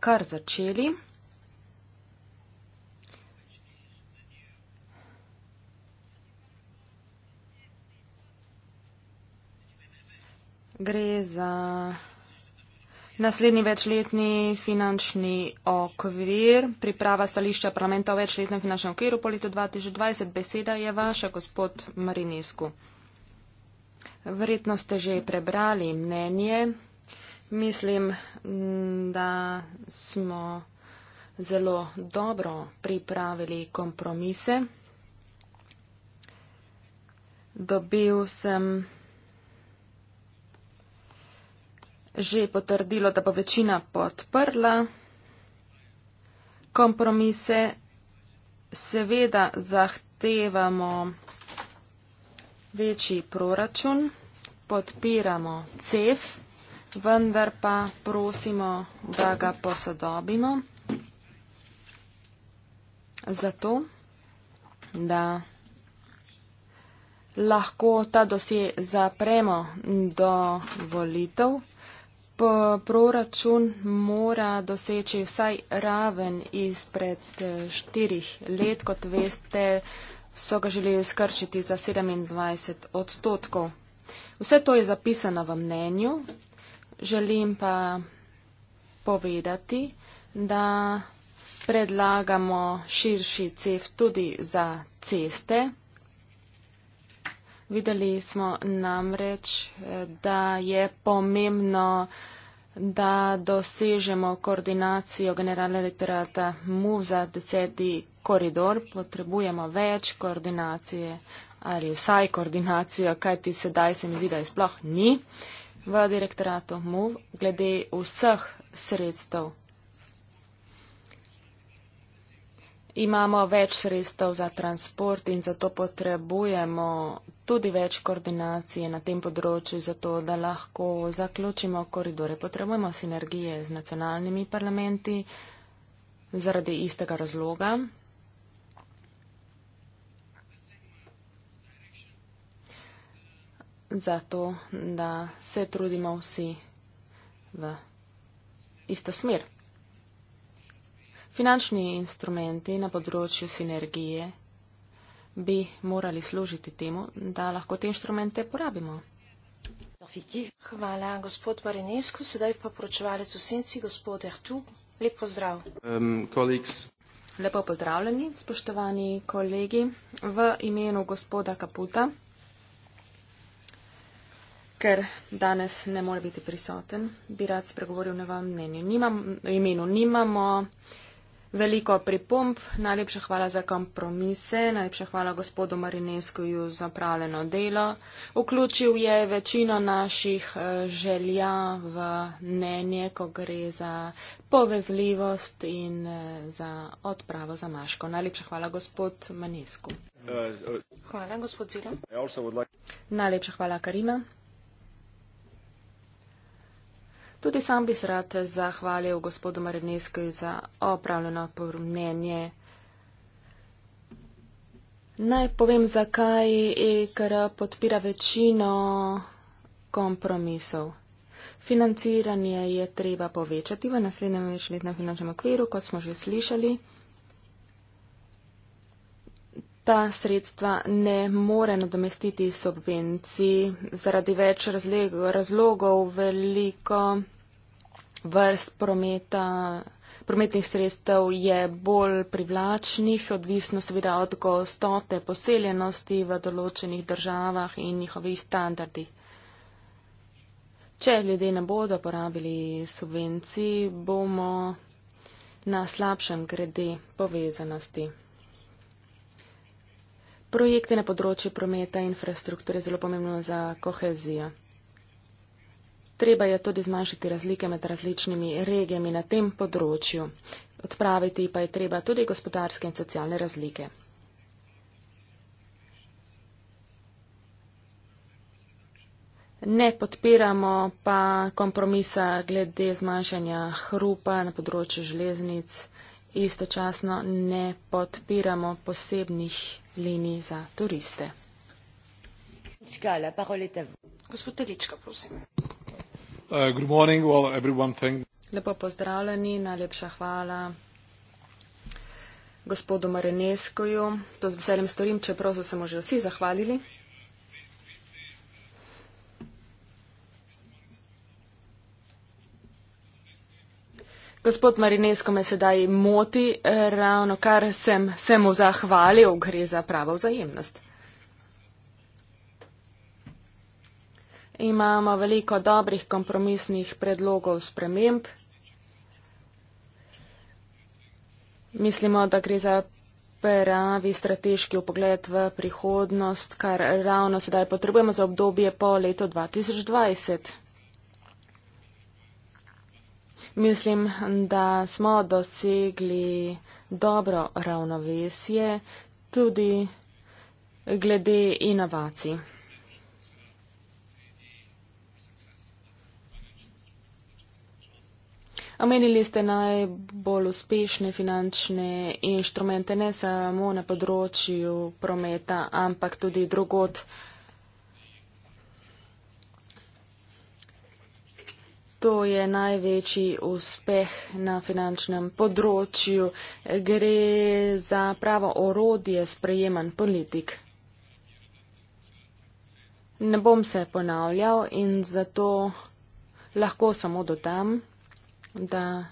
kar začeli. Gre za naslednji večletni finančni okvir, priprava stališča parlamenta o večletnem finančnem okviru po letu 2020. Beseda je vaša, gospod Marinesku. Verjetno ste že prebrali mnenje Mislim, mm, da smo zelo dobro pripravili kompromise. Dobil sem že potrdilo, da bo večina podprla kompromise. Seveda zahtevamo večji proračun, podpiramo CEF vendar pa prosimo, da ga posodobimo zato, da lahko ta dosje zapremo do volitev. Proračun mora doseči vsaj raven izpred štirih let, kot veste, so ga želeli skršiti za 27 odstotkov. Vse to je zapisano v mnenju, Želim pa povedati, da predlagamo širši cev tudi za ceste. Videli smo namreč, da je pomembno, da dosežemo koordinacijo generalne elektorata MUV za deseti koridor. Potrebujemo več koordinacije ali vsaj koordinacijo, kaj ti sedaj se mi zdi, da je sploh ni v direktoratu MUV glede vseh sredstev. Imamo več sredstev za transport in zato potrebujemo tudi več koordinacije na tem področju, zato da lahko zaključimo koridore. Potrebujemo sinergije z nacionalnimi parlamenti zaradi istega razloga. za to, da se trudimo vsi v isto smer. Finančni instrumenti na področju sinergije bi morali služiti temu, da lahko te inštrumente porabimo. Hvala, gospod Barinesko. Sedaj pa poročevalec v senci, gospod Ertu. Lep pozdrav. Um, Lepo pozdravljeni, spoštovani kolegi, v imenu gospoda Kaputa ker danes ne more biti prisoten, bi rad spregovoril na vam mnenju. Nimam, imenu nimamo veliko pripomp. Najlepša hvala za kompromise, najlepša hvala gospodu Marineskuju za pravljeno delo. Vključil je večino naših eh, želja v mnenje, ko gre za povezljivost in eh, za odpravo za Maško. Najlepša hvala gospod Manesku. Uh, uh, hvala, gospod Zira. Like... Najlepša hvala, Karima. Tudi sam bi se rad zahvalil gospodu Marinesku za opravljeno pomnenje. Naj povem, zakaj EKR podpira večino kompromisov. Financiranje je treba povečati v naslednjem večletnem finančnem okviru, kot smo že slišali. Ta sredstva ne more nadomestiti subvencij zaradi več razlegov, razlogov veliko vrst prometa, prometnih sredstev je bolj privlačnih, odvisno seveda od gostote poseljenosti v določenih državah in njihovih standardi. Če ljudje ne bodo porabili subvencij, bomo na slabšem grede povezanosti. Projekte na področju prometa in infrastrukture je zelo pomembno za kohezijo. Treba je tudi zmanjšati razlike med različnimi regijami na tem področju. Odpraviti pa je treba tudi gospodarske in socialne razlike. Ne podpiramo pa kompromisa glede zmanjšanja hrupa na področju železnic, istočasno ne podpiramo posebnih linij za turiste. Gospod Telička, prosim. Uh, good morning, well, everyone, thank... Lepo pozdravljeni, najlepša hvala gospodu Marineskoju. To z veseljem storim, čeprav so se mu že vsi zahvalili. Gospod Marinesko me sedaj moti, ravno kar sem se mu zahvalil, gre za pravo vzajemnost. imamo veliko dobrih kompromisnih predlogov sprememb. Mislimo, da gre za pravi strateški upogled v prihodnost, kar ravno sedaj potrebujemo za obdobje po letu 2020. Mislim, da smo dosegli dobro ravnovesje tudi glede inovacij. Omenili ste najbolj uspešne finančne inštrumente, ne samo na področju prometa, ampak tudi drugot. To je največji uspeh na finančnem področju. Gre za pravo orodje sprejeman politik. Ne bom se ponavljal in zato lahko samo dodam, da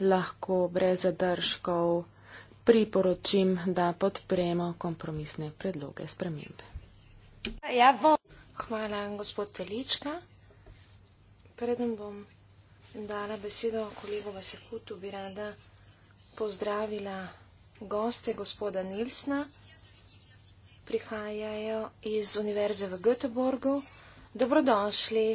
lahko brez zadržkov priporočim, da podpremo kompromisne predloge spremembe. Ja, Hvala, gospod Telička. Predem bom dala besedo kolegu Vasekutu, bi rada pozdravila goste gospoda Nilsna. Prihajajo iz Univerze v Göteborgu. Dobrodošli.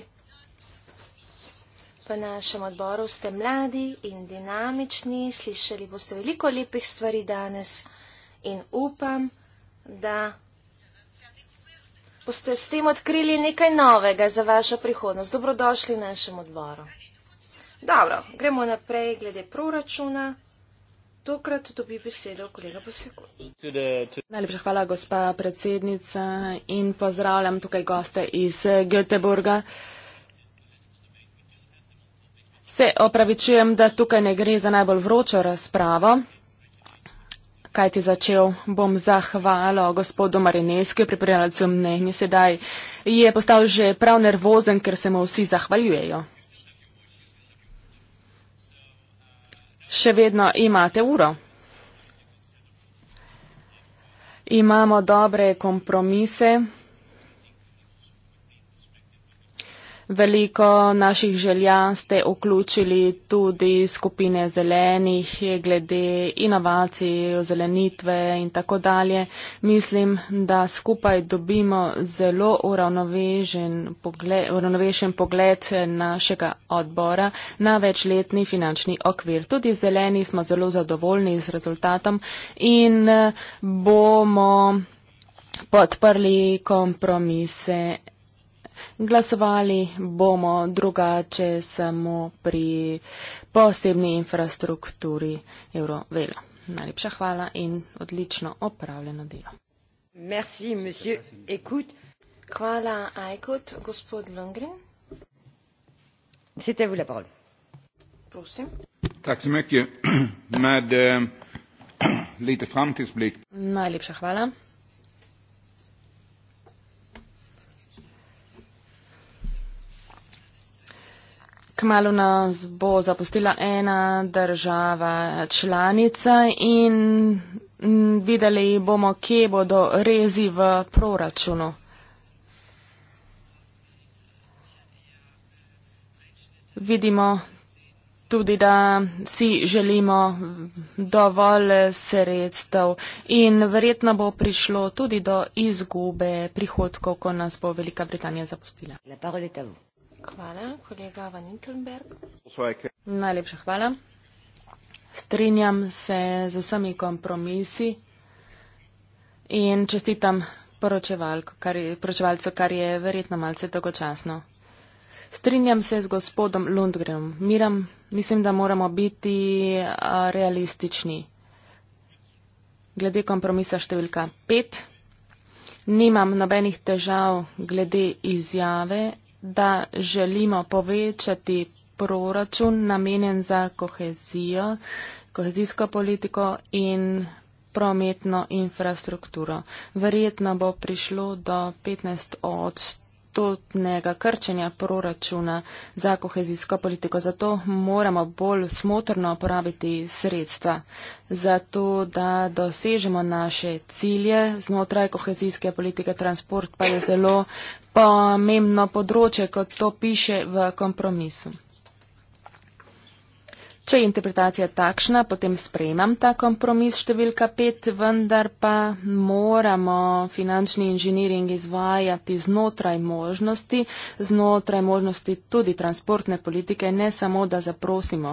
V našem odboru ste mladi in dinamični, slišali boste veliko lepih stvari danes in upam, da boste s tem odkrili nekaj novega za vašo prihodnost. Dobrodošli v našem odboru. Dobro, gremo naprej glede proračuna. Tokrat dobi besedo kolega Poseko. Najlepša hvala, gospa predsednica, in pozdravljam tukaj goste iz Göteborga. Se opravičujem, da tukaj ne gre za najbolj vročo razpravo. Kaj ti začel, bom zahvalo gospodu Marineski, pripravljalcu mnenje sedaj. Je postal že prav nervozen, ker se mu vsi zahvaljujejo. Še vedno imate uro. Imamo dobre kompromise. veliko naših želja ste vključili tudi skupine zelenih glede inovacij, zelenitve in tako dalje. Mislim, da skupaj dobimo zelo uravnovežen pogled, uravnovežen pogled našega odbora na večletni finančni okvir. Tudi zeleni smo zelo zadovoljni z rezultatom in eh, bomo podprli kompromise Glasovali bomo drugače samo pri posebni infrastrukturi Eurovela. Najlepša hvala in odlično opravljeno delo. Merci, monsieur Ekut. Hvala, Ekut. Gospod Lundgren. C'était vous la parole. Prosim. Tak se mekje med eh, lite framtidsblik. Najlepša hvala. Kmalo nas bo zapustila ena država članica in videli bomo, kje bodo rezi v proračunu. Vidimo tudi, da si želimo dovolj sredstev in verjetno bo prišlo tudi do izgube prihodkov, ko nas bo Velika Britanija zapustila. La parole est à vous. Hvala, kolega Van Intelberg. Najlepša hvala. Strinjam se z vsemi kompromisi in čestitam poročevalcu, kar je verjetno malce dolgočasno. Strinjam se z gospodom Lundgrenom. Miram, mislim, da moramo biti realistični. Glede kompromisa številka 5, nimam nobenih težav glede izjave da želimo povečati proračun namenjen za kohezijo, kohezijsko politiko in prometno infrastrukturo. Verjetno bo prišlo do 15 odstotnega krčenja proračuna za kohezijsko politiko. Zato moramo bolj smotrno porabiti sredstva, zato da dosežemo naše cilje znotraj kohezijske politike. Transport pa je zelo pomembno področje, kot to piše v kompromisu. Če je interpretacija takšna, potem sprejemam ta kompromis številka pet, vendar pa moramo finančni inženiring izvajati znotraj možnosti, znotraj možnosti tudi transportne politike, ne samo, da zaprosimo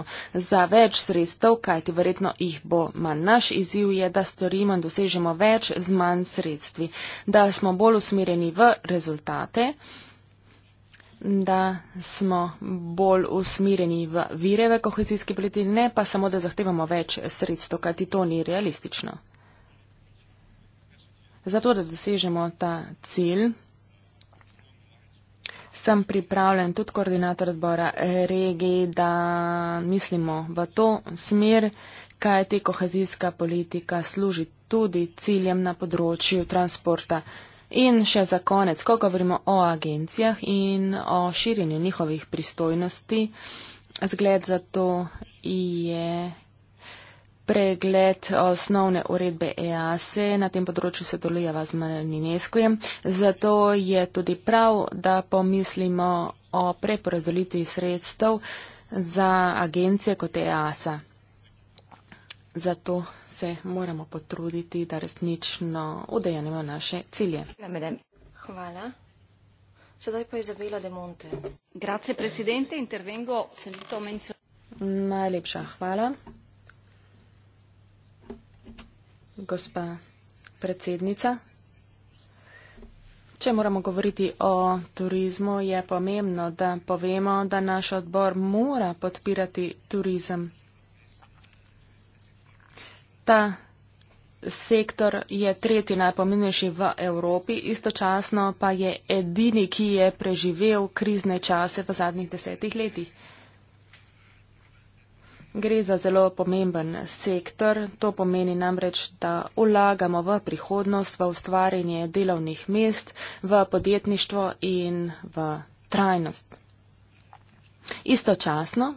za več sredstev, kajti verjetno jih bo manj. Naš izziv je, da storimo in dosežemo več z manj sredstvi, da smo bolj usmereni v rezultate da smo bolj usmireni v vireve kohezijske politike, ne pa samo, da zahtevamo več sredstev, kajti to ni realistično. Zato, da dosežemo ta cilj, sem pripravljen tudi koordinator odbora regi, da mislimo v to smer, kaj te kohezijska politika služi tudi ciljem na področju transporta. In še za konec, ko govorimo o agencijah in o širjenju njihovih pristojnosti, zgled za to je pregled osnovne uredbe EASE, e, na tem področju se dolujeva z Maninjeskujem, zato je tudi prav, da pomislimo o preporazdelitvi sredstev za agencije kot EASA. Zato se moramo potruditi, da resnično odejanemo naše cilje. Hvala. Sedaj pa Izabela De Monte. Grazie, presidente, intervengo. Najlepša hvala. Gospa predsednica, če moramo govoriti o turizmu, je pomembno, da povemo, da naš odbor mora podpirati turizem ta sektor je tretji najpomembnejši v Evropi, istočasno pa je edini, ki je preživel krizne čase v zadnjih desetih letih. Gre za zelo pomemben sektor, to pomeni namreč, da vlagamo v prihodnost, v ustvarjanje delovnih mest, v podjetništvo in v trajnost. Istočasno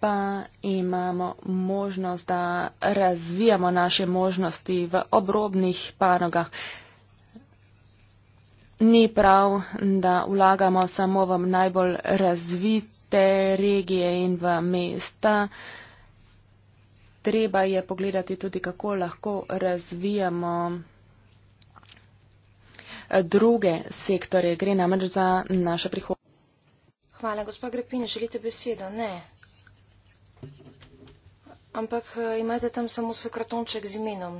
pa imamo možnost, da razvijamo naše možnosti v obrobnih panogah. Ni prav, da vlagamo samo v najbolj razvite regije in v mesta. Treba je pogledati tudi, kako lahko razvijamo eh, druge sektore. Gre namreč za našo prihodnost. Hvala, gospod Grepin, želite besedo? Ne ampak eh, imate tam samo svoj kartonček z imenom.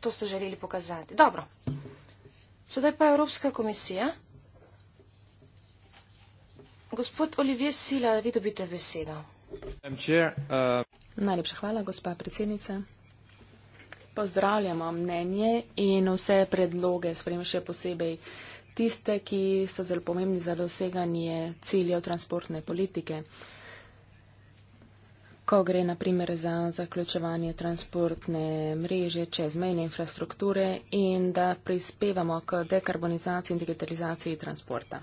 To ste želeli pokazati. Dobro. Sedaj pa Evropska komisija. Gospod Olivier Sila, vi dobite besedo. Uh, Najlepša hvala, gospa predsednica. Pozdravljamo mnenje in vse predloge, spremem še posebej tiste, ki so zelo pomembni za doseganje ciljev transportne politike ko gre naprimer za zaključevanje transportne mreže čezmejne infrastrukture in da prispevamo k dekarbonizaciji in digitalizaciji transporta.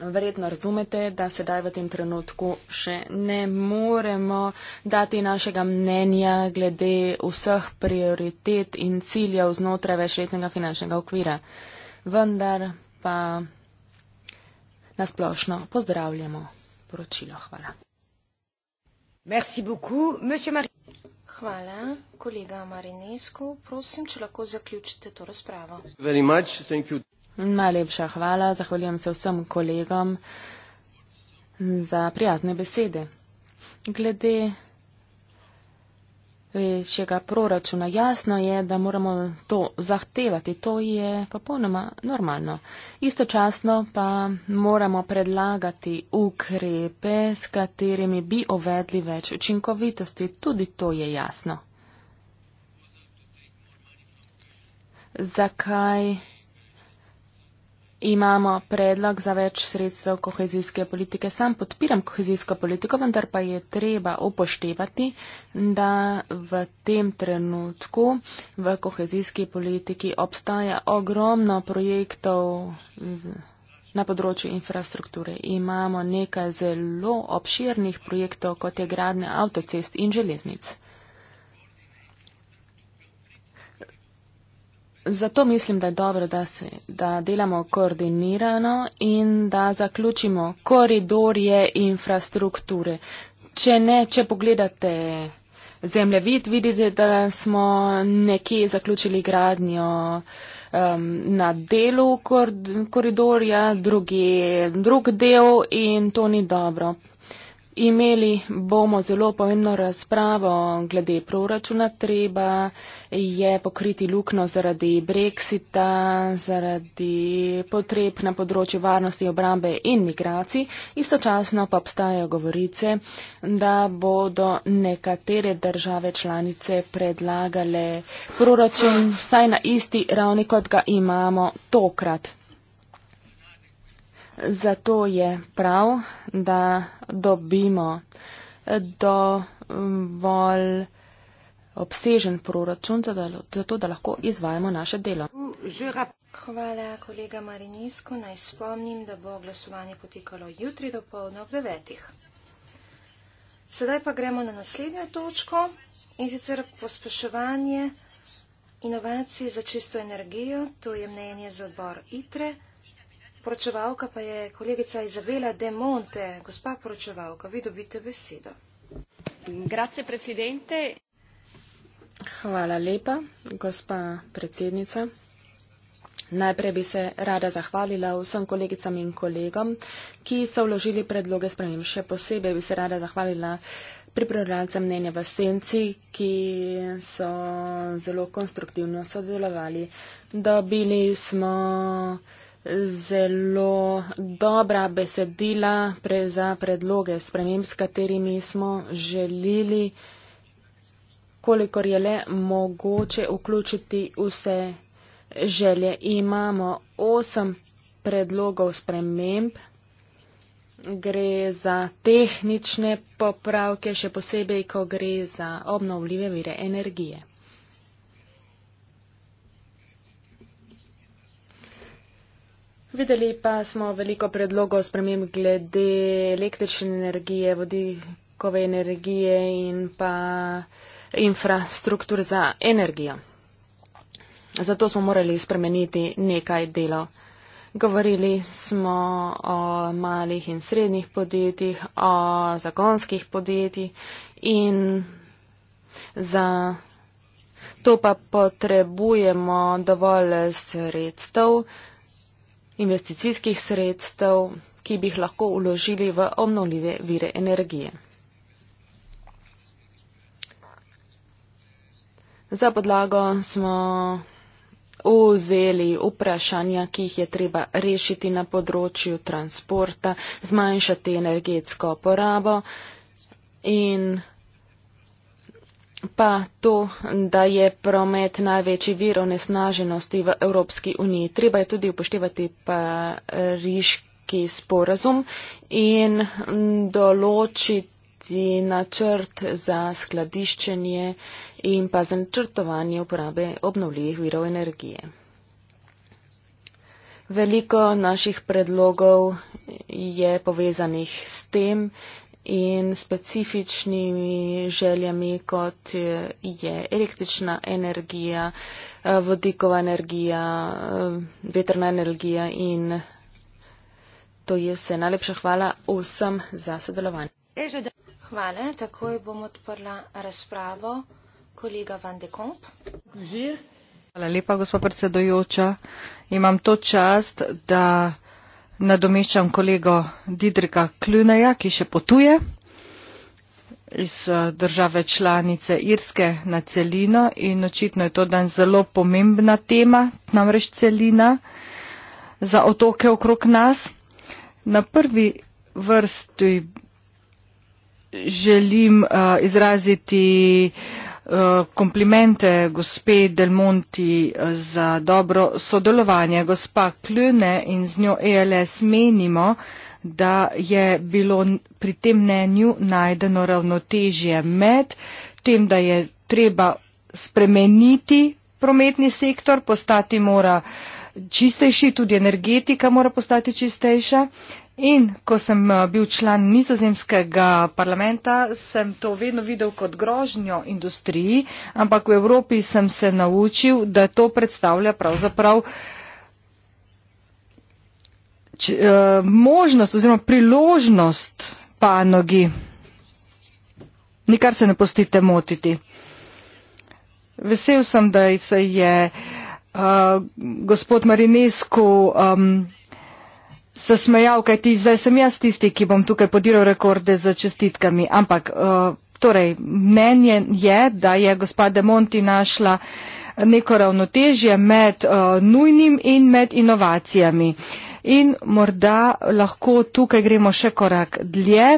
Verjetno razumete, da sedaj v tem trenutku še ne moremo dati našega mnenja glede vseh prioritet in ciljev znotraj večletnega finančnega okvira. Vendar pa nasplošno pozdravljamo poročilo. Hvala. Kolega Marinescu, prosim, če lahko zaključite to razpravo. Najlepša hvala, zahvaljujem se vsem kolegom za prijazne besede. Glede večjega proračuna. Jasno je, da moramo to zahtevati, to je popolnoma normalno. Istočasno pa moramo predlagati ukrepe, s katerimi bi uvedli več učinkovitosti, tudi to je jasno. Zakaj imamo predlog za več sredstev kohezijske politike. Sam podpiram kohezijsko politiko, vendar pa je treba upoštevati, da v tem trenutku v kohezijski politiki obstaja ogromno projektov z, na področju infrastrukture. Imamo nekaj zelo obširnih projektov, kot je gradne avtocest in železnic. Zato mislim, da je dobro, da, se, da delamo koordinirano in da zaključimo koridorje infrastrukture. Če ne, če pogledate zemljevid, vidite, da smo nekje zaključili gradnjo um, na delu koridorja, drugi, drug del in to ni dobro. Imeli bomo zelo pomembno razpravo glede proračuna. Treba je pokriti lukno zaradi Brexita, zaradi potreb na področju varnosti, obrambe in migracij. Istočasno pa obstajajo govorice, da bodo nekatere države članice predlagale proračun vsaj na isti ravni, kot ga imamo tokrat. Zato je prav, da dobimo dovolj obsežen proračun, zato da lahko izvajamo naše delo. Hvala, kolega Marinisko. Naj spomnim, da bo glasovanje potekalo jutri do polno ob devetih. Sedaj pa gremo na naslednjo točko in sicer pospeševanje inovacij za čisto energijo, to je mnenje za odbor ITRE. Poročevalka pa je kolegica Izabela De Monte. Gospa poročevalka, vi dobite besedo. Grazie, predsedente. Hvala lepa, gospa predsednica. Najprej bi se rada zahvalila vsem kolegicam in kolegom, ki so vložili predloge sprememb. Še posebej bi se rada zahvalila pripravljalcem mnenja v Senci, ki so zelo konstruktivno sodelovali. Dobili smo zelo dobra besedila pre, za predloge sprememb, s katerimi smo želeli, kolikor je le mogoče, vključiti vse želje. Imamo osem predlogov sprememb. Gre za tehnične popravke, še posebej, ko gre za obnovljive vire energije. Videli pa smo veliko predlogov sprememb glede električne energije, vodikove energije in pa infrastruktur za energijo. Zato smo morali spremeniti nekaj delov. Govorili smo o malih in srednjih podjetjih, o zagonskih podjetjih in za to pa potrebujemo dovolj sredstev investicijskih sredstev, ki bi jih lahko uložili v obnovljive vire energije. Za podlago smo vzeli vprašanja, ki jih je treba rešiti na področju transporta, zmanjšati energetsko porabo in pa to, da je promet največji vir onesnaženosti v Evropski uniji. Treba je tudi upoštevati pariški sporazum in določiti načrt za skladiščenje in pa za načrtovanje uporabe obnovljivih virov energije. Veliko naših predlogov je povezanih s tem, in specifičnimi željami, kot je električna energija, eh, vodikova energija, eh, vetrna energija in to je vse. Najlepša hvala vsem za sodelovanje. Hvala, takoj bom odprla razpravo. Kolega Van de Komp. Hvala lepa, gospod predsedojoča. Imam to čast, da nadomeščam kolego Didrika Kluneja, ki še potuje iz eh, države članice Irske na celino in očitno je to danes zelo pomembna tema, namreč celina za otoke okrog nas. Na prvi vrsti želim uh, izraziti uh, Eh, komplimente gospe Del Monti eh, za dobro sodelovanje. Gospa Kljune in z njo ELS menimo, da je bilo pri tem mnenju najdeno ravnotežje med tem, da je treba spremeniti prometni sektor, postati mora čistejši, tudi energetika mora postati čistejša In ko sem eh, bil član nizozemskega parlamenta, sem to vedno videl kot grožnjo industriji, ampak v Evropi sem se naučil, da to predstavlja pravzaprav eh, možnost oziroma priložnost panogi. Nikar se ne postite motiti. Vesel sem, da se je uh, gospod Marinesku um, se smejal, kaj ti zdaj sem jaz tisti, ki bom tukaj podiral rekorde za čestitkami. Ampak, eh, torej, mnenje je, da je gospa De Monti našla neko ravnotežje med eh, nujnim in med inovacijami. In morda lahko tukaj gremo še korak dlje,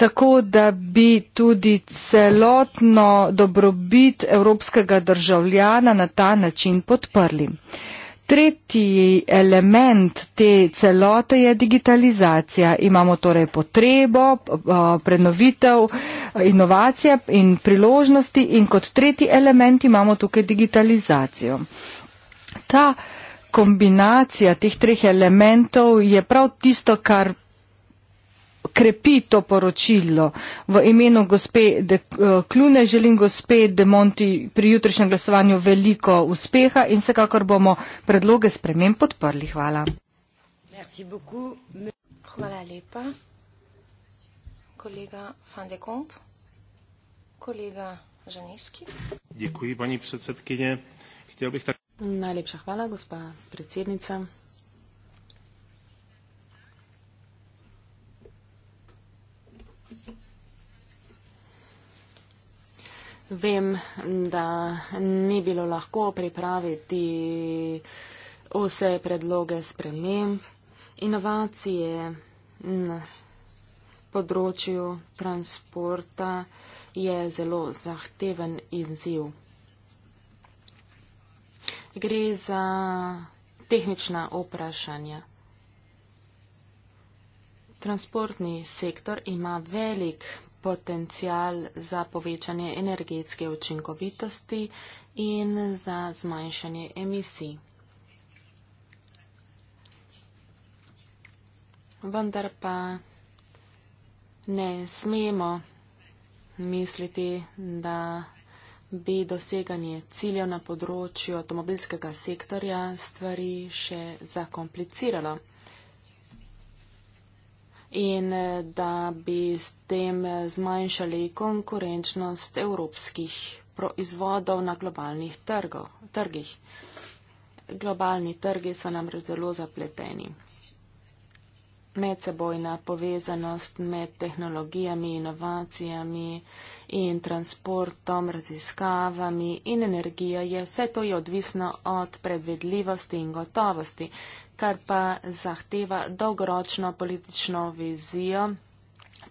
tako da bi tudi celotno dobrobit evropskega državljana na ta način podprli. Uh, Tretji element te celote je digitalizacija. Imamo torej potrebo, prenovitev, inovacije in priložnosti in kot tretji element imamo tukaj digitalizacijo. Ta kombinacija teh treh elementov je prav tisto, kar krepi to poročilo. V imenu gospe de eh, Klune želim gospe de Monti pri jutrišnjem glasovanju veliko uspeha in vsekakor bomo predloge spremem podprli. Hvala. Hvala lepa. Kolega van de Komp, kolega Žanijski. Děkuji, paní předsedkyně. Chtěl bych tak... Najlepša hvala, gospa predsednica. Vem, da ni bilo lahko pripraviti vse predloge sprememb, inovacije na področju transporta je zelo zahteven izziv. Gre za tehnična vprašanja. Transportni sektor ima velik potencial za povečanje energetske učinkovitosti in za zmanjšanje emisij. Vendar pa ne smemo misliti, da bi doseganje ciljev na področju avtomobilskega sektorja stvari še zakompliciralo in eh, da bi s tem eh, zmanjšali konkurenčnost evropskih proizvodov na globalnih trgov, trgih. Globalni trgi so namreč zelo zapleteni. Medsebojna povezanost med tehnologijami, inovacijami in transportom, raziskavami in energijo je vse to je odvisno od predvedljivosti in gotovosti kar pa zahteva dolgoročno politično vizijo,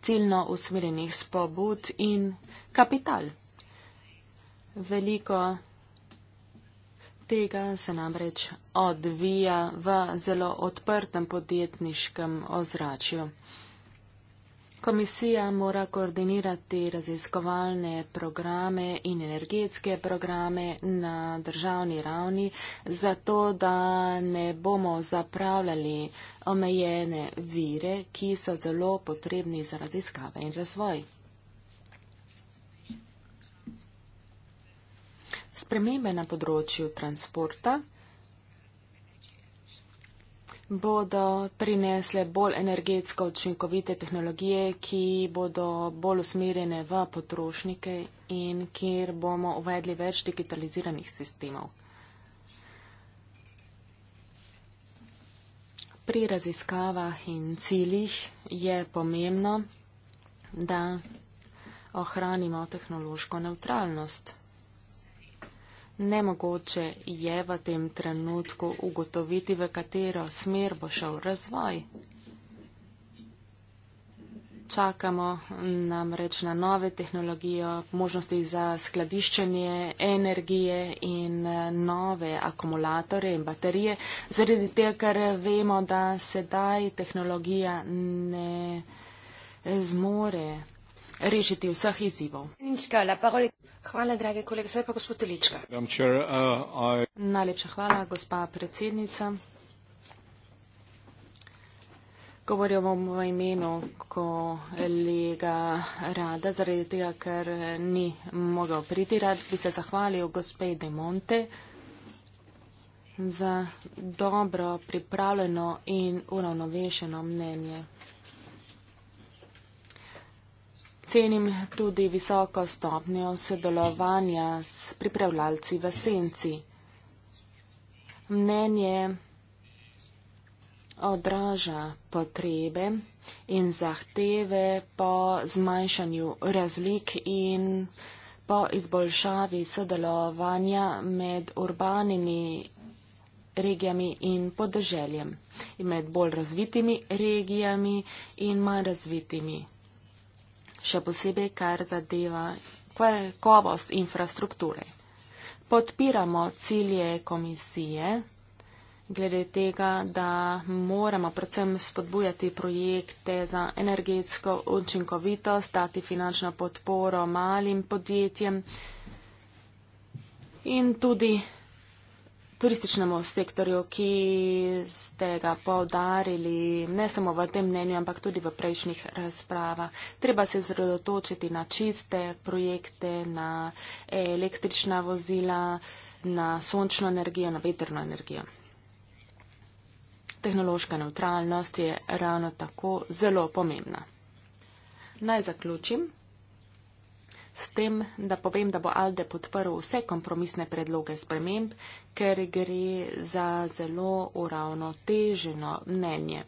ciljno usmerjenih spobud in kapital. Veliko tega se namreč odvija v zelo odprtem podjetniškem ozračju. Komisija mora koordinirati raziskovalne programe in energetske programe na državni ravni, zato da ne bomo zapravljali omejene vire, ki so zelo potrebni za raziskave in razvoj. Spremembe na področju transporta bodo prinesle bolj energetsko učinkovite tehnologije, ki bodo bolj usmerjene v potrošnike in kjer bomo uvedli več digitaliziranih sistemov. Pri raziskavah in ciljih je pomembno, da ohranimo tehnološko neutralnost. Nemogoče je v tem trenutku ugotoviti, v katero smer bo šel razvoj. Čakamo namreč na nove tehnologije, možnosti za skladiščenje energije in eh, nove akumulatore in baterije, zaradi tega, ker vemo, da sedaj tehnologija ne zmore rešiti vseh izzivov. Hvala, drage kolege, zdaj pa gospod Telička. Uh, Najlepša hvala, gospa predsednica. Govoril bom v imenu kolega Rada, zaradi tega, ker ni mogel priti rad, bi se zahvalil gospe De Monte za dobro pripravljeno in uravnovešeno mnenje. Cenim tudi visoko stopnjo sodelovanja s pripravljalci v senci. Mnenje odraža potrebe in zahteve po zmanjšanju razlik in po izboljšavi sodelovanja med urbanimi regijami in podeželjem, med bolj razvitimi regijami in manj razvitimi regijami še posebej kar zadeva kakovost infrastrukture. Podpiramo cilje komisije glede tega, da moramo predvsem spodbujati projekte za energetsko učinkovitost, dati finančno podporo malim podjetjem in tudi turističnemu sektorju, ki ste ga povdarili ne samo v tem mnenju, ampak tudi v prejšnjih razpravah. Treba se zredotočiti na čiste projekte, na električna vozila, na sončno energijo, na veterno energijo. Tehnološka neutralnost je ravno tako zelo pomembna. Naj zaključim s tem, da povem, da bo Alde podprl vse kompromisne predloge sprememb, ker gre za zelo uravnoteženo mnenje.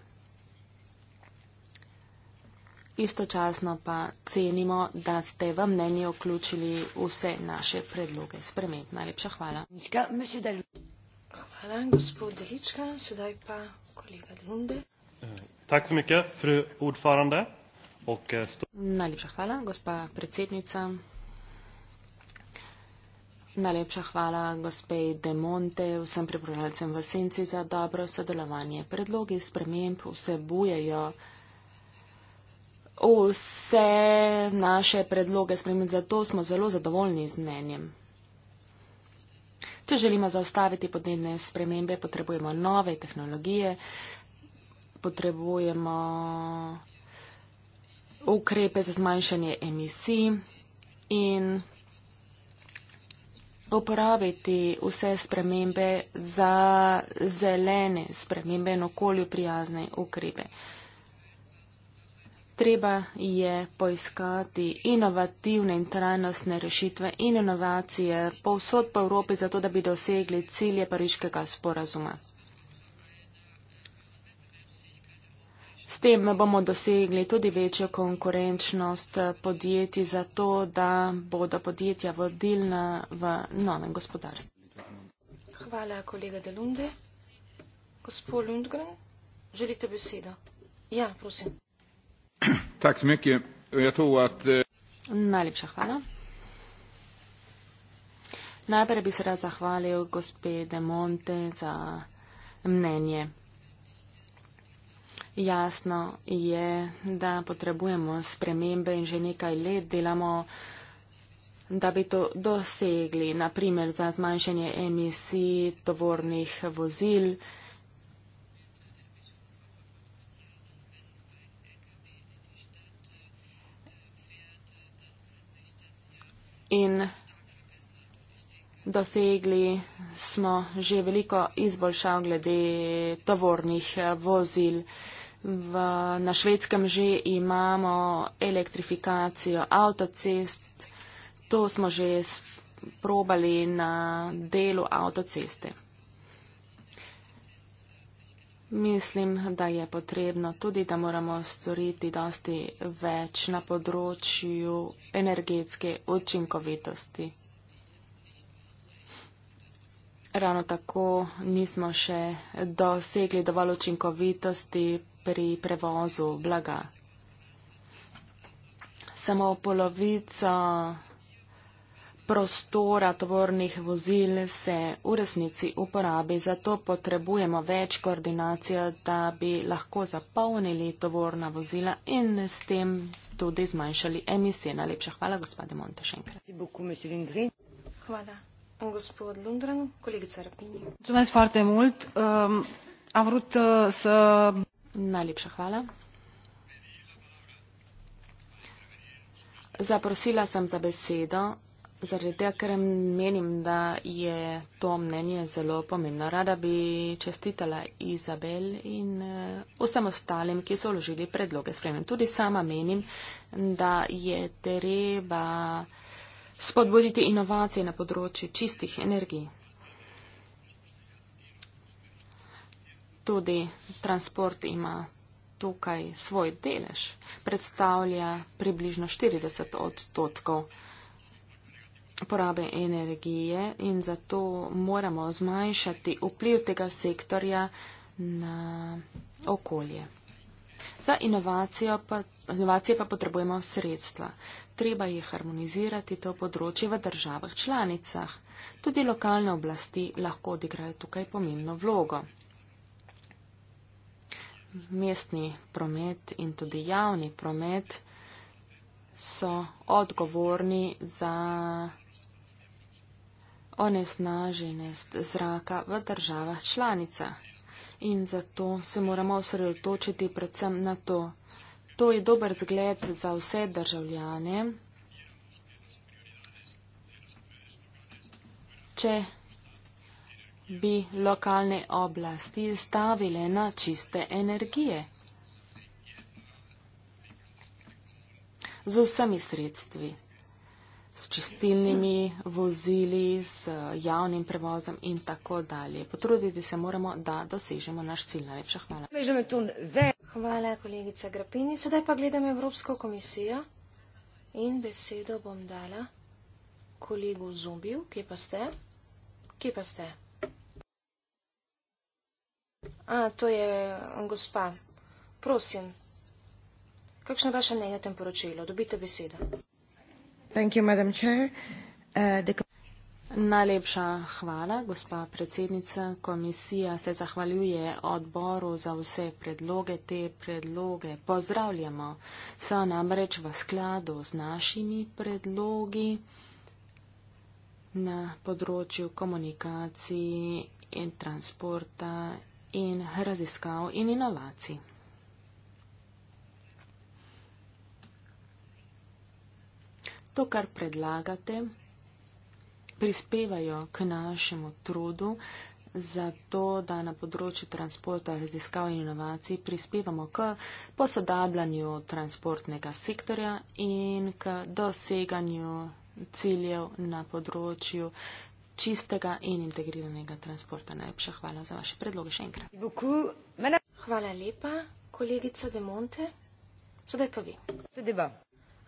Istočasno pa cenimo, da ste v mnenje vključili vse naše predloge sprememb. Najlepša hvala. Hvala, gospod Delička. Sedaj pa kolega Lunde. Eh, tak se mi je, fru Udfarande. Okay, Najlepša hvala, gospa predsednica. Najlepša hvala gospe De Monte, vsem pripravljalcem v Senci za dobro sodelovanje. Predlogi sprememb vsebujejo vse naše predloge sprememb, zato smo zelo zadovoljni z mnenjem. Če želimo zaustaviti podnebne spremembe, potrebujemo nove tehnologije, potrebujemo ukrepe za zmanjšanje emisij in uporabiti vse spremembe za zelene spremembe in okolju prijazne ukrepe. Treba je poiskati inovativne in trajnostne rešitve in inovacije povsod po Evropi, zato da bi dosegli cilje pariškega sporazuma. tem bomo dosegli tudi večjo konkurenčnost podjetij za to, da bodo podjetja vodilna v novem gospodarstvu. Hvala, kolega Delunde. Gospod Lundgren, želite besedo? Ja, prosim. Tak smekje, ja to vat. Eh, Najlepša hvala. Najprej bi se rad zahvalil gospe Demonte za mnenje. Jasno je, da potrebujemo spremembe in že nekaj let delamo, da bi to dosegli, naprimer za zmanjšanje emisij tovornih vozil. In dosegli smo že veliko izboljšav glede tovornih vozil. V, na švedskem že imamo elektrifikacijo avtocest. To smo že probali na delu avtoceste. Mislim, da je potrebno tudi, da moramo storiti dosti več na področju energetske učinkovitosti. Ravno tako nismo še dosegli dovolj učinkovitosti pri prevozu blaga. Samo polovica prostora tovornih vozil se v resnici uporabi, zato potrebujemo več koordinacije, da bi lahko zapolnili tovorna vozila in s tem tudi zmanjšali emisije. Najlepša hvala, gospode Monte, še enkrat. Hvala. Gospod Lundran, kolegica Rapini. Zumaj sparte mult. Um, avrut uh, s... Najlepša hvala. Zaprosila sem za besedo, zaradi tega, ker menim, da je to mnenje zelo pomembno. Rada bi čestitala Izabel in eh, vsem ostalim, ki so vložili predloge spremen. Tudi sama menim, da je treba spodbuditi inovacije na področju čistih energij. tudi transport ima tukaj svoj delež, predstavlja približno 40 odstotkov porabe energije in zato moramo zmanjšati vpliv tega sektorja na okolje. Za inovacijo pa, inovacije pa potrebujemo sredstva. Treba je harmonizirati to področje v državah članicah. Tudi lokalne oblasti lahko odigrajo tukaj pomembno vlogo mestni promet in tudi javni promet so odgovorni za onesnaženost zraka v državah članica. In zato se moramo osredotočiti predvsem na to. To je dober zgled za vse državljane. Če bi lokalne oblasti stavile na čiste energije. Z vsemi sredstvi, s čistilnimi vozili, s javnim prevozom in tako dalje. Potruditi se moramo, da dosežemo naš cilj. Najlepša hvala. Hvala, kolegica Grapini. Sedaj pa gledam Evropsko komisijo in besedo bom dala kolegu Zubiju, ki pa ste. Ki pa ste? A, to je gospa. Prosim. Kakšno vaše mnenje o tem poročilu? Dobite besedo. Thank you, madam chair. Uh, Najlepša hvala, gospa predsednica. Komisija se zahvaljuje odboru za vse predloge. Te predloge pozdravljamo. So namreč v skladu z našimi predlogi na področju komunikacij in transporta in raziskav in inovacij. To, kar predlagate, prispevajo k našemu trudu za to, da na področju transporta, raziskav in inovacij prispevamo k posodabljanju transportnega sektorja in k doseganju ciljev na področju čistega in integriranega transporta. Najlepša hvala za vaše predloge še enkrat. Hvala lepa, kolegica De Monte. Sedaj pa vi.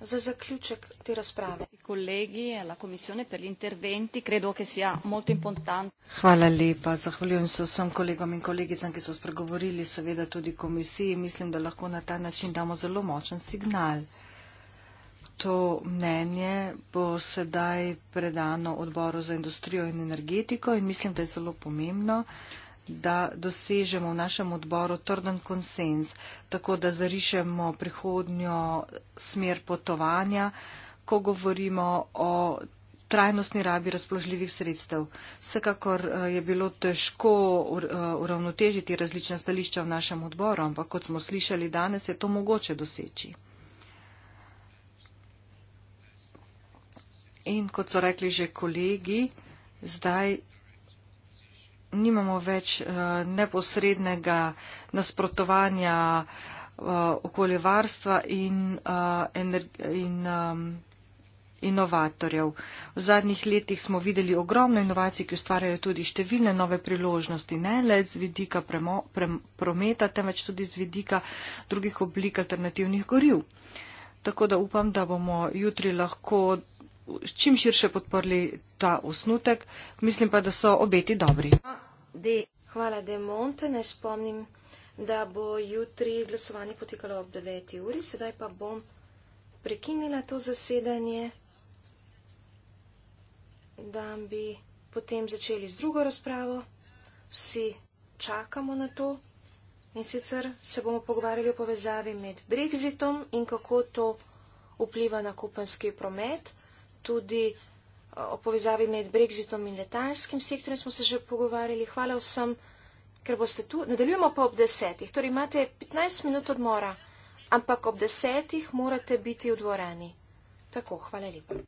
Za zaključek te razprave. Kolegi, la komisione per gli interventi, credo che sia molto importante. Hvala lepa, zahvaljujem se vsem kolegom in kolegicam, ki so spregovorili, seveda tudi komisiji. Mislim, da lahko na ta način damo zelo močen signal to mnenje bo sedaj predano odboru za industrijo in energetiko in mislim, da je zelo pomembno, da dosežemo v našem odboru trden konsens, tako da zarišemo prihodnjo smer potovanja, ko govorimo o trajnostni rabi razpoložljivih sredstev. Vsekakor eh, je bilo težko eh, uravnotežiti različna stališča v našem odboru, ampak kot smo slišali danes, je to mogoče doseči. In kot so rekli že kolegi, zdaj nimamo več eh, neposrednega nasprotovanja eh, okoljevarstva in, eh, in um, inovatorjev. V zadnjih letih smo videli ogromno inovacij, ki ustvarjajo tudi številne nove priložnosti, ne le z vidika premo, prem, prometa, temveč tudi z vidika drugih oblik alternativnih goriv. Tako da upam, da bomo jutri lahko čim širše podprli ta osnutek. Mislim pa, da so obeti dobri. Hvala, De Monte. Ne spomnim, da bo jutri glasovanje potekalo ob 9. uri. Sedaj pa bom prekinila to zasedanje, da bi potem začeli z drugo razpravo. Vsi čakamo na to. In sicer se bomo pogovarjali o povezavi med Brexitom in kako to vpliva na kupenski promet tudi eh, o povezavi med Brexitom in letalskim sektorjem smo se že pogovarjali. Hvala vsem, ker boste tu. Nadaljujemo pa ob desetih. Torej imate 15 minut odmora, ampak ob desetih morate biti v dvorani. Tako, hvala lepa.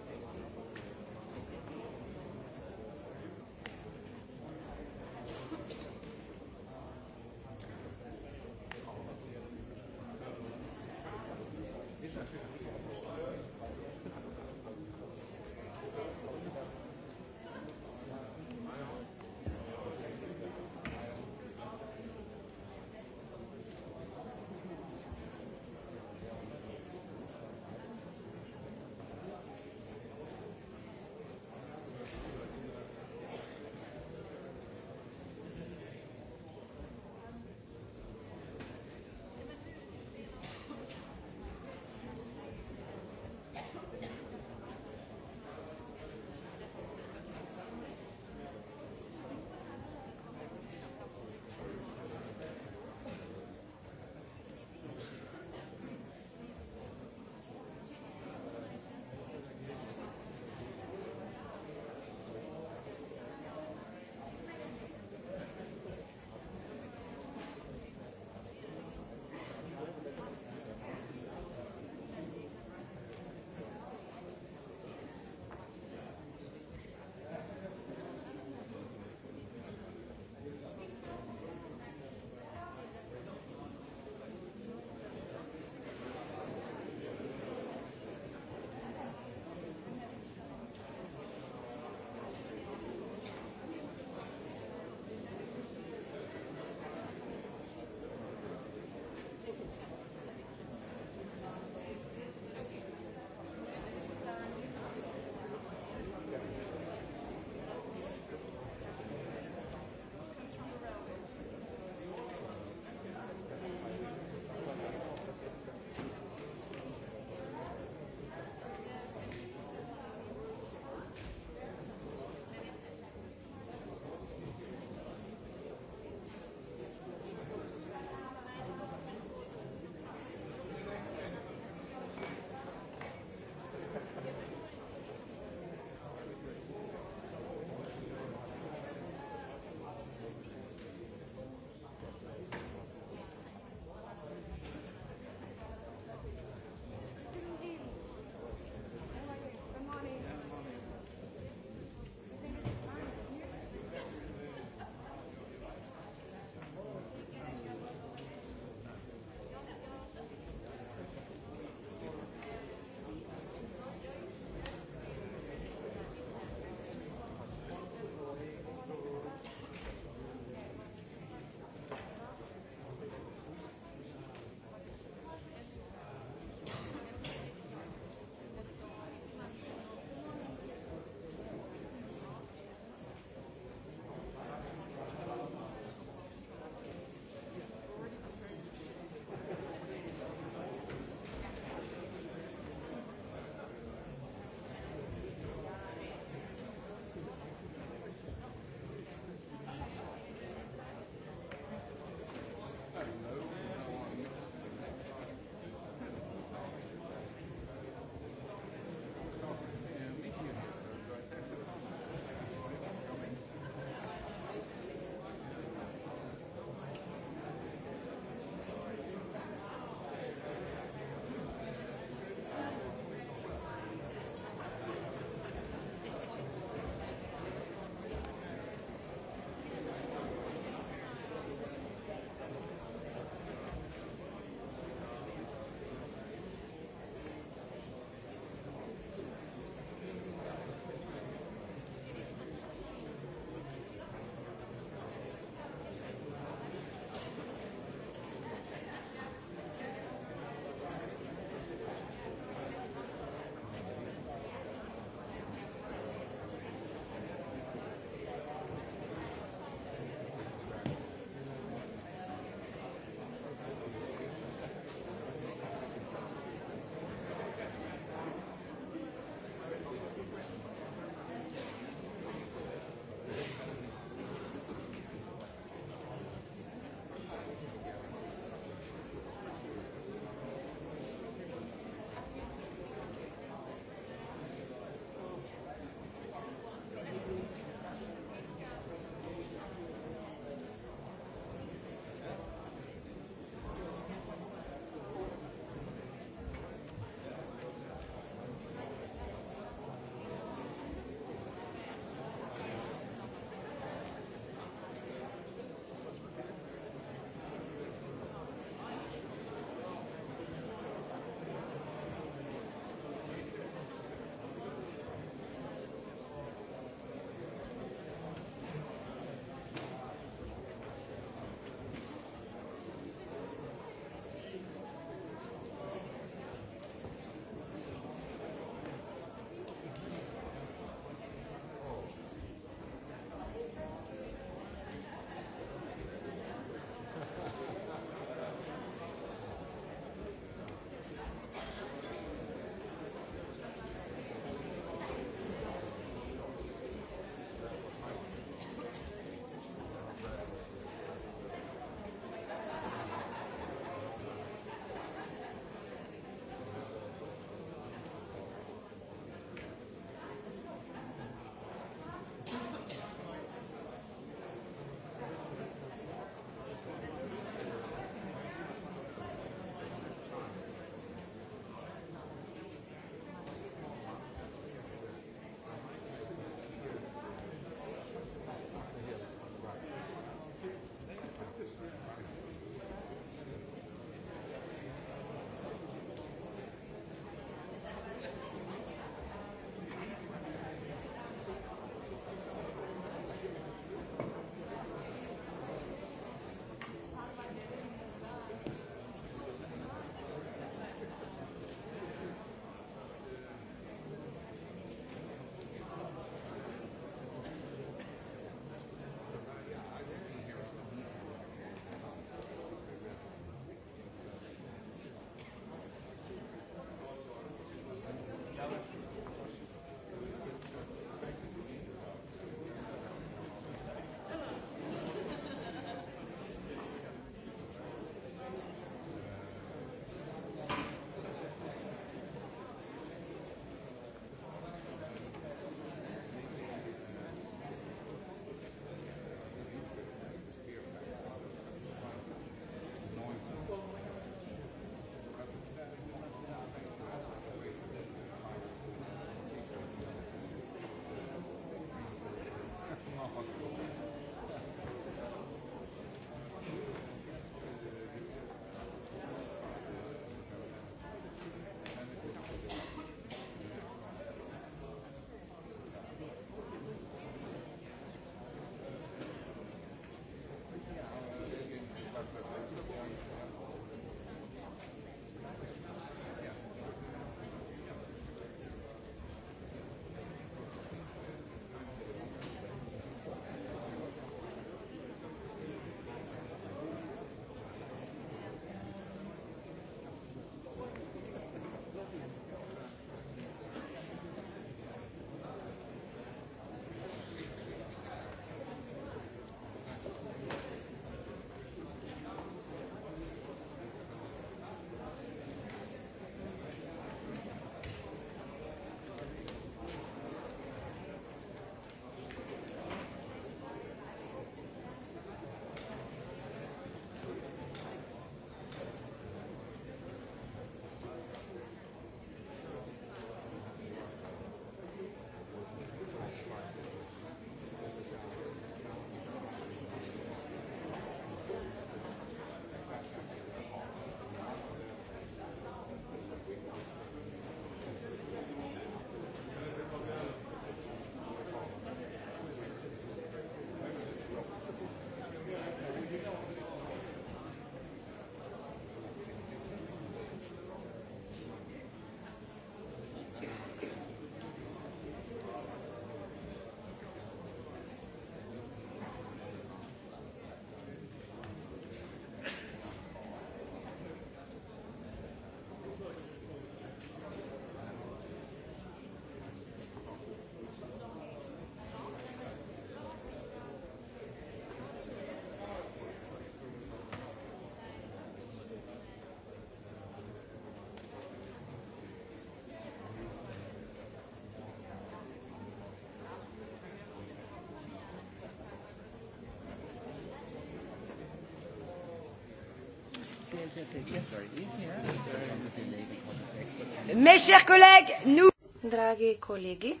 Dragi kolegi,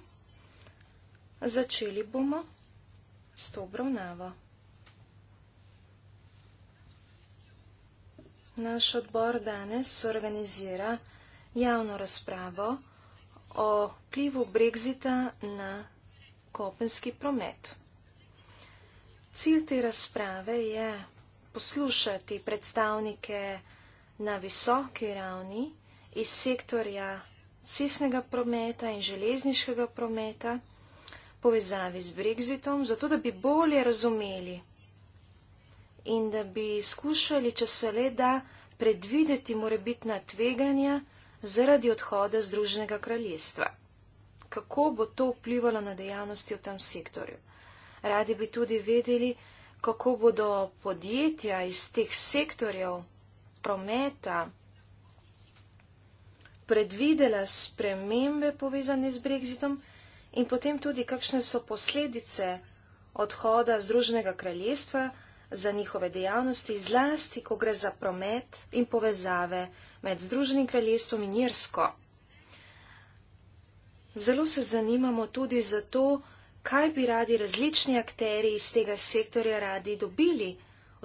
začeli bomo s to obravnavo. Naš odbor danes organizira javno razpravo o plivu Brexita na kopenski promet. Cilj te razprave je poslušati predstavnike na visoki ravni iz sektorja cestnega prometa in železniškega prometa povezavi z Brexitom, zato da bi bolje razumeli in da bi skušali, če se le da, predvideti morebitna tveganja zaradi odhoda Združnega kraljestva. Kako bo to vplivalo na dejavnosti v tem sektorju? Radi bi tudi vedeli, kako bodo podjetja iz teh sektorjev prometa predvidela spremembe povezane z Brexitom in potem tudi, kakšne so posledice odhoda Združenega kraljestva za njihove dejavnosti, zlasti, ko gre za promet in povezave med Združenim kraljestvom in Jersko. Zelo se zanimamo tudi za to, kaj bi radi različni akteri iz tega sektorja radi dobili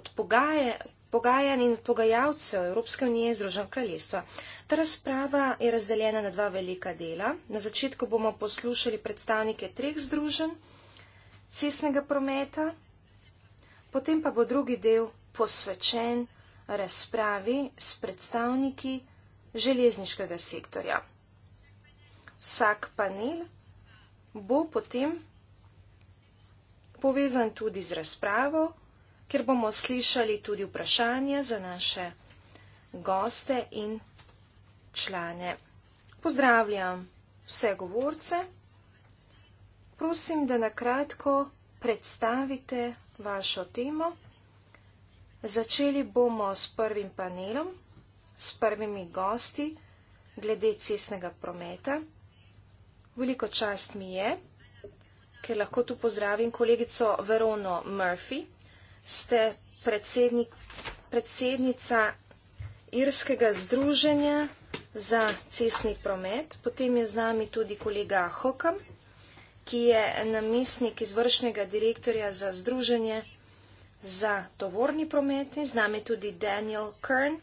od pogaje, pogajanj in pogajalcev Evropske unije in Združenega kraljestva. Ta razprava je razdeljena na dva velika dela. Na začetku bomo poslušali predstavnike treh združen cestnega prometa, potem pa bo drugi del posvečen razpravi s predstavniki železniškega sektorja. Vsak panel bo potem povezan tudi z razpravo, kjer bomo slišali tudi vprašanje za naše goste in člane. Pozdravljam vse govorce. Prosim, da nakratko predstavite vašo temo. Začeli bomo s prvim panelom, s prvimi gosti glede cestnega prometa. Veliko čast mi je, ker lahko tu pozdravim kolegico Verono Murphy. Ste predsednik, predsednica Irskega združenja za cestni promet. Potem je z nami tudi kolega Hokam, ki je namestnik izvršnega direktorja za združenje za tovorni promet. In z nami tudi Daniel Kern,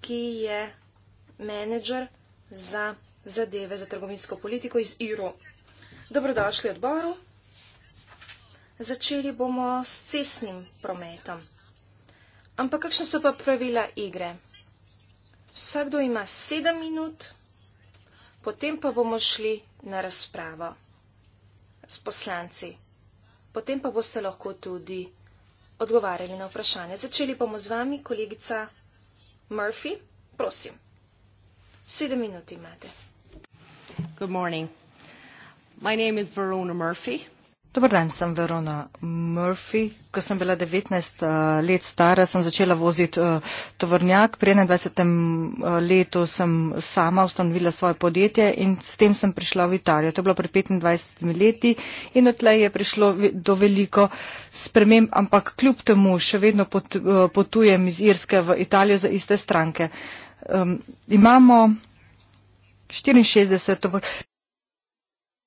ki je menedžer za zadeve za trgovinsko politiko iz Iro. Dobrodošli v odboru. Začeli bomo s cestnim prometom. Ampak kakšne so pa pravila igre? Vsakdo ima sedem minut, potem pa bomo šli na razpravo s poslanci. Potem pa boste lahko tudi odgovarjali na vprašanje. Začeli bomo z vami, kolegica Murphy. Prosim. Sedem minut imate. Good morning. My name is Verona Murphy. Dober dan, sem Verona Murphy. Ko sem bila 19 uh, eh, let stara, sem začela voziti uh, eh, tovornjak. Pri 21. Eh, letu sem sama ustanovila svoje podjetje in s tem sem prišla v Italijo. To je bilo pred 25 leti in odtlej je prišlo do veliko sprememb, ampak kljub temu še vedno pot, uh, potujem iz Irske v Italijo za iste stranke. Um, imamo 64 tovornjakov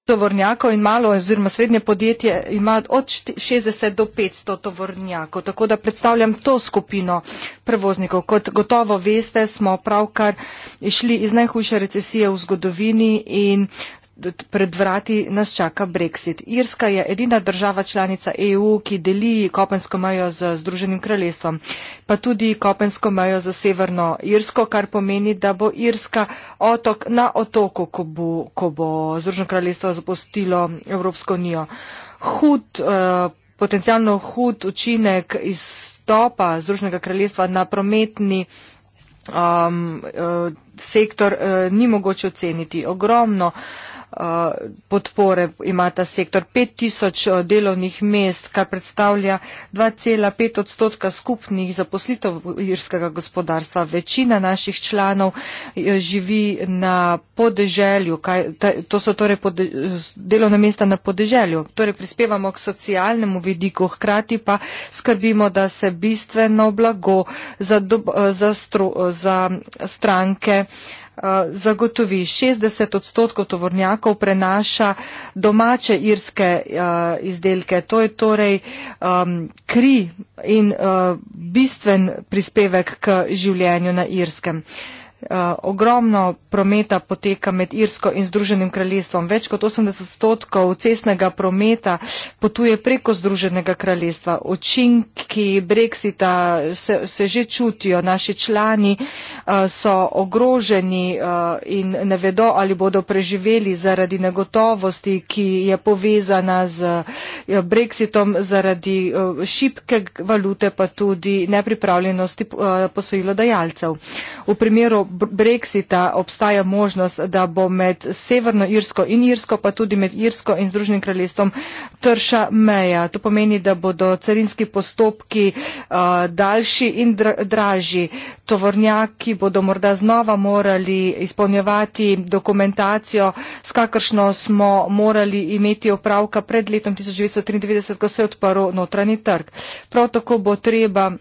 tovornjakov in malo oziroma srednje podjetje ima od 60 do 500 tovornjakov. Tako da predstavljam to skupino prevoznikov. Kot gotovo veste, smo pravkar išli iz najhujše recesije v zgodovini in pred vrati nas čaka Brexit. Irska je edina država članica EU, ki deli kopensko mejo z Združenim kraljestvom, pa tudi kopensko mejo za Severno Irsko, kar pomeni, da bo Irska otok na otoku, ko bo, ko bo Združeno kraljestvo zapustilo Evropsko unijo. Hud, eh, potencialno hud učinek izstopa Združenega kraljestva na prometni. Um, eh, sektor uh, ni mogoče oceniti. Ogromno uh, Eh, podpore ima ta sektor. 5000 eh, delovnih mest, kar predstavlja 2,5 odstotka skupnih zaposlitev irskega gospodarstva. Večina naših članov eh, živi na podeželju, kaj, ta, to so torej pode, delovna mesta na podeželju. Torej prispevamo k socialnemu vidiku, hkrati pa skrbimo, da se bistveno blago za, do, za, stru, za stranke uh, Eh, zagotovi. 60 odstotkov tovornjakov prenaša domače irske eh, izdelke. To je torej kri in eh, bistven prispevek k življenju na irskem. Eh, ogromno prometa poteka med Irsko in Združenim kraljestvom. Več kot 80 odstotkov cestnega prometa potuje preko Združenega kraljestva. Učinki Brexita se, se že čutijo. Naši člani eh, so ogroženi eh, in ne vedo, ali bodo preživeli zaradi negotovosti, ki je povezana z Brexitom, zaradi šipke valute pa tudi nepripravljenosti posojilodajalcev. V primeru brexita obstaja možnost, da bo med Severno Irsko in Irsko, pa tudi med Irsko in Združenim kraljestvom trša meja. To pomeni, da bodo carinski postopki uh, daljši in dražji. Tovornjaki bodo morda znova morali izpolnjevati dokumentacijo, s kakršno smo morali imeti opravka pred letom 1993, ko se je odprl notranji trg. Prav tako bo treba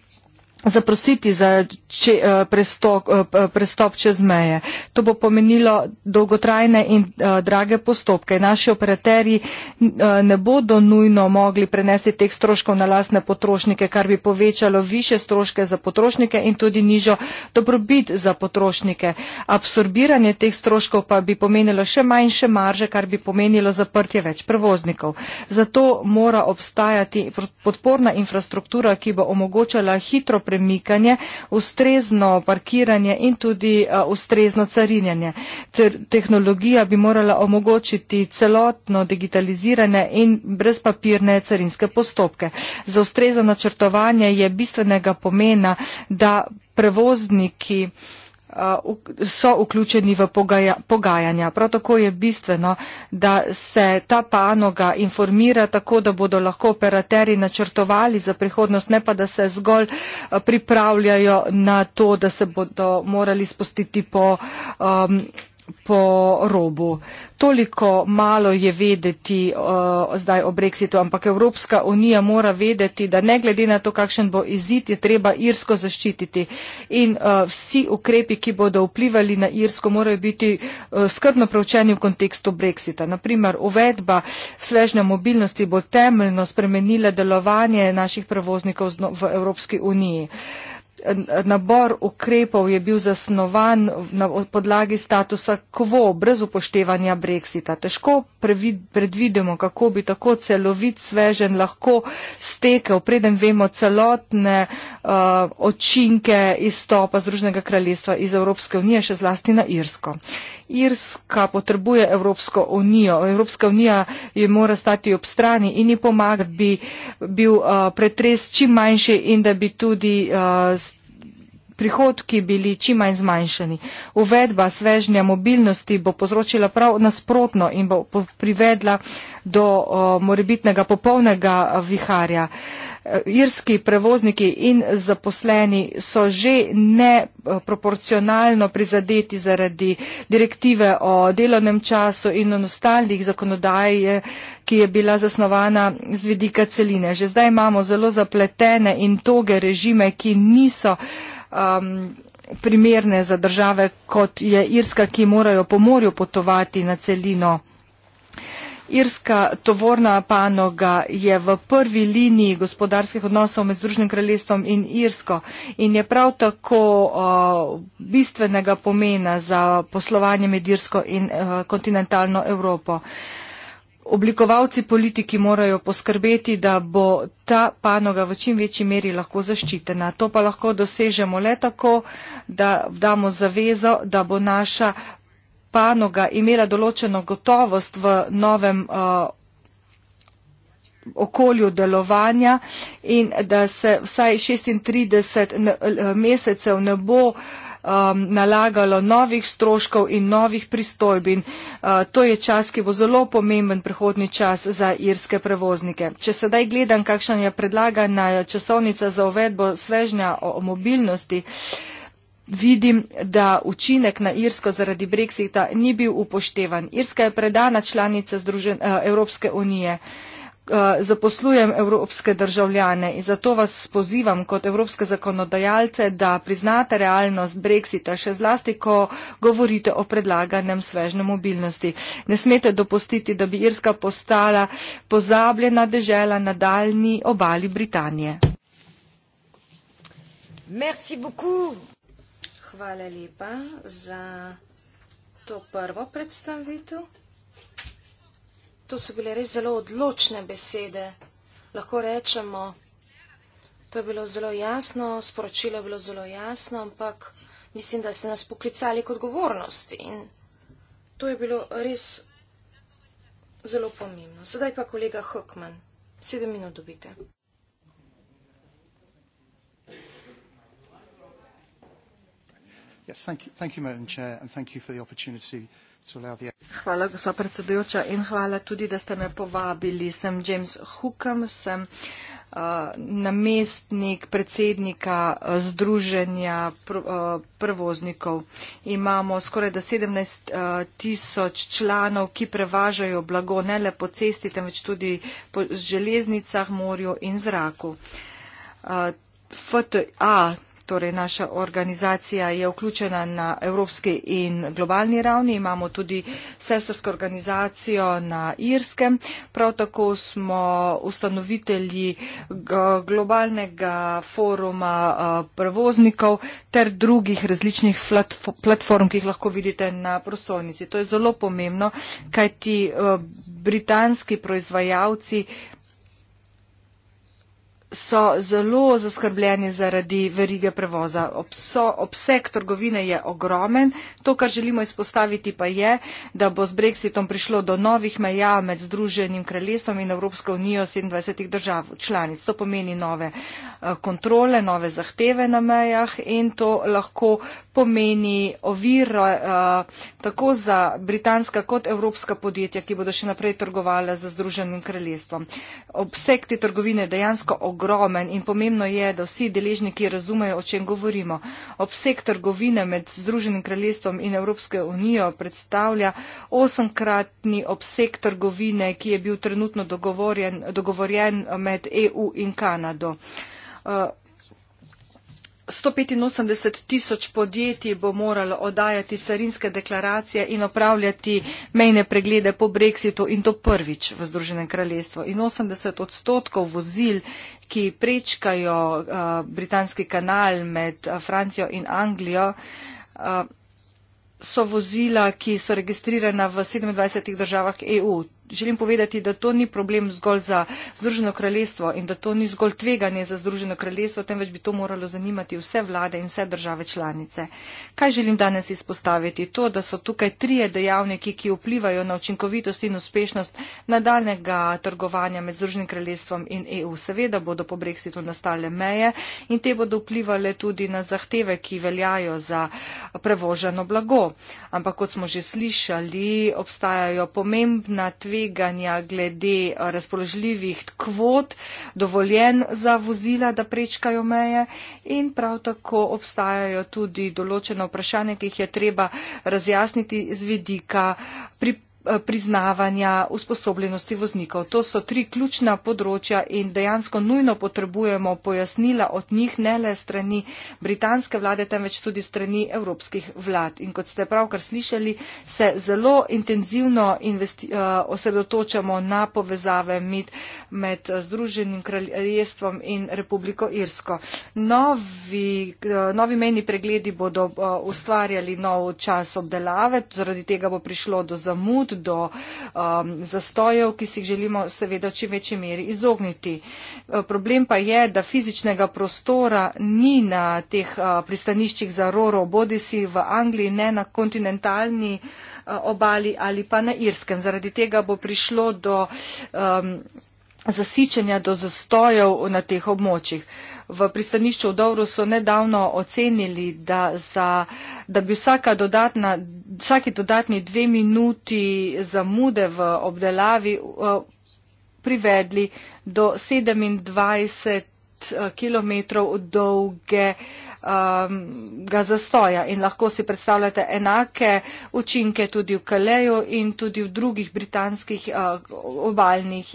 zaprositi za če, eh, prestop, eh, prestop čez meje. To bo pomenilo dolgotrajne in eh, drage postopke. Naši operaterji ne bodo nujno mogli prenesti teh stroškov na lasne potrošnike, kar bi povečalo više stroške za potrošnike in tudi nižjo dobrobit za potrošnike. Absorbiranje teh stroškov pa bi pomenilo še manjše marže, kar bi pomenilo zaprtje več prevoznikov. Zato mora obstajati podporna infrastruktura, ki bo omogočala hitro prevoznikov premikanje, ustrezno parkiranje in tudi eh, ustrezno carinjanje. Tehnologija bi morala omogočiti celotno digitalizirane in brezpapirne carinske postopke. Za ustrezno načrtovanje je bistvenega pomena, da prevozniki so vključeni v pogaja, pogajanja. Prav tako je bistveno, da se ta panoga informira tako, da bodo lahko operateri načrtovali za prihodnost, ne pa da se zgolj eh, pripravljajo na to, da se bodo morali spustiti po um, po robu. Toliko malo je vedeti uh, zdaj o brexitu, ampak Evropska unija mora vedeti, da ne glede na to, kakšen bo izid, je treba Irsko zaščititi. In uh, vsi ukrepi, ki bodo vplivali na Irsko, morajo biti uh, skrbno preučeni v kontekstu brexita. Naprimer, uvedba svežne mobilnosti bo temeljno spremenila delovanje naših prevoznikov v Evropski uniji. Uh, nabor ukrepov je bil zasnovan na podlagi statusa quo brez upoštevanja brexita. Težko predvidimo, kako bi tako celovit svežen lahko stekel, preden vemo celotne uh, očinke izstopa Združenega kraljestva iz Evropske unije, še zlasti na Irsko. Uh, Irska potrebuje Evropsko unijo. Evropska unija je mora stati ob strani in ji pomagati, da bi bil uh, pretres čim manjši in da bi tudi uh, prihodki bili čim manj zmanjšani. Uvedba svežnja mobilnosti bo povzročila prav nasprotno in bo privedla do uh, morebitnega popolnega uh, viharja. Uh, irski prevozniki in zaposleni so že neproporcionalno prizadeti zaradi direktive o delovnem času in o ostalih zakonodaji, ki je bila zasnovana z vidika celine. Že zdaj imamo zelo zapletene in toge režime, ki niso. Um, primerne za države, kot je Irska, ki morajo po morju potovati na celino Irska tovorna panoga je v prvi liniji gospodarskih odnosov med Združenim kraljestvom in Irsko in je prav tako bistvenega pomena za poslovanje med Irsko in eh, kontinentalno Evropo. Oblikovalci politiki morajo poskrbeti, da bo ta panoga v čim večji meri lahko zaščitena. To pa lahko dosežemo le tako, da damo zavezo, da bo naša panoga imela določeno gotovost v novem uh, okolju delovanja in da se vsaj 36 mesecev ne bo um, nalagalo novih stroškov in novih pristojbin. Uh, to je čas, ki bo zelo pomemben prihodni čas za irske prevoznike. Če sedaj gledam, kakšna je predlagana časovnica za uvedbo svežnja o mobilnosti, vidim, da učinek na Irsko zaradi brexita ni bil upoštevan. Irska je predana članica Združen, eh, Evropske unije. Eh, zaposlujem evropske državljane in zato vas pozivam kot evropske zakonodajalce, da priznate realnost brexita, še zlasti, ko govorite o predlaganem svežnem mobilnosti. Ne smete dopustiti, da bi Irska postala pozabljena dežela na daljni obali Britanije. Merci beaucoup hvala lepa za to prvo predstavitev. To so bile res zelo odločne besede. Lahko rečemo, to je bilo zelo jasno, sporočilo je bilo zelo jasno, ampak mislim, da ste nas poklicali kot govornosti in to je bilo res zelo pomembno. Sedaj pa kolega Hokman. Sedem minut dobite. Hvala, gospa predsedujoča, in hvala tudi, da ste me povabili. Sem James Hookham, sem uh, namestnik predsednika uh, Združenja pr, uh, prevoznikov. Imamo skoraj 17 uh, tisoč članov, ki prevažajo blago ne le po cesti, temveč tudi po železnicah, morju in zraku. Uh, FTA, torej naša organizacija je vključena na evropski in globalni ravni, imamo tudi sestrsko organizacijo na Irskem, prav tako smo ustanovitelji globalnega foruma prevoznikov ter drugih različnih platform, ki jih lahko vidite na prosovnici. To je zelo pomembno, kaj ti britanski proizvajalci so zelo zaskrbljeni zaradi verige prevoza. Obso, obseg trgovine je ogromen. To, kar želimo izpostaviti, pa je, da bo z brexitom prišlo do novih meja med Združenim kraljestvom in Evropsko unijo 27 držav članic. To pomeni nove eh, kontrole, nove zahteve na mejah in to lahko pomeni oviro uh, eh, tako za britanska kot evropska podjetja, ki bodo še naprej trgovala z Združenim kraljestvom. Obseg te trgovine je dejansko ogromen ogromen in pomembno je, da vsi deležniki razumejo, o čem govorimo. Obseg trgovine med Združenim kraljestvom in Evropsko unijo predstavlja osemkratni obseg trgovine, ki je bil trenutno dogovorjen med EU in Kanado. Uh, 185 tisoč podjetij bo moralo oddajati carinske deklaracije in opravljati mejne preglede po brexitu in to prvič v Združenem kraljestvu. In 80 odstotkov vozil, ki prečkajo uh, Britanski kanal med uh, Francijo in Anglijo, uh, so vozila, ki so registrirana v 27 državah EU želim povedati, da to ni problem zgolj za Združeno kraljestvo in da to ni zgolj tveganje za Združeno kraljestvo, temveč bi to moralo zanimati vse vlade in vse države članice. Kaj želim danes izpostaviti? To, da so tukaj trije dejavniki, ki vplivajo na učinkovitost in uspešnost nadaljnega trgovanja med Združenim kraljestvom in EU. Seveda bodo po brexitu nastale meje in te bodo vplivali tudi na zahteve, ki veljajo za prevoženo blago. Ampak kot smo že slišali, obstajajo pomembna tveganja, tveganja glede eh, razpoložljivih kvot, dovoljen za vozila, da prečkajo meje in prav tako obstajajo tudi določene vprašanja, ki jih je treba razjasniti z vidika pripravljanja Eh, priznavanja, usposobljenosti voznikov. To so tri ključna področja in dejansko nujno potrebujemo pojasnila od njih, ne le strani britanske vlade, temveč tudi strani evropskih vlad. In kot ste pravkar slišali, se zelo intenzivno eh, osredotočamo na povezave med, med eh, Združenim kraljestvom in Republiko Irsko. Novi, novi meni pregledi bodo ustvarjali nov čas obdelave, zaradi tega bo prišlo do zamud, do um, zastojev, ki si jih želimo seveda čim večji meri izogniti. Uh, problem pa je, da fizičnega prostora ni na teh uh, pristaniščih za Roro, bodi si v Angliji, ne na kontinentalni uh, obali ali pa na Irskem. Zaradi tega bo prišlo do. Um, zasičenja do zastojev na teh območjih. V pristanišču v Dovru so nedavno ocenili, da, za, da bi dodatna, vsaki dodatni dve minuti zamude v obdelavi eh, privedli do 27 eh, km dolge eh, ga zastoja in lahko si predstavljate enake učinke tudi v Kaleju in tudi v drugih britanskih obaljnih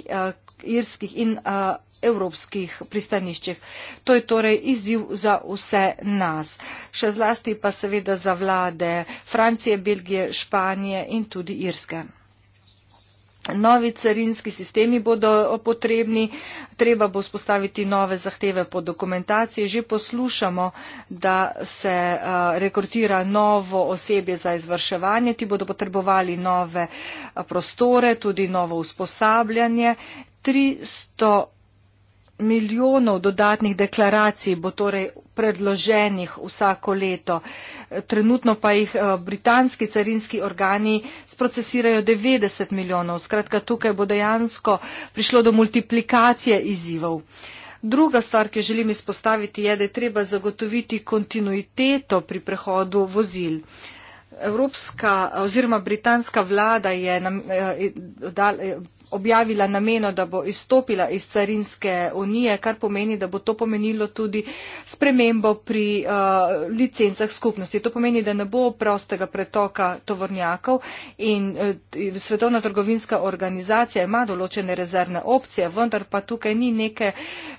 irskih in a, evropskih pristaniščih. To je torej izziv za vse nas, še zlasti pa seveda za vlade Francije, Belgije, Španije in tudi Irske. Novi carinski sistemi bodo potrebni, treba bo spostaviti nove zahteve po dokumentaciji. Že poslušamo, da se uh, rekrutira novo osebje za izvrševanje, ti bodo potrebovali nove prostore, tudi novo usposabljanje 300 milijonov dodatnih deklaracij bo torej predloženih vsako leto. Trenutno pa jih eh, britanski carinski organi sprocesirajo 90 milijonov. Skratka, tukaj bo dejansko prišlo do multiplikacije izzivov. Druga stvar, ki jo želim izpostaviti, je, da je treba zagotoviti kontinuiteto pri prehodu vozil evropska oziroma britanska vlada je nam, eh, dal, eh, objavila nameno, da bo izstopila iz carinske unije, kar pomeni, da bo to pomenilo tudi spremembo pri eh, licencah skupnosti. To pomeni, da ne bo prostega pretoka tovornjakov in eh, Svetovna trgovinska organizacija ima določene rezervne opcije, vendar pa tukaj ni neke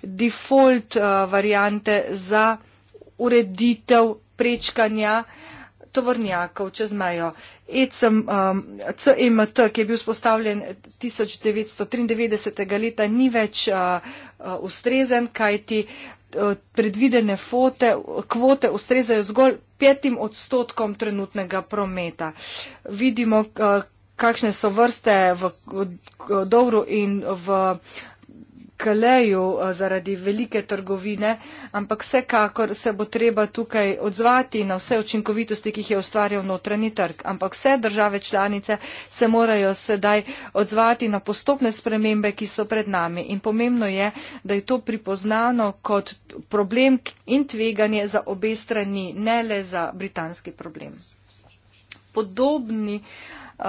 default eh, variante za ureditev prečkanja tovornjakov čez mejo. ECM, um, CMT, e ki je bil spostavljen 1993. leta, ni več uh, uh, ustrezen, kajti uh, predvidene fote, kvote ustrezajo zgolj petim odstotkom trenutnega prometa. Vidimo, uh, kakšne so vrste v, v, v Dovru in v uh, Kaleju eh, zaradi velike trgovine, ampak vsekakor se bo treba tukaj odzvati na vse učinkovitosti, ki jih je ustvarjal notranji trg. Ampak vse države članice se morajo sedaj odzvati na postopne spremembe, ki so pred nami. In pomembno je, da je to pripoznano kot problem in tveganje za obe strani, ne le za britanski problem. Podobni uh,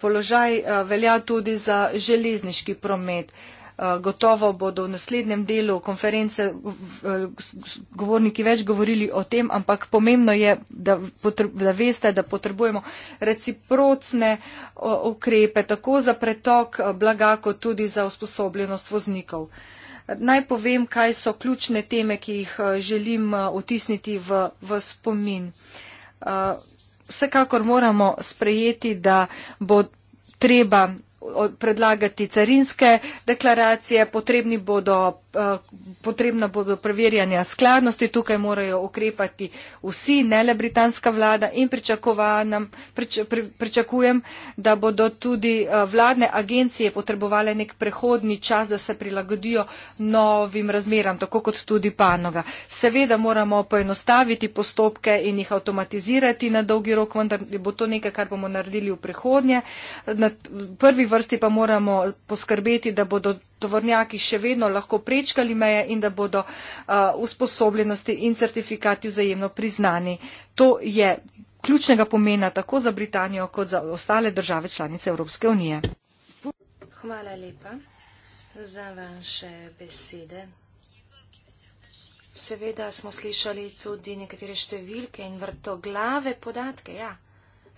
položaj uh, velja tudi za železniški promet. Uh, Eh, gotovo bodo v naslednjem delu konference eh, govorniki več govorili o tem, ampak pomembno je, da, da veste, da potrebujemo reciprocne eh, ukrepe tako za pretok blaga, kot tudi za usposobljenost voznikov. Naj povem, kaj so ključne teme, ki jih želim vtisniti v, v spomin. Vsekakor moramo sprejeti, da bo treba predlagati carinske deklaracije, potrebni bodo Eh, potrebna bodo preverjanja skladnosti, tukaj morajo ukrepati vsi, ne le britanska vlada in pričakujem, pričakujem da bodo tudi eh, vladne agencije potrebovale nek prehodni čas, da se prilagodijo novim razmeram, tako kot tudi panoga. Seveda moramo poenostaviti postopke in jih avtomatizirati na dolgi rok, vendar bo to nekaj, kar bomo naredili v prihodnje. Na prvi vrsti pa moramo poskrbeti, da bodo tovornjaki še vedno lahko prejeli prečkali meje in da bodo uh, usposobljenosti in certifikati vzajemno priznani. To je ključnega pomena tako za Britanijo kot za ostale države članice Evropske unije. Hvala lepa za vaše besede. Seveda smo slišali tudi nekatere številke in vrtoglave podatke. Ja,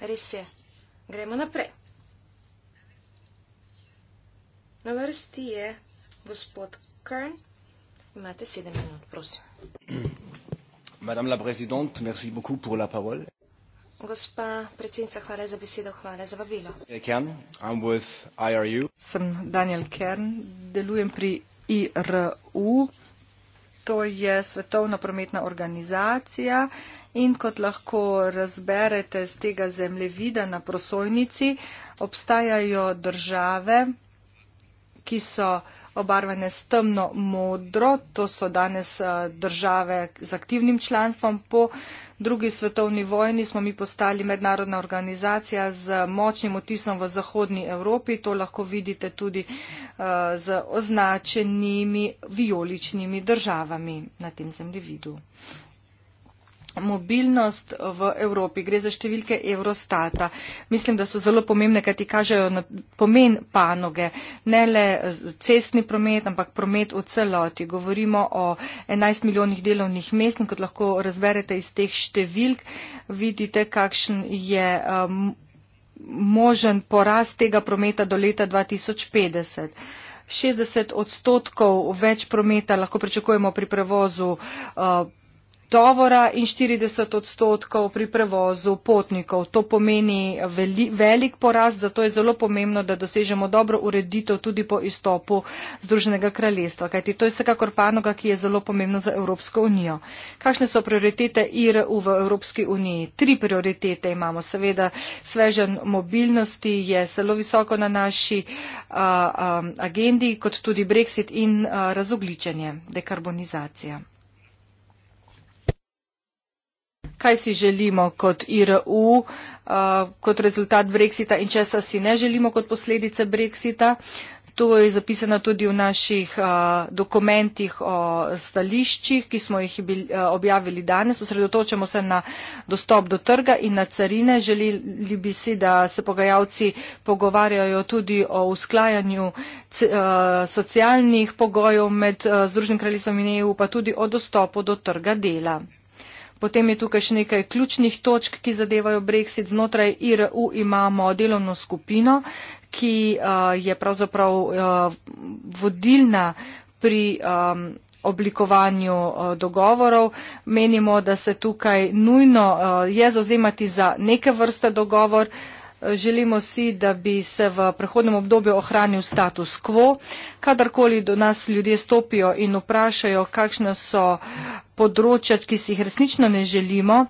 res je. Gremo naprej. Na vrsti je gospod Kern. Imate sedem minut, prosim. Madame la présidente, merci beaucoup pour la parole. Gospa predsednica, hvala za besedo, hvala za vabilo. Sem Daniel Kern, delujem pri IRU. To je svetovna prometna organizacija in kot lahko razberete z tega zemljevida na prosojnici, obstajajo države, ki so obarvane s temno modro. To so danes eh, države z aktivnim članstvom. Po drugi svetovni vojni smo mi postali mednarodna organizacija z močnim otisom v Zahodnji Evropi. To lahko vidite tudi eh, z označenimi violičnimi državami na tem zemljevidu mobilnost v Evropi. Gre za številke Eurostata. Mislim, da so zelo pomembne, kaj ti kažejo na pomen panoge. Ne le cestni promet, ampak promet v celoti. Govorimo o 11 milijonih delovnih mest in kot lahko razberete iz teh številk, vidite, kakšen je. Um, možen porast tega prometa do leta 2050. 60 odstotkov več prometa lahko pričakujemo pri prevozu uh, tovora in 40 odstotkov pri prevozu potnikov. To pomeni veli, velik porast, zato je zelo pomembno, da dosežemo dobro ureditev tudi po izstopu Združenega kraljestva, kajti to je vsekakor panoga, ki je zelo pomembna za Evropsko unijo. Kakšne so prioritete IRU v Evropski uniji? Tri prioritete imamo. Seveda, svežen mobilnosti je zelo visoko na naši a, a, agendi, kot tudi brexit in a, razogličenje, dekarbonizacija. kaj si želimo kot IRU, uh, kot rezultat Brexita in česa si ne želimo kot posledice Brexita. To je zapisano tudi v naših uh, dokumentih o stališčih, ki smo jih uh, objavili danes. Osredotočamo se na dostop do trga in na carine. Želeli bi si, da se pogajalci pogovarjajo tudi o usklajanju socialnih pogojev med Združenim kraljestvom in EU, pa tudi o dostopu do trga dela. Potem je tukaj še nekaj ključnih točk, ki zadevajo Brexit. Znotraj IRU imamo delovno skupino, ki uh, je pravzaprav uh, vodilna pri um, oblikovanju uh, dogovorov. Menimo, da se tukaj nujno je zauzemati za neke vrste dogovor. Želimo si, da bi se v prehodnem obdobju ohranil status quo. Kadarkoli do nas ljudje stopijo in vprašajo, kakšne so področja, ki si jih resnično ne želimo,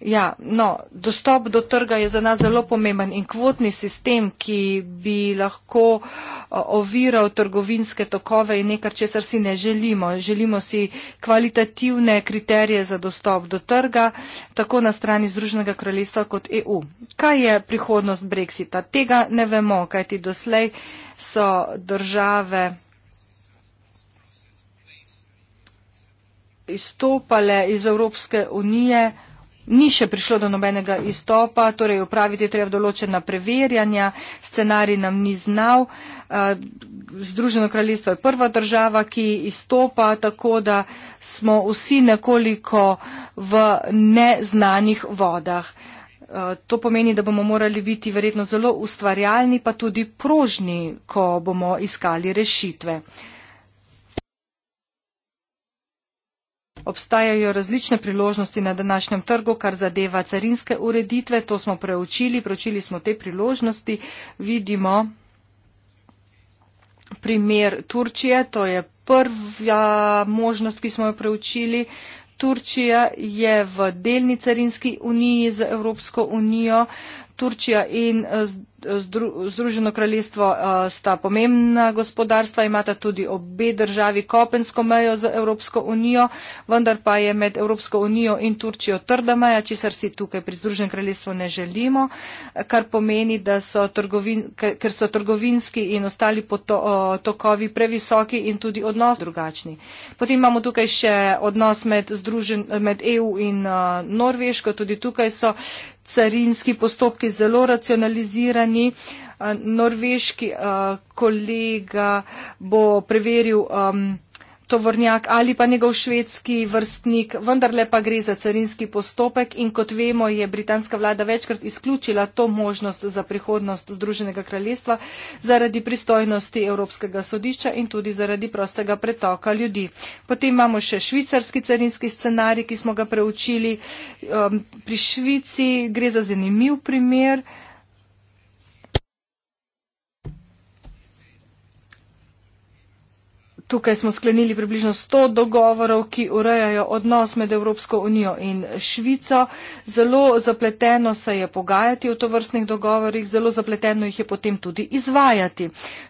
Ja, no, dostop do trga je za nas zelo pomemben in kvotni sistem, ki bi lahko oviral trgovinske tokove in nekaj, česar si ne želimo. Želimo si kvalitativne kriterije za dostop do trga, tako na strani Združenega kraljestva kot EU. Kaj je prihodnost Brexita? Tega ne vemo, kajti doslej so države izstopale iz Evropske unije ni še prišlo do nobenega izstopa, torej upraviti treba določena preverjanja, scenarij nam ni znal. Združeno kraljestvo je prva država, ki izstopa, tako da smo vsi nekoliko v neznanih vodah. To pomeni, da bomo morali biti verjetno zelo ustvarjalni, pa tudi prožni, ko bomo iskali rešitve. obstajajo različne priložnosti na današnjem trgu, kar zadeva carinske ureditve. To smo preučili, preučili smo te priložnosti. Vidimo primer Turčije, to je prva možnost, ki smo jo preučili. Turčija je v delni carinski uniji z Evropsko unijo. Turčija in Združeno kraljestvo eh, sta pomembna gospodarstva, imata tudi obe državi kopensko mejo z Evropsko unijo, vendar pa je med Evropsko unijo in Turčijo trda meja, česar si tukaj pri Združenem kraljestvu ne želimo, kar pomeni, da so, trgovin, ker so trgovinski in ostali tokovi previsoki in tudi odnos drugačni. Potem imamo tukaj še odnos med, združen, med EU in eh, Norveško, tudi tukaj so carinski postopki zelo racionalizirani strani. Eh, norveški eh, kolega bo preveril tovornjak ali pa njegov švedski vrstnik, vendarle pa gre za carinski postopek in kot vemo je britanska vlada večkrat izključila to možnost za prihodnost Združenega kraljestva zaradi pristojnosti Evropskega sodišča in tudi zaradi prostega pretoka ljudi. Potem imamo še švicarski carinski scenarij, ki smo ga preučili. Pri Švici gre za zanimiv primer. Tukaj smo sklenili približno 100 dogovorov, ki urejajo odnos med Evropsko unijo in Švico. Zelo zapleteno se je pogajati v tovrstnih dogovorih, zelo zapleteno jih je potem tudi izvajati.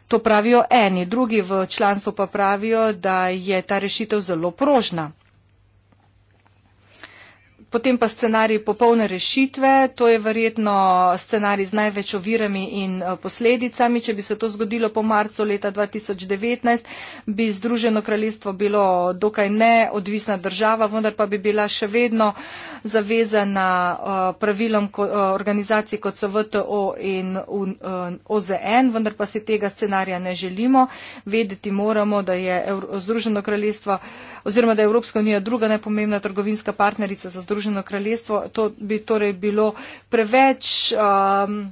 To pravijo eni, drugi v članstvu pa pravijo, da je ta rešitev zelo prožna potem pa scenarij popolne rešitve, to je verjetno scenarij z največ ovirami in eh, posledicami. Če bi se to zgodilo po marcu leta 2019, bi Združeno kraljestvo bilo dokaj neodvisna država, vendar pa bi bila še vedno zavezana eh, pravilom eh, organizacij kot so VTO in OZN, vendar pa si tega scenarija ne želimo. Vedeti moramo, da je Združeno kraljestvo oziroma da je Evropska unija druga najpomembna trgovinska partnerica za Združeno kraljestvo. To bi torej bilo preveč. Um,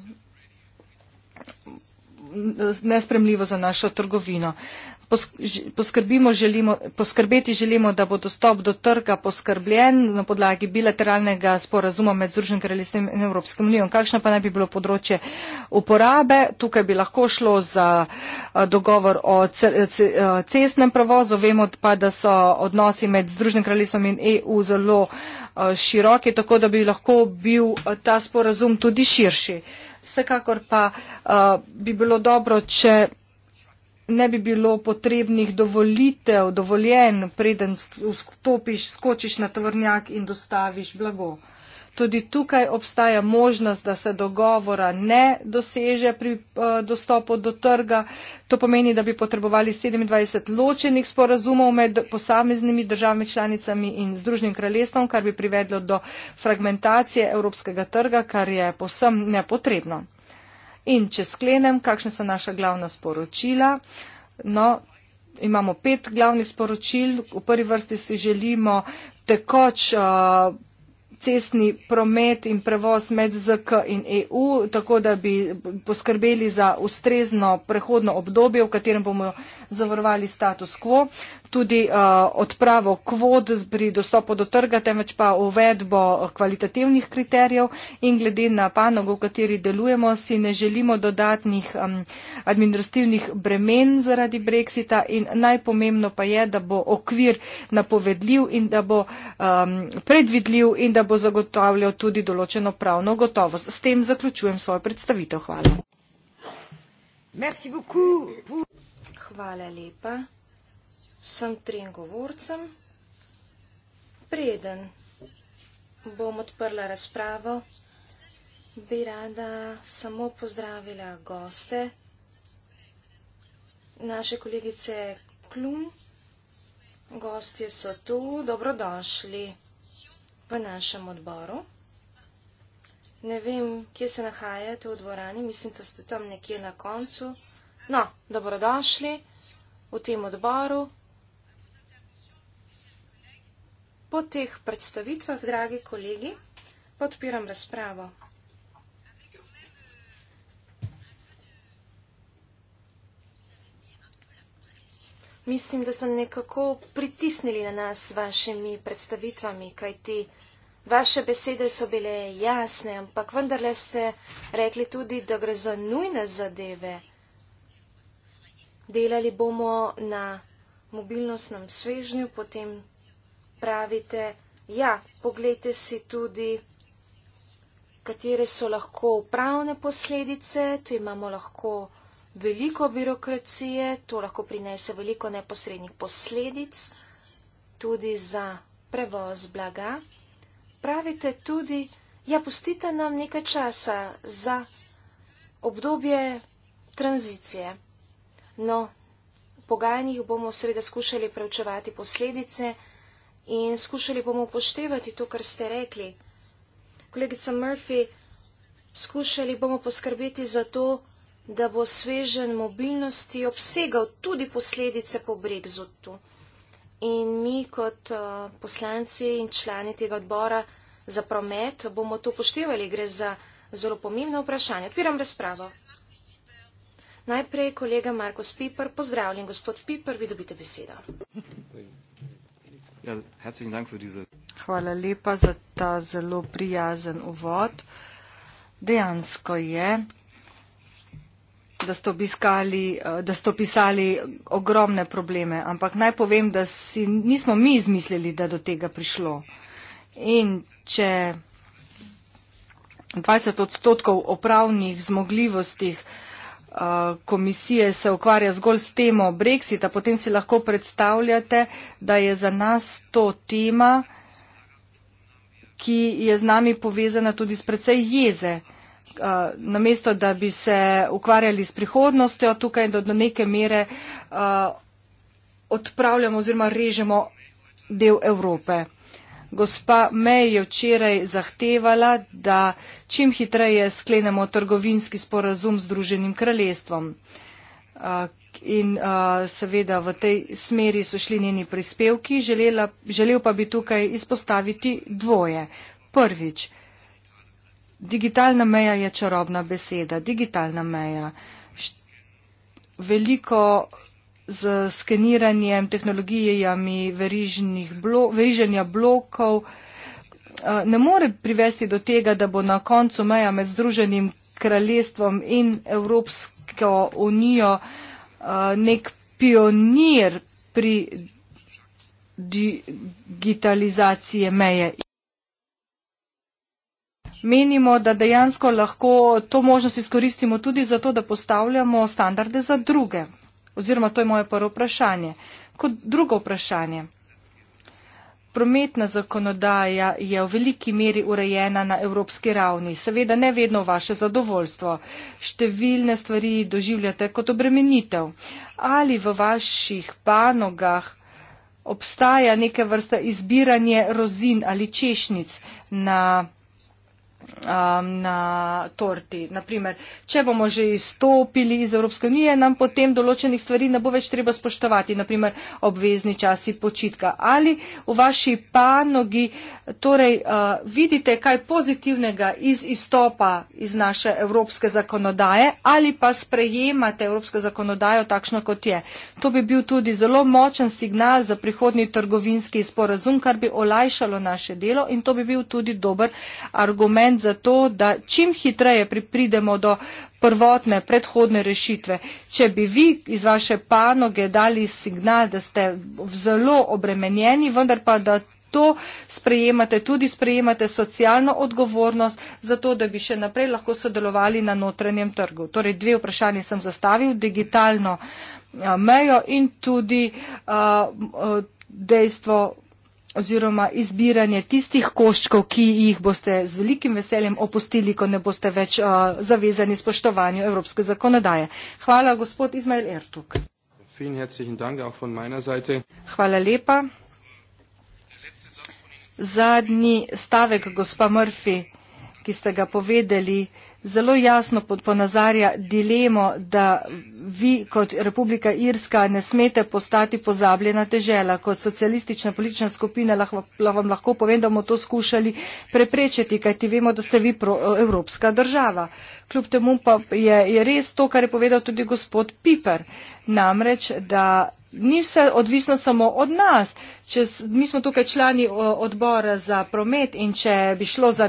nespremljivo za našo trgovino. Uh, Želimo, poskrbeti želimo, da bo dostop do trga poskrbljen na podlagi bilateralnega sporazuma med Združenim kraljestvom in Evropskim unijo. Kakšno pa naj bi bilo področje uporabe? Tukaj bi lahko šlo za dogovor o cestnem prevozu. Vemo pa, da so odnosi med Združenim kraljestvom in EU zelo široki, tako da bi lahko bil ta sporazum tudi širši. Vsekakor pa bi bilo dobro, če ne bi bilo potrebnih dovolitev, dovoljen, preden vstopiš, skočiš na tovrnjak in dostaviš blago. Tudi tukaj obstaja možnost, da se dogovora ne doseže pri uh, dostopu do trga. To pomeni, da bi potrebovali 27 ločenih sporazumov med posameznimi državami članicami in Združnim kraljestvom, kar bi privedlo do fragmentacije evropskega trga, kar je posem nepotrebno. In če sklenem, kakšne so naša glavna sporočila. No, imamo pet glavnih sporočil. V prvi vrsti si želimo tekoč uh, cestni promet in prevoz med ZK in EU, tako da bi poskrbeli za ustrezno prehodno obdobje, v katerem bomo zavarovali status quo tudi uh, odpravo kvod pri dostopu do trga, temveč pa uvedbo kvalitativnih kriterijev in glede na panogo, v kateri delujemo, si ne želimo dodatnih um, administrativnih bremen zaradi brexita in najpomembno pa je, da bo okvir napovedljiv in da bo um, predvidljiv in da bo zagotavljal tudi določeno pravno gotovost. S tem zaključujem svojo predstavitev. Hvala. Merci beaucoup. Hvala lepa vsem trem govorcem. Preden bom odprla razpravo, bi rada samo pozdravila goste, naše kolegice Klum. Gostje so tu, dobrodošli v našem odboru. Ne vem, kje se nahajate v dvorani, mislim, da ste tam nekje na koncu. No, dobrodošli v tem odboru, Po teh predstavitvah, dragi kolegi, podpiram razpravo. Mislim, da ste nekako pritisnili na nas s vašimi predstavitvami, kajti vaše besede so bile jasne, ampak vendarle ste rekli tudi, da gre za nujne zadeve. Delali bomo na mobilnostnem svežnju, potem pravite, ja, pogledajte si tudi, katere so lahko upravne posledice, tu imamo lahko veliko birokracije, to lahko prinese veliko neposrednih posledic, tudi za prevoz blaga. Pravite tudi, ja, pustite nam nekaj časa za obdobje tranzicije. No, pogajanjih bomo seveda skušali preučevati posledice, in skušali bomo upoštevati to, kar ste rekli. Kolegica Murphy, skušali bomo poskrbeti za to, da bo svežen mobilnosti obsegal tudi posledice po brexitu. In mi kot uh, poslanci in člani tega odbora za promet bomo to upoštevali. Gre za zelo pomembno vprašanje. Odpiram razpravo. Najprej kolega Markus Piper. Pozdravljen, gospod Piper, vi dobite besedo. Ja, Hvala lepa za ta zelo prijazen uvod. Dejansko je, da ste, obiskali, da ste opisali ogromne probleme, ampak naj povem, da si, nismo mi izmislili, da do tega prišlo. In če 20 odstotkov opravnih zmogljivostih komisije se ukvarja zgolj s temo Brexita, potem si lahko predstavljate, da je za nas to tema, ki je z nami povezana tudi s precej jeze. Namesto, da bi se ukvarjali s prihodnostjo, tukaj do, do neke mere odpravljamo oziroma režemo del Evrope. Gospa May je včeraj zahtevala, da čim hitreje sklenemo trgovinski sporazum z Združenim kraljestvom. In seveda v tej smeri so šli njeni prispevki, želela, želel pa bi tukaj izpostaviti dvoje. Prvič, digitalna meja je čarobna beseda, digitalna meja. Veliko z skeniranjem tehnologijami blo veriženja blokov ne more privesti do tega, da bo na koncu meja med Združenim kraljestvom in Evropsko unijo nek pionir pri digitalizaciji meje. Menimo, da dejansko lahko to možnost izkoristimo tudi zato, da postavljamo standarde za druge oziroma to je moje prvo vprašanje. Kot drugo vprašanje. Prometna zakonodaja je v veliki meri urejena na evropski ravni. Seveda ne vedno vaše zadovoljstvo. Številne stvari doživljate kot obremenitev. Ali v vaših panogah obstaja neke vrste izbiranje rozin ali češnic na um, na torti. Naprimer, če bomo že izstopili iz Evropske unije, nam potem določenih stvari ne bo več treba spoštovati, naprimer obvezni časi počitka. Ali v vaši panogi torej, uh, vidite kaj pozitivnega iz izstopa iz naše evropske zakonodaje ali pa sprejemate evropsko zakonodajo takšno, kot je. To bi bil tudi zelo močen signal za prihodni trgovinski sporazum, kar bi olajšalo naše delo in to bi bil tudi dober argument za to, da čim hitreje pridemo do prvotne, predhodne rešitve. Če bi vi iz vaše panoge dali signal, da ste zelo obremenjeni, vendar pa da to sprejemate, tudi sprejemate socialno odgovornost, zato da bi še naprej lahko sodelovali na notranjem trgu. Torej, dve vprašanje sem zastavil, digitalno eh, mejo in tudi uh, dejstvo oziroma izbiranje tistih koščkov, ki jih boste z velikim veseljem opustili, ko ne boste več uh, zavezani spoštovanju evropske zakonodaje. Hvala, gospod Izmail Ertuk. Hvala lepa. Zadnji stavek, gospa Murphy, ki ste ga povedali zelo jasno ponazarja dilemo, da vi kot Republika Irska ne smete postati pozabljena težela. Kot socialistična politična skupina lahko, vam lahko povem, da bomo to skušali preprečiti, kajti vemo, da ste vi proevropska država. Kljub temu pa je, je res to, kar je povedal tudi gospod Piper, namreč, da ni vse odvisno samo od nas. Če mi smo tukaj člani odbora za promet in če bi šlo za,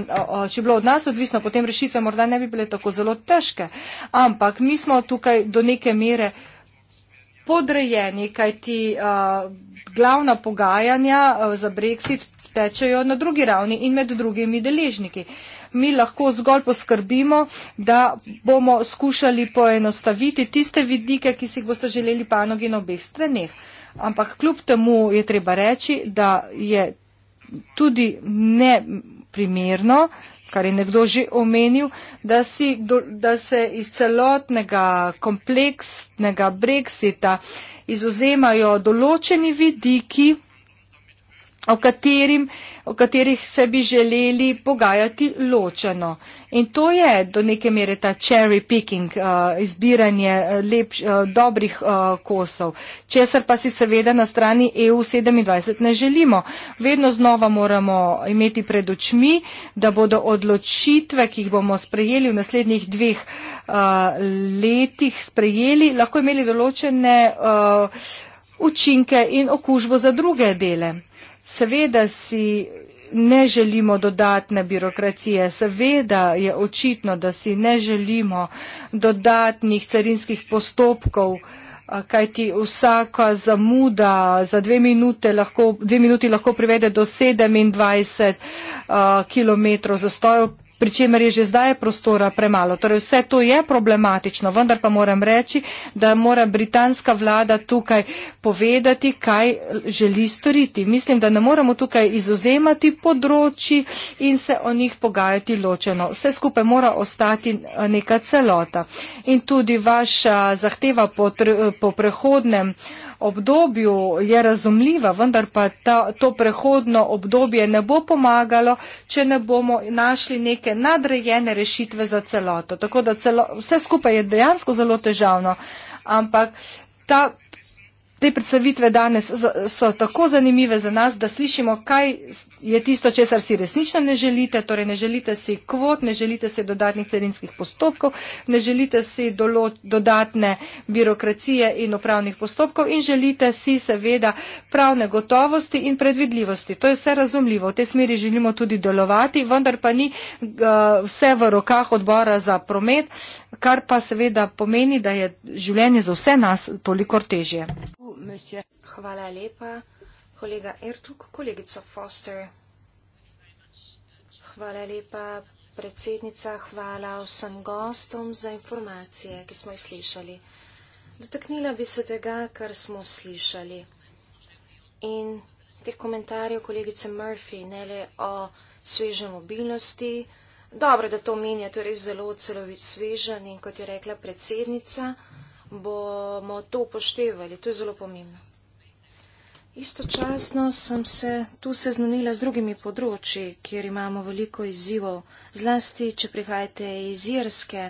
če bilo od nas odvisno, potem rešitve morda ne bi bile tako zelo težke. Ampak mi smo tukaj do neke mere podrejeni, kajti uh, glavna pogajanja uh, za Brexit tečejo na drugi ravni in med drugimi deležniki. Mi lahko zgolj poskrbimo, da bomo skušali poenostaviti tiste vidike, ki si jih boste želeli panogi na obeh straneh. Ampak kljub temu je treba reči, da je tudi neprimerno, kar je nekdo že omenil, da, si, da se iz celotnega kompleksnega brexita izuzemajo določeni vidiki, o katerim eh, o katerih se bi želeli pogajati ločeno. In to je do neke mere ta cherry picking, uh, izbiranje uh, lep, uh, dobrih uh, kosov, česar pa si seveda na strani EU27 ne želimo. Vedno znova moramo imeti pred očmi, da bodo odločitve, ki jih bomo sprejeli v naslednjih dveh uh, letih, sprejeli, lahko imeli določene. Uh, učinke in okužbo za druge dele. Seveda si ne želimo dodatne birokracije, seveda je očitno, da si ne želimo dodatnih carinskih postopkov, kaj ti vsaka zamuda za dve minute lahko, dve minuti lahko privede do 27 km zastojev pri čemer je že zdaj prostora premalo. Torej vse to je problematično, vendar pa moram reči, da mora britanska vlada tukaj povedati, kaj želi storiti. Mislim, da ne moramo tukaj izuzemati področji in se o njih pogajati ločeno. Vse skupaj mora ostati neka celota. In tudi vaša zahteva po, tr, po prehodnem uh, obdobju je razumljiva, vendar pa ta, to prehodno obdobje ne bo pomagalo, če ne bomo našli neke nadrejene rešitve za celoto. Tako da celo, vse skupaj je dejansko zelo težavno, ampak ta Te predstavitve danes so tako zanimive za nas, da slišimo, kaj je tisto, česar si resnično ne želite. Torej, ne želite si kvot, ne želite si dodatnih carinskih postopkov, ne želite si dolo, dodatne birokracije in upravnih postopkov in želite si seveda pravne gotovosti in predvidljivosti. To je vse razumljivo. V tej smeri želimo tudi delovati, vendar pa ni uh, vse v rokah odbora za promet. Uh, kar pa seveda pomeni, da je življenje za vse nas toliko težje. Hvala lepa, kolega Ertuk, kolegica Foster. Hvala lepa, predsednica, hvala vsem gostom za informacije, ki smo jih slišali. Dotaknila bi se tega, kar smo slišali. In teh komentarjev kolegice Murphy, ne le o sveže mobilnosti, Dobro, da to omenja, torej zelo celovit svežen in kot je rekla predsednica, bomo to upoštevali, to je zelo pomembno. Istočasno sem se tu seznanila z drugimi področji, kjer imamo veliko izzivov, zlasti, če prihajate iz Irske.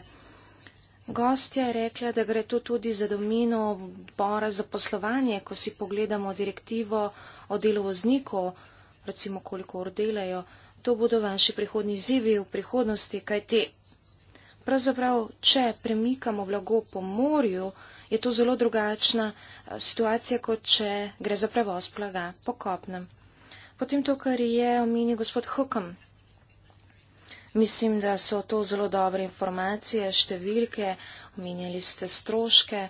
Gostja je rekla, da gre tu tudi za domino odbora za poslovanje, ko si pogledamo direktivo o delu voznikov, recimo koliko ur delajo to bodo vaši prihodni zivi v prihodnosti, kaj ti. Pravzaprav, če premikamo blago po morju, je to zelo drugačna eh, situacija, kot če gre za prevoz blaga po kopnem. Potem to, kar je omenil gospod Hukam. Mislim, da so to zelo dobre informacije, številke, omenjali ste stroške.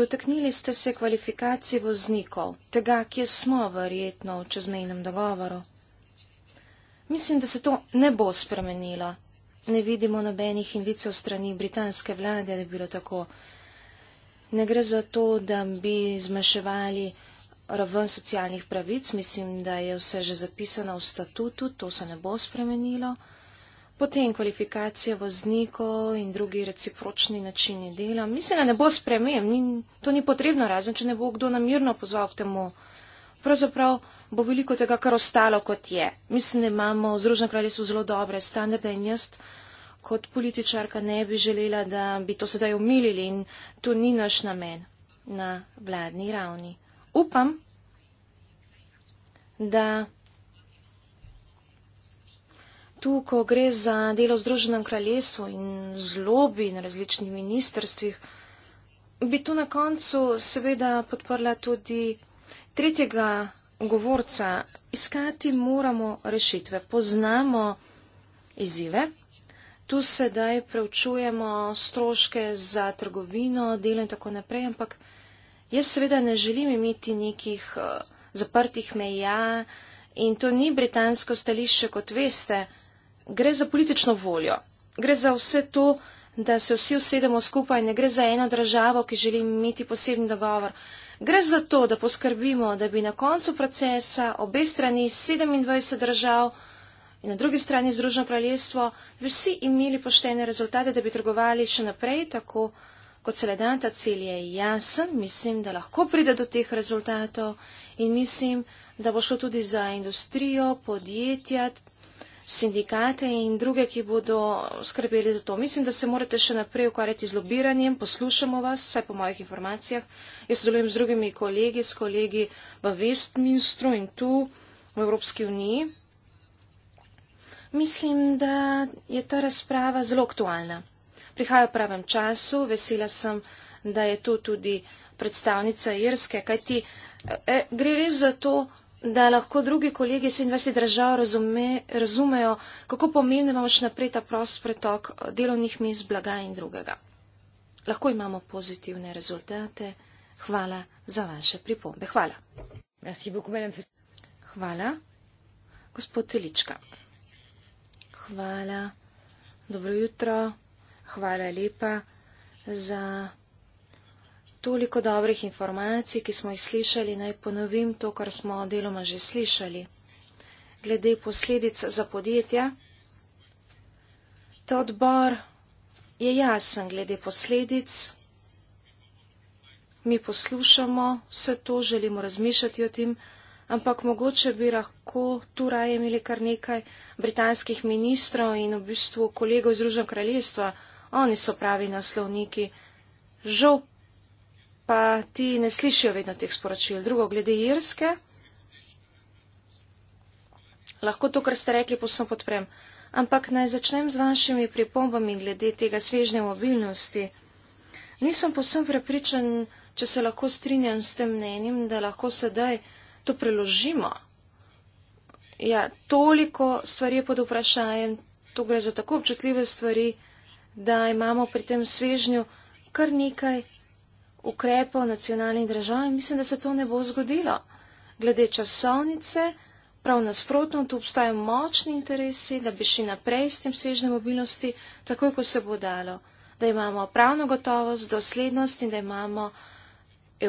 Dotaknili ste se kvalifikacij voznikov, tega, kje smo verjetno v čezmejnem dogovoru. Mislim, da se to ne bo spremenilo. Ne vidimo nobenih indicev strani britanske vlade, da je bilo tako. Ne gre za to, da bi zmaševali raven socialnih pravic, mislim, da je vse že zapisano v statutu, to se ne bo spremenilo. Potem kvalifikacije voznikov in drugi recipročni načini dela. Mislim, da ne bo spremem, ni, to ni potrebno, razen če ne bo kdo namirno pozval k temu. Pravzaprav bo veliko tega, kar ostalo kot je. Mislim, da imamo v Združenem kraljestvu zelo dobre standarde in jaz kot političarka ne bi želela, da bi to sedaj umilili in to ni naš namen na vladni ravni. Upam, da tu, ko gre za delo v Združenem kraljestvu in zlobi na različnih ministrstvih, bi tu na koncu seveda podprla tudi tretjega govorca. Iskati moramo rešitve. Poznamo izzive. Tu sedaj preučujemo stroške za trgovino, delo in tako naprej, ampak jaz seveda ne želim imeti nekih eh, zaprtih meja in to ni britansko stališče, kot veste. Gre za politično voljo. Gre za vse to, da se vsi usedemo skupaj. Ne gre za eno državo, ki želi imeti posebni dogovor. Gre za to, da poskrbimo, da bi na koncu procesa obe strani 27 držav in na drugi strani Združeno kraljestvo, da bi vsi imeli poštene rezultate, da bi trgovali še naprej, tako kot se le da, ta cilj je jasen, mislim, da lahko pride do teh rezultatov in mislim, da bo šlo tudi za industrijo, podjetja, sindikate in druge, ki bodo skrbeli za to. Mislim, da se morate še naprej ukvarjati z lobiranjem, poslušamo vas, vsaj po mojih informacijah. Jaz sodelujem z drugimi kolegi, s kolegi v Vestminstru in tu v Evropski uniji. Mislim, da je ta razprava zelo aktualna. Prihaja v pravem času, vesela sem, da je tu tudi predstavnica Irske, kajti e, gre res za to, da lahko drugi kolegi 27 držav razume, razumejo, kako pomembno imamo še naprej ta prost pretok eh, delovnih mest, blaga in drugega. Lahko imamo pozitivne rezultate. Hvala za vaše pripombe. Hvala. Hvala. Gospod Telička. Hvala. Dobro jutro. Hvala lepa za toliko dobrih informacij, ki smo jih slišali, naj ponovim to, kar smo deloma že slišali. Glede posledic za podjetja, ta odbor je jasen glede posledic. Mi poslušamo vse to, želimo razmišljati o tem, ampak mogoče bi lahko tu raje imeli kar nekaj britanskih ministrov in v bistvu kolegov iz Združenega kraljestva. Oni so pravi naslovniki. Žal pa ti ne slišijo vedno teh sporočil. Drugo, glede Irske, lahko to, kar ste rekli, posem podprem. Ampak naj začnem z vašimi pripombami glede tega svežne mobilnosti. Nisem posem prepričan, če se lahko strinjam s tem mnenjem, da lahko sedaj to preložimo. Ja, toliko stvari je pod vprašanjem, to gre za tako občutljive stvari, da imamo pri tem svežnju kar nekaj ukrepov nacionalnih držav in mislim, da se to ne bo zgodilo. Glede časovnice, prav nasprotno, tu obstajajo močni interesi, da bi šli naprej s tem svežne mobilnosti, takoj, ko se bo dalo. Da imamo pravno gotovost, doslednost in da imamo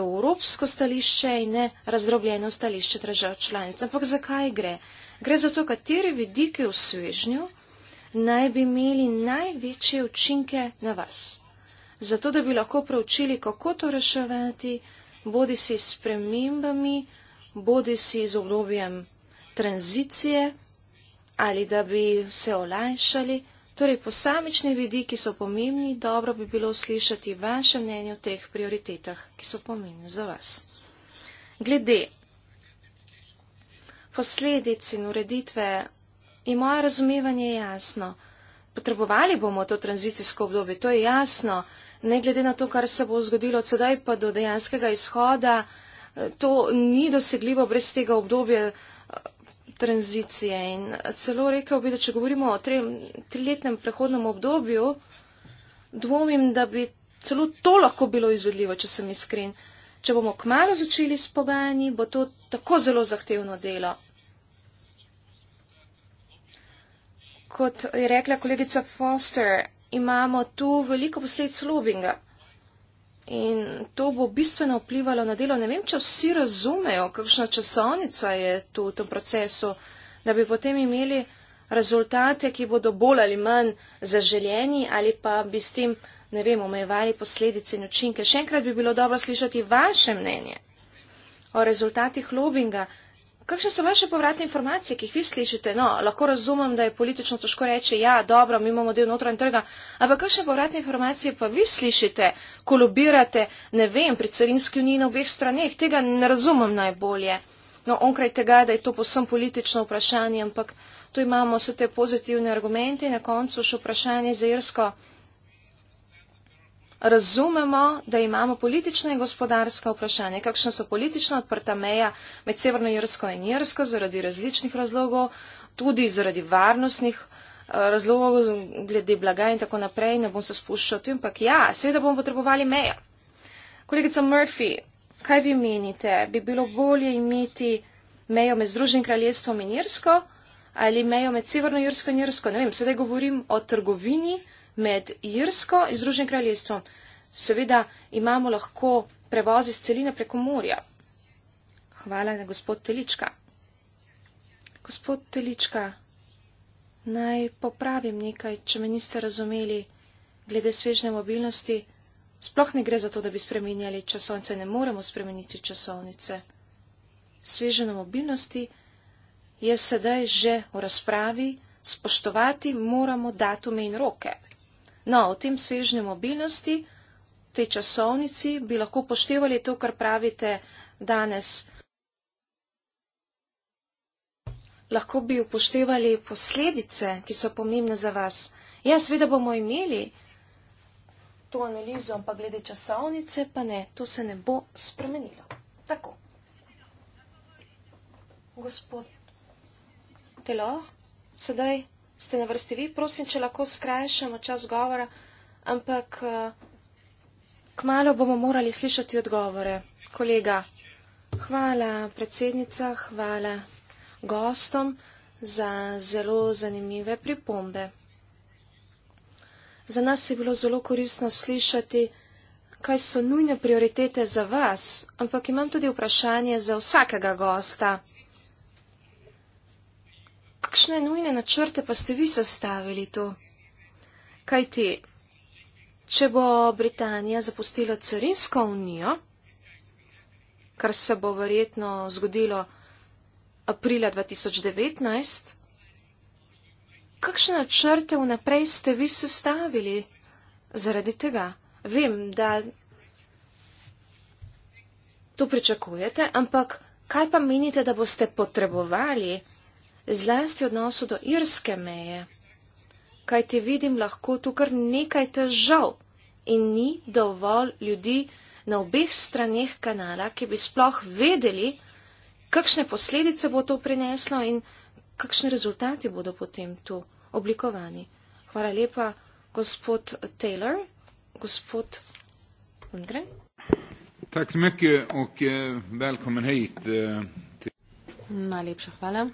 evropsko stališče in ne razdrobljeno stališče držav članic. Ampak zakaj gre? Gre za to, kateri vidiki v svežnju naj bi imeli največje učinke na vas zato da bi lahko pravčili, kako to reševati, bodi si s premembami, bodi si z obdobjem tranzicije ali da bi se olajšali. Torej, posamični vidiki so pomembni, dobro bi bilo slišati vaše mnenje o teh prioritetah, ki so pomembne za vas. Glede posledic in ureditve je moje razumevanje jasno. Potrebovali bomo to tranzicijsko obdobje, to je jasno ne glede na to, kar se bo zgodilo od sedaj pa do dejanskega izhoda, to ni dosegljivo brez tega obdobja eh, tranzicije. In celo rekel bi, da če govorimo o tri, triletnem prehodnem obdobju, dvomim, da bi celo to lahko bilo izvedljivo, če sem iskren. Če bomo kmalo začeli s pogajanji, bo to tako zelo zahtevno delo. Kot je rekla kolegica Foster, imamo tu veliko posledic lobinga. In to bo bistveno vplivalo na delo. Ne vem, če vsi razumejo, kakšna časovnica je tu v tem procesu, da bi potem imeli rezultate, ki bodo bolj ali manj zaželjeni ali pa bi s tem, ne vem, omejevali posledice in učinke. Še enkrat bi bilo dobro slišati vaše mnenje o rezultatih lobinga. Kakšne so vaše povratne informacije, ki jih vi slišite? No, lahko razumem, da je politično težko reči, ja, dobro, mi imamo del notranjega trga, ampak kakšne povratne informacije pa vi slišite, ko lobirate, ne vem, pri carinski uniji na obeh straneh, tega ne razumem najbolje. No, onkraj tega, da je to posem politično vprašanje, ampak tu imamo vse te pozitivne argumente in na koncu še vprašanje za Irsko razumemo, da imamo politična in gospodarska vprašanja, kakšna so politična odprta meja med Severno Jersko in Jersko zaradi različnih razlogov, tudi zaradi varnostnih eh, razlogov glede blaga in tako naprej, ne bom se spuščal tu, ampak ja, seveda bomo potrebovali mejo. Kolegica Murphy, kaj vi menite, bi bilo bolje imeti mejo med Združenim kraljestvom in Jersko ali mejo med Severno Jersko in Jersko? Ne vem, sedaj govorim o trgovini med Irsko in Združenim kraljestvom. Seveda imamo lahko prevoz iz celine preko morja. Hvala na gospod Telička. Gospod Telička, naj popravim nekaj, če me niste razumeli, glede svežne mobilnosti. Sploh ne gre za to, da bi spremenjali časovnice, ne moremo spremeniti časovnice. Svežene mobilnosti je sedaj že v razpravi, spoštovati moramo datume in roke. No, v tem svežnju mobilnosti, v tej časovnici bi lahko poštevali to, kar pravite danes. Lahko bi upoštevali posledice, ki so pomembne za vas. Ja, seveda bomo imeli to analizo, ampak glede časovnice pa ne, to se ne bo spremenilo. Tako. Gospod Telo, sedaj ste na vrsti vi, prosim, če lahko skrajšamo čas govora, ampak eh, kmalo bomo morali slišati odgovore. Kolega, hvala predsednica, hvala gostom za zelo zanimive pripombe. Za nas je bilo zelo koristno slišati, kaj so nujne prioritete za vas, ampak imam tudi vprašanje za vsakega gosta kakšne nujne načrte pa ste vi sestavili tu? Kaj ti, če bo Britanija zapustila carinsko unijo, kar se bo verjetno zgodilo aprila 2019, kakšne načrte vnaprej ste vi sestavili zaradi tega? Vem, da to pričakujete, ampak kaj pa menite, da boste potrebovali? zlasti odnosu do irske meje, kaj ti vidim lahko tukaj nekaj težav in ni dovolj ljudi na obeh straneh kanala, ki bi sploh vedeli, kakšne posledice bo to prineslo in kakšne rezultati bodo potem tu oblikovani. Hvala lepa, gospod Taylor, gospod Ungren. Tak smekje, ok, eh, velkomen hejt. Eh, Najlepša hvala.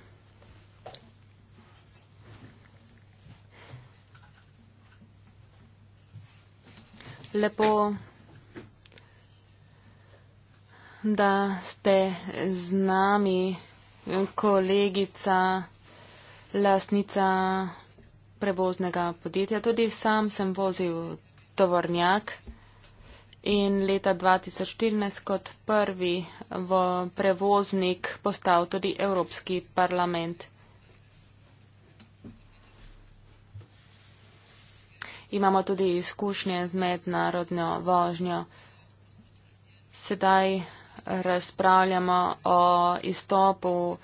lepo, da ste z nami, kolegica, lasnica prevoznega podjetja. Tudi sam sem vozil tovornjak in leta 2014 kot prvi v prevoznik postal tudi Evropski parlament. imamo tudi izkušnje z mednarodno vožnjo. Sedaj razpravljamo o izstopu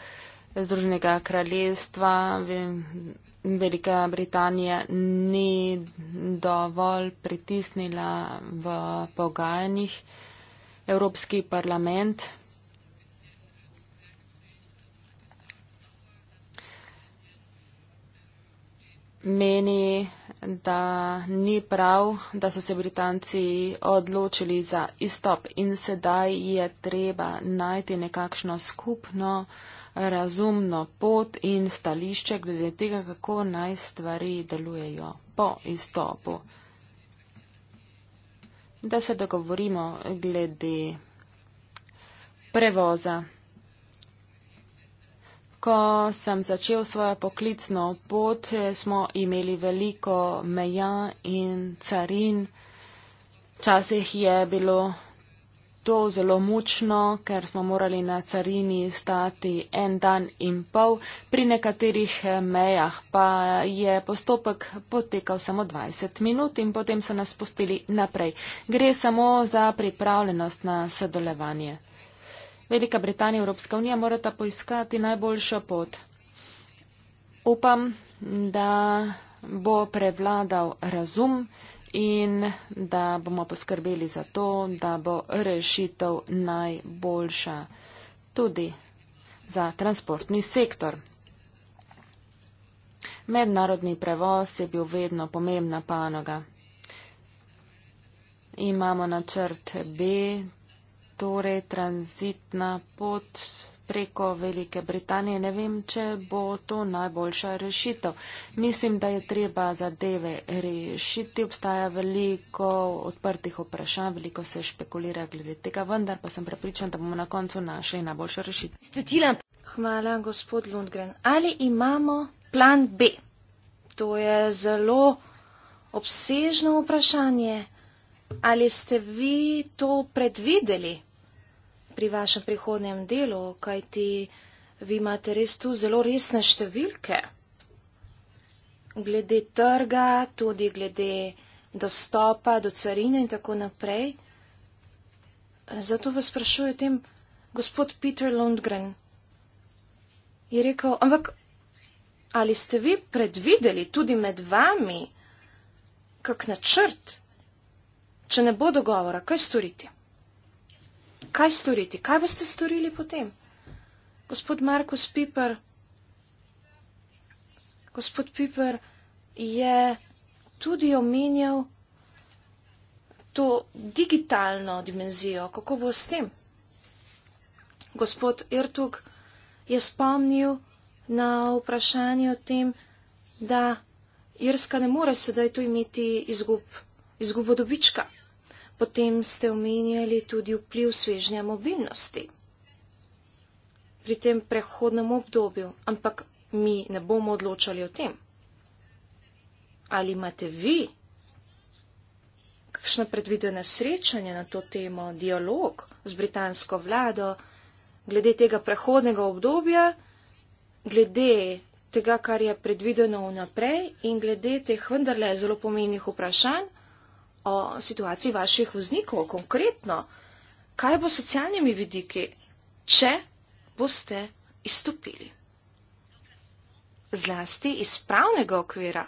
Združenega kraljestva. Velika Britanija ni dovolj pritisnila v pogajanjih. Evropski parlament. Meni da ni prav, da so se Britanci odločili za izstop in sedaj je treba najti nekakšno skupno razumno pot in stališče glede tega, kako naj stvari delujejo po izstopu. Da se dogovorimo glede prevoza. Ko sem začel svojo poklicno pot, smo imeli veliko meja in carin. Včasih je bilo to zelo mučno, ker smo morali na carini stati en dan in pol, pri nekaterih eh, mejah pa je postopek potekal samo 20 minut in potem so nas spustili naprej. Gre samo za pripravljenost na sodelovanje. Velika Britanija in Evropska unija morata poiskati najboljšo pot. Upam, da bo prevladal razum in da bomo poskrbeli za to, da bo rešitev najboljša tudi za transportni sektor. Mednarodni prevoz je bil vedno pomembna panoga. Imamo načrt B, torej tranzitna pot preko Velike Britanije. Ne vem, če bo to najboljša rešitev. Mislim, da je treba zadeve rešiti. Obstaja veliko odprtih vprašanj, veliko se špekulira glede tega, vendar pa sem prepričan, da bomo na koncu našli najboljšo rešitev. Stotila. Hvala, gospod Lundgren. Ali imamo plan B? To je zelo obsežno vprašanje. Ali ste vi to predvideli? pri vašem prihodnem delu, kajti vi imate res tu zelo resne številke. Glede trga, tudi glede dostopa do carine in tako naprej. Zato vas sprašujem o tem, gospod Peter Lundgren je rekel, ampak ali ste vi predvideli tudi med vami kak načrt, če ne bo dogovora, kaj storiti? kaj storiti, kaj boste storili potem? Gospod Markus Piper, gospod Piper je tudi omenjal to digitalno dimenzijo, kako bo s tem. Gospod Ertug je spomnil na vprašanje o tem, da Irska ne more sedaj tu imeti izgub, izgubo dobička. Potem ste omenjali tudi vpliv svežnja mobilnosti pri tem prehodnem obdobju, ampak mi ne bomo odločali o tem. Ali imate vi kakšna predvidena srečanja na to temo, dialog z britansko vlado, glede tega prehodnega obdobja, glede tega, kar je predvideno vnaprej in glede teh vendarle zelo pomenih vprašanj, o situaciji vaših voznikov, konkretno, kaj bo s socialnimi vidiki, če boste izstopili. Zlasti iz pravnega okvira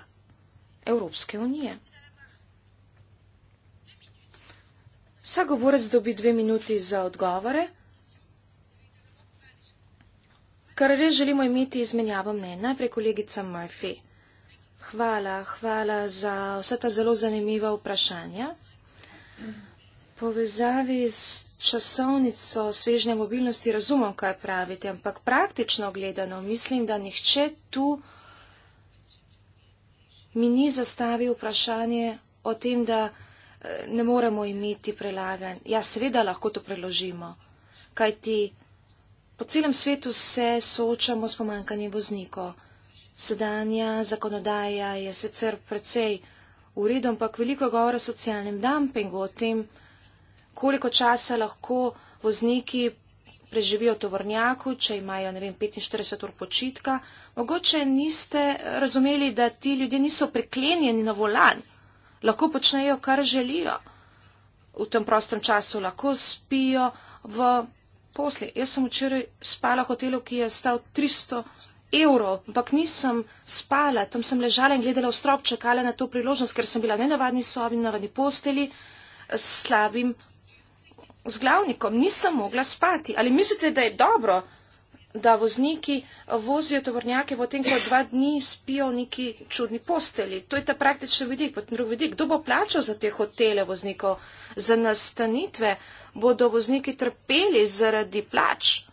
Evropske unije. Vsa govorec dobi dve minuti za odgovore, kar res želimo imeti izmenjavo mnenja. Najprej kolegica Murphy. Hvala, hvala za vse ta zelo zanimiva vprašanja. Povezavi s časovnico svežnje mobilnosti razumem, kaj pravite, ampak praktično gledano mislim, da nihče tu mi ni zastavil vprašanje o tem, da eh, ne moremo imeti prelagan. Ja, seveda lahko to preložimo, kajti po celem svetu se soočamo s pomankanjem voznikov. Sedanja zakonodaja je sicer precej uredom, pa veliko govora o socialnem dumpingu, o tem, koliko časa lahko vozniki preživijo v tovornjaku, če imajo, ne vem, 45 ur počitka. Mogoče niste razumeli, da ti ljudje niso priklenjeni na volan, lahko počnejo, kar želijo. V tem prostem času lahko spijo v posli. Jaz sem včeraj spala v hotelu, ki je stal 300 evrov, ampak nisem spala, tam sem ležala in gledala v strop, čakala na to priložnost, ker sem bila v nenavadni sobi, na vadni posteli s slabim vzglavnikom. Nisem mogla spati. Ali mislite, da je dobro, da vozniki vozijo tovornjake v tem, ko dva dni spijo v neki čudni posteli? To je ta praktičen vidik. Potem drug vidik, kdo bo plačal za te hotele voznikov, za nastanitve? Bodo vozniki trpeli zaradi plač?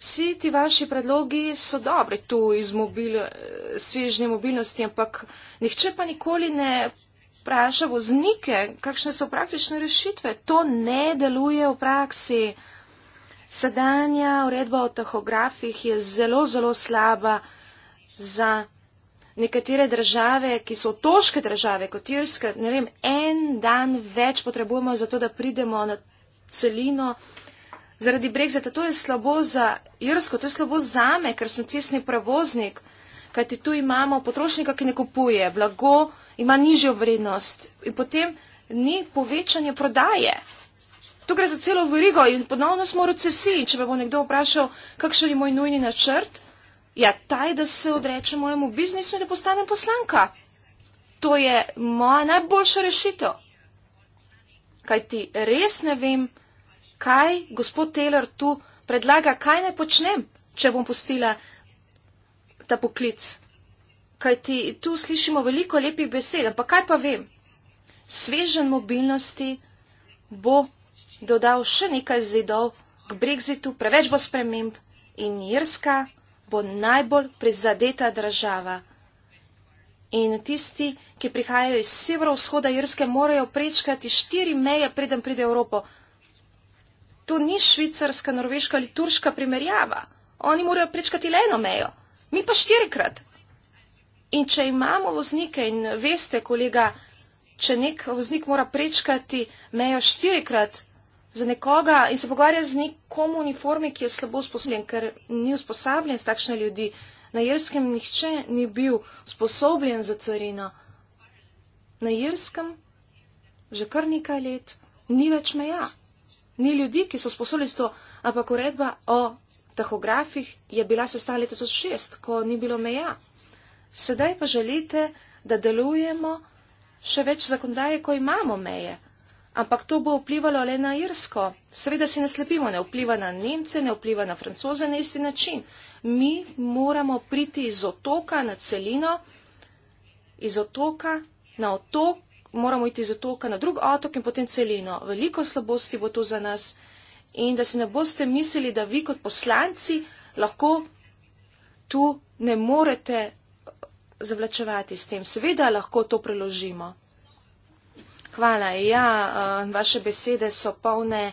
Vsi ti vaši predlogi so dobri tu iz mobil, svežnje mobilnosti, ampak nihče pa nikoli ne vpraša voznike, kakšne so praktične rešitve. To ne deluje v praksi. Sedanja uredba o tahografih je zelo, zelo slaba za nekatere države, ki so otoške države, kot Irska. Ne vem, en dan več potrebujemo za to, da pridemo na celino zaradi brexita. To je slabo za Irsko, to je slabo za me, ker sem cestni prevoznik, kajti tu imamo potrošnika, ki ne kupuje, blago ima nižjo vrednost in potem ni povečanje prodaje. Tu gre za celo verigo in ponovno smo v recesiji. Če me bo nekdo vprašal, kakšen je moj nujni načrt, ja, taj, da se odreče mojemu biznisu in da postanem poslanka. To je moja najboljša rešitev. Kaj ti res ne vem, kaj gospod Taylor tu predlaga, kaj naj počnem, če bom pustila ta poklic. Kaj ti tu slišimo veliko lepih besed, ampak kaj pa vem? Svežen mobilnosti bo dodal še nekaj zidov k Brexitu, preveč bo sprememb in Irska bo najbolj prizadeta država. In tisti, ki prihajajo iz severovzhoda Irske, morajo prečkati štiri meje, preden pride v Evropo to ni švicarska, norveška ali turška primerjava. Oni morajo prečkati le eno mejo, mi pa štirikrat. In če imamo voznike in veste, kolega, če nek voznik mora prečkati mejo štirikrat za nekoga in se pogovarja z nekom v uniformi, ki je slabo usposobljen, ker ni usposobljen s takšne ljudi, na Jerskem nihče ni bil usposobljen za carino. Na Jerskem že kar nekaj let ni več meja ni ljudi, ki so sposobni to, ampak uredba o tahografih je bila sestavljena leta 2006, ko ni bilo meja. Sedaj pa želite, da delujemo še več zakondaje, ko imamo meje. Ampak to bo vplivalo le na Irsko. Seveda si ne slepimo, ne vpliva na Nemce, ne vpliva na Francoze na isti način. Mi moramo priti iz otoka na celino, iz otoka na otok moramo iti z otoka na drug otok in potem celino. Veliko slabosti bo to za nas in da se ne boste mislili, da vi kot poslanci lahko tu ne morete eh, zavlačevati s tem. Seveda lahko to preložimo. Hvala. Ja, eh, vaše besede so polne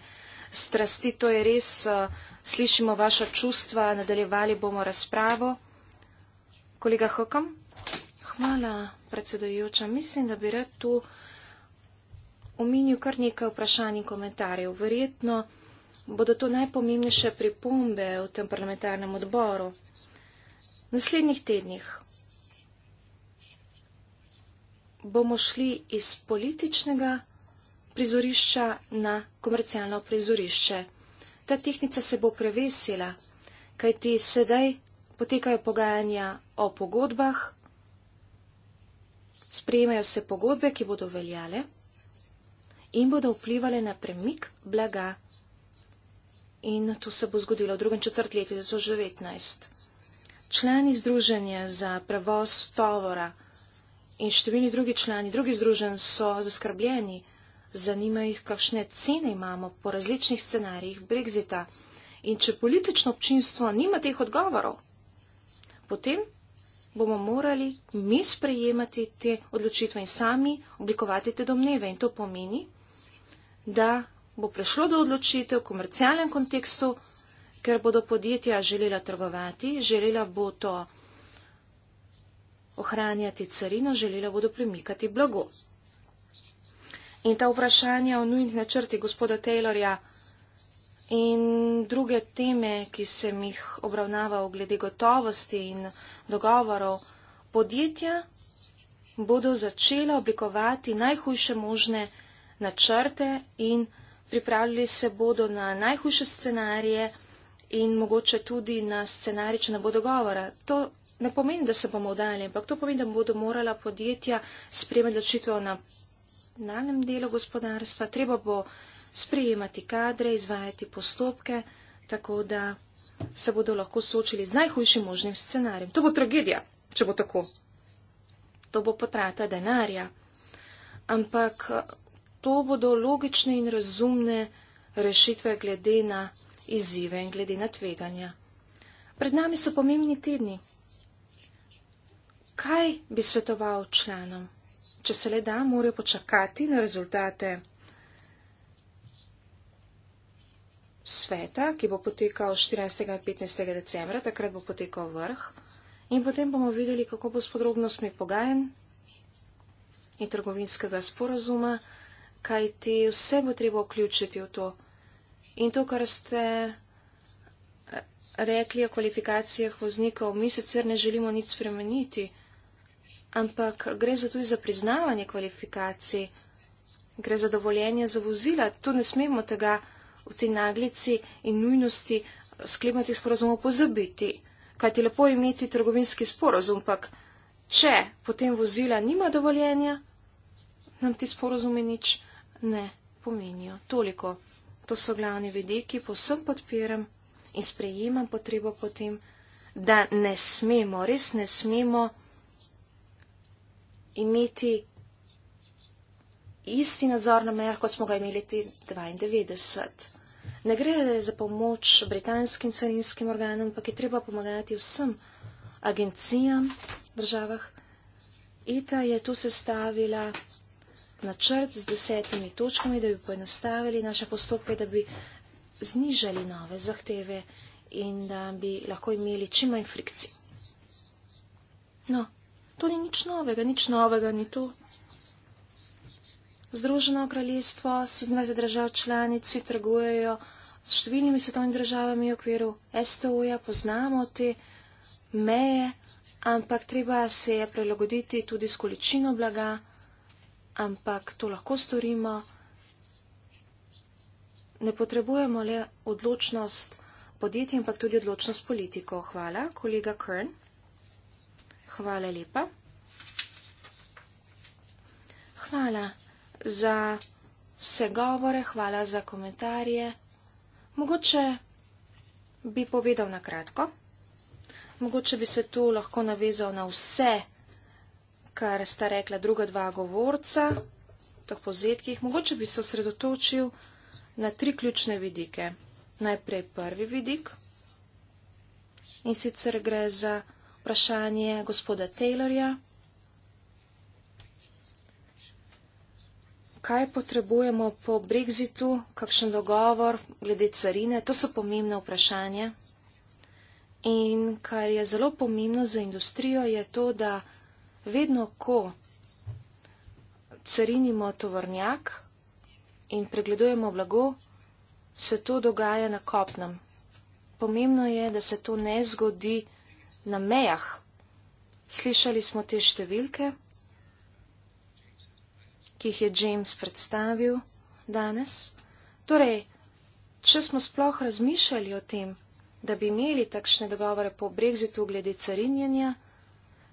strasti, to je res. Eh, slišimo vaša čustva, nadaljevali bomo razpravo. Kolega Hokam hvala, predsedojoča. Mislim, da bi rad tu omenil kar nekaj vprašanj in komentarjev. Verjetno bodo to najpomembnejše pripombe v tem parlamentarnem odboru. V naslednjih tednih bomo šli iz političnega prizorišča na komercialno prizorišče. Ta tehnica se bo prevesila, kajti sedaj potekajo pogajanja o pogodbah, sprejemajo se pogodbe, ki bodo veljale in bodo vplivali na premik blaga. In to se bo zgodilo v drugem četrtletju 2019. Člani združenja za prevoz tovora in številni drugi člani drugih združen so zaskrbljeni. Zanima jih, kakšne cene imamo po različnih scenarijih Brexita. In če politično občinstvo nima teh odgovorov, potem bomo morali mi sprejemati te odločitve in sami oblikovati te domneve. In to pomeni, da bo prišlo do odločitev v komercialnem kontekstu, ker bodo podjetja želela trgovati, želela bo to ohranjati carino, želela bodo premikati blago. In ta vprašanja o nujnih načrti gospoda Taylorja In druge teme, ki sem jih obravnaval glede gotovosti in dogovorov, podjetja bodo začela oblikovati najhujše možne načrte in pripravljali se bodo na najhujše scenarije in mogoče tudi na scenarij, če ne bo dogovora. To ne pomeni, da se bomo vdali, ampak to pomeni, da bodo morala podjetja sprejemati odločitev na nalem delu gospodarstva. Treba bo sprejemati kadre, izvajati postopke, tako da se bodo lahko soočili z najhujšim možnim scenarijem. To bo tragedija, če bo tako. To bo potrata denarja. Ampak to bodo logične in razumne rešitve glede na izzive in glede na tveganja. Pred nami so pomembni tedni. Kaj bi svetoval članom? Če se le da, morajo počakati na rezultate. sveta, ki bo potekal 14. in 15. decembra, takrat bo potekal vrh in potem bomo videli, kako bo s podrobnostmi pogajen in trgovinskega sporazuma, kaj ti vse bo treba vključiti v to. In to, kar ste eh, rekli o kvalifikacijah voznikov, mi sicer ne želimo nič spremeniti, ampak gre za tudi za priznavanje kvalifikacij, gre za dovoljenje za vozila, tu ne smemo tega v tej naglici in nujnosti sklepati sporozumov pozabiti. Kaj ti lepo imeti trgovinski sporozum, ampak če potem vozila nima dovoljenja, nam ti sporozumi nič ne pomenijo. Toliko. To so glavni vidiki, posem podpiram in sprejemam potrebo potem, da ne smemo, res ne smemo imeti isti nadzor na mejah, kot smo ga imeli te 92 ne gre za pomoč britanskim carinskim organom, ampak je treba pomagati vsem agencijam v državah. ITA e je tu sestavila načrt z desetimi točkami, da bi poenostavili naše postopke, da bi znižali nove zahteve in da bi lahko imeli čim manj frikcij. No, to ni nič novega, nič novega ni tu. Združeno kraljestvo, 27 držav članici trgujejo s številnimi svetovnimi državami v okviru STO-ja, poznamo te meje, ampak treba se je prilagoditi tudi s količino blaga, ampak to lahko storimo. Ne potrebujemo le odločnost podjetij, ampak tudi odločnost politikov. Hvala, kolega Kern. Hvala lepa. Hvala za vse govore, hvala za komentarje. Mogoče bi povedal na kratko, mogoče bi se tu lahko navezal na vse, kar sta rekla druga dva govorca, teh pozetkih, mogoče bi se osredotočil na tri ključne vidike. Najprej prvi vidik in sicer gre za vprašanje gospoda Taylorja. kaj potrebujemo po brexitu, kakšen dogovor glede carine, to so pomembne vprašanja. In kar je zelo pomembno za industrijo, je to, da vedno, ko carinimo tovornjak in pregledujemo blago, se to dogaja na kopnem. Pomembno je, da se to ne zgodi na mejah. Slišali smo te številke ki jih je James predstavil danes. Torej, če smo sploh razmišljali o tem, da bi imeli takšne dogovore po brexitu glede carinjenja,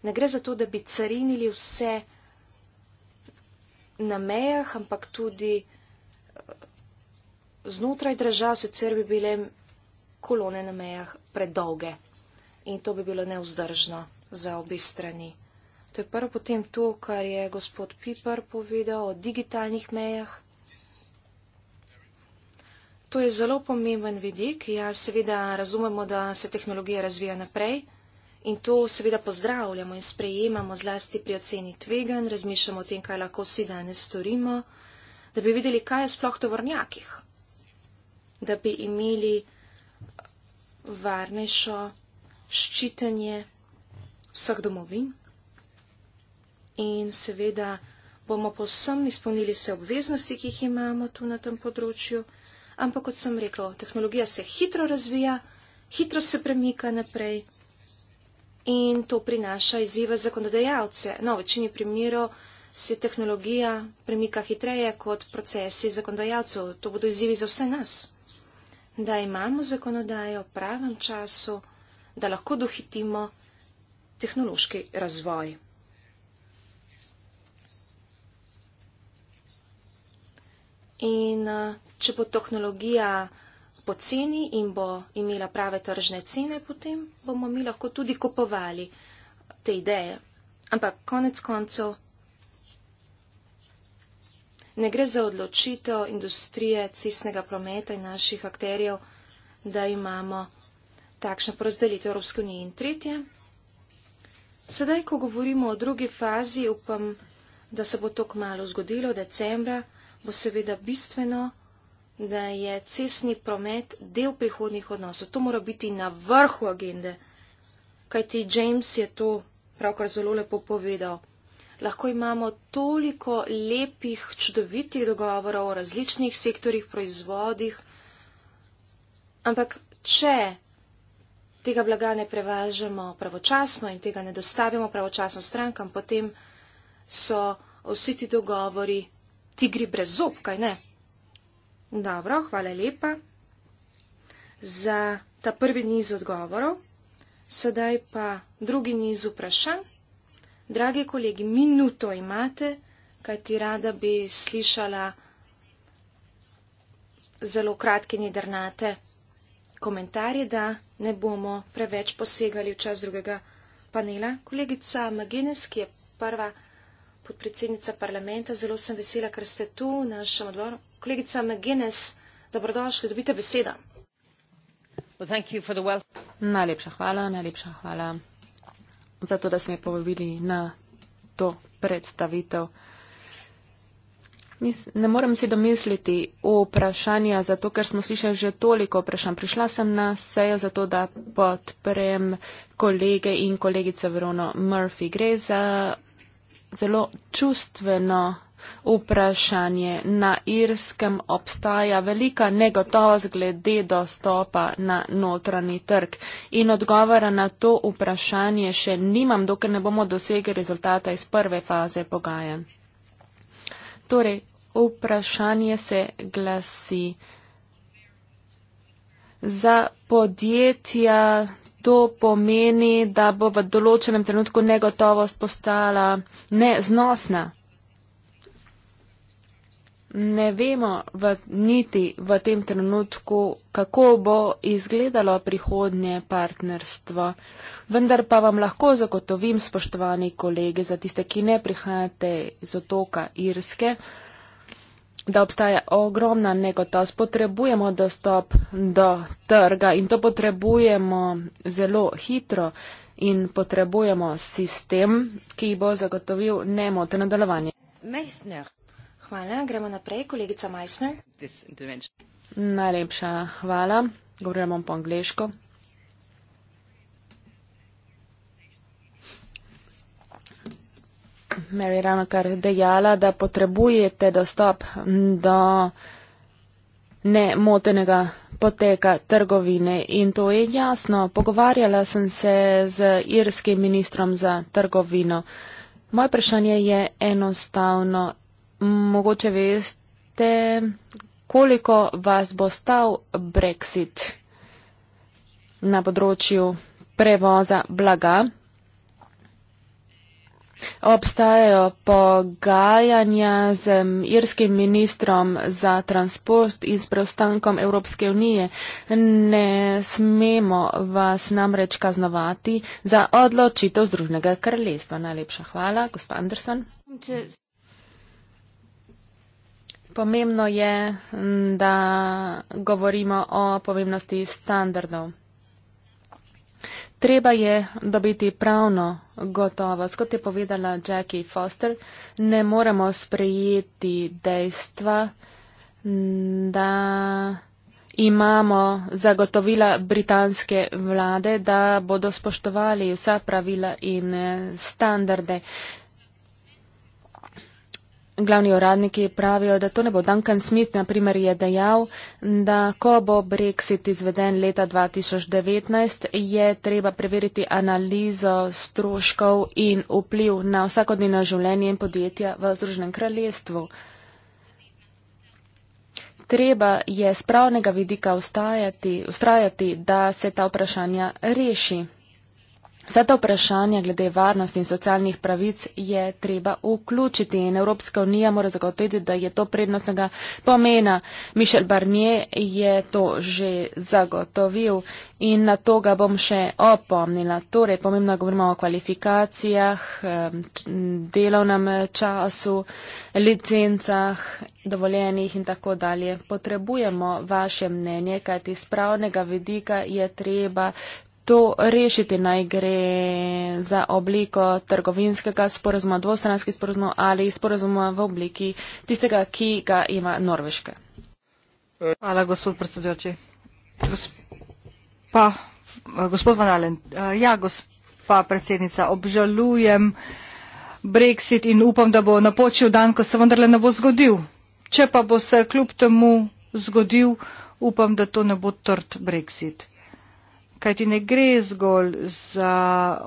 ne gre za to, da bi carinili vse na mejah, ampak tudi eh, znotraj držav, sicer bi bile kolone na mejah predolge in to bi bilo neuzdržno za obi strani. To je prvo potem to, kar je gospod Piper povedal o digitalnih mejah. To je zelo pomemben vidik. Ja, seveda razumemo, da se tehnologija razvija naprej in to seveda pozdravljamo in sprejemamo zlasti pri oceni tvegan, razmišljamo o tem, kaj lahko vsi danes storimo, da bi videli, kaj je sploh tovornjakih, da bi imeli varnejšo ščitenje vseh domovin in seveda bomo posem izpolnili vse obveznosti, ki jih imamo tu na tem področju. Ampak, kot sem rekel, tehnologija se hitro razvija, hitro se premika naprej in to prinaša izziva zakonodajalce. No, v večini primerov se tehnologija premika hitreje kot procesi zakonodajalcev. To bodo izzivi za vse nas. Da imamo zakonodajo v pravem času, da lahko dohitimo tehnološki razvoj. In če bo tehnologija poceni in bo imela prave tržne cene, potem bomo mi lahko tudi kupovali te ideje. Ampak konec koncev ne gre za odločitev industrije cisnega prometa in naših akterjev, da imamo takšno porazdelitev Evropske unije in tretje. Sedaj, ko govorimo o drugi fazi, upam, da se bo to kmalo zgodilo, decembra bo seveda bistveno, da je cestni promet del prihodnih odnosov. To mora biti na vrhu agende, kajti James je to pravkar zelo lepo povedal. Lahko imamo toliko lepih, čudovitih dogovorov o različnih sektorjih, proizvodih, ampak če tega blaga ne prevažamo pravočasno in tega ne dostavimo pravočasno strankam, potem so vsi ti dogovori tigri brez zob, kaj ne? Dobro, hvala lepa za ta prvi niz odgovorov. Sedaj pa drugi niz vprašanj. Dragi kolegi, minuto imate, kaj ti rada bi slišala zelo kratke nedrnate komentarje, da ne bomo preveč posegali v čas drugega panela. Kolegica Magines, ki je prva podpredsednica parlamenta, zelo sem vesela, ker ste tu v našem odboru. Kolegica McGuinness, dobrodošli, dobite besedo. Well, najlepša hvala, najlepša hvala za to, da ste me povabili na to predstavitev. Ne morem si domisliti vprašanja, zato ker smo slišali že toliko vprašanj. Prišla sem na sejo zato, da podprem kolege in kolegice Verono Murphy. Gre za zelo čustveno vprašanje. Na Irskem obstaja velika negotovost glede dostopa na notranji trg. In odgovora na to vprašanje še nimam, dokler ne bomo dosegli rezultata iz prve faze pogajen. Torej, vprašanje se glasi. Za podjetja to pomeni, da bo v določenem trenutku negotovost postala neznosna. Ne vemo v, niti v tem trenutku, kako bo izgledalo prihodnje partnerstvo. Vendar pa vam lahko zagotovim, spoštovani kolege, za tiste, ki ne prihajate iz otoka Irske, da obstaja ogromna negotovost. Potrebujemo dostop do trga in to potrebujemo zelo hitro in potrebujemo sistem, ki bo zagotovil nemoteno delovanje. Meissner. Hvala. Gremo naprej. Kolegica Meissner. Najlepša hvala. Govorimo po angliško. Mary ravno kar dejala, da potrebujete dostop do nemotenega poteka trgovine in to je jasno. Pogovarjala sem se z irskim ministrom za trgovino. Moje vprašanje je enostavno. Mogoče veste, koliko vas bo stal Brexit na področju prevoza blaga Obstajajo pogajanja z irskim ministrom za transport in s preostankom Evropske unije. Ne smemo vas namreč kaznovati za odločitev Združnega kraljestva. Najlepša hvala, gospod Anderson. Pomembno je, da govorimo o pomembnosti standardov. Treba je dobiti pravno gotovost. Kot je povedala Jackie Foster, ne moremo sprejeti dejstva, da imamo zagotovila britanske vlade, da bodo spoštovali vsa pravila in standarde. Glavni uradniki pravijo, da to ne bo. Duncan Smith, naprimer, je dejal, da ko bo Brexit izveden leta 2019, je treba preveriti analizo stroškov in vpliv na vsakodnevno življenje in podjetja v Združenem kraljestvu. Treba je z pravnega vidika ustrajati, ustrajati, da se ta vprašanja reši. Vse ta vprašanja glede varnosti in socialnih pravic je treba vključiti in Evropska unija mora zagotoviti, da je to prednostnega pomena. Mišel Barnier je to že zagotovil in na to ga bom še opomnila. Torej, pomembno govorimo o kvalifikacijah, delovnem času, licencah, dovoljenih in tako dalje. Potrebujemo vaše mnenje, kajti spravnega vidika je treba to rešiti, naj gre za obliko trgovinskega sporozuma, dvostranski sporozum ali sporozuma v obliki tistega, ki ga ima Norveška. Hvala, gospod predsedujoči. Pa, gospod Van Allen, ja, gospa predsednica, obžalujem Brexit in upam, da bo napočil dan, ko se vendarle ne bo zgodil. Če pa bo se kljub temu zgodil, upam, da to ne bo trd Brexit kajti ne gre zgolj za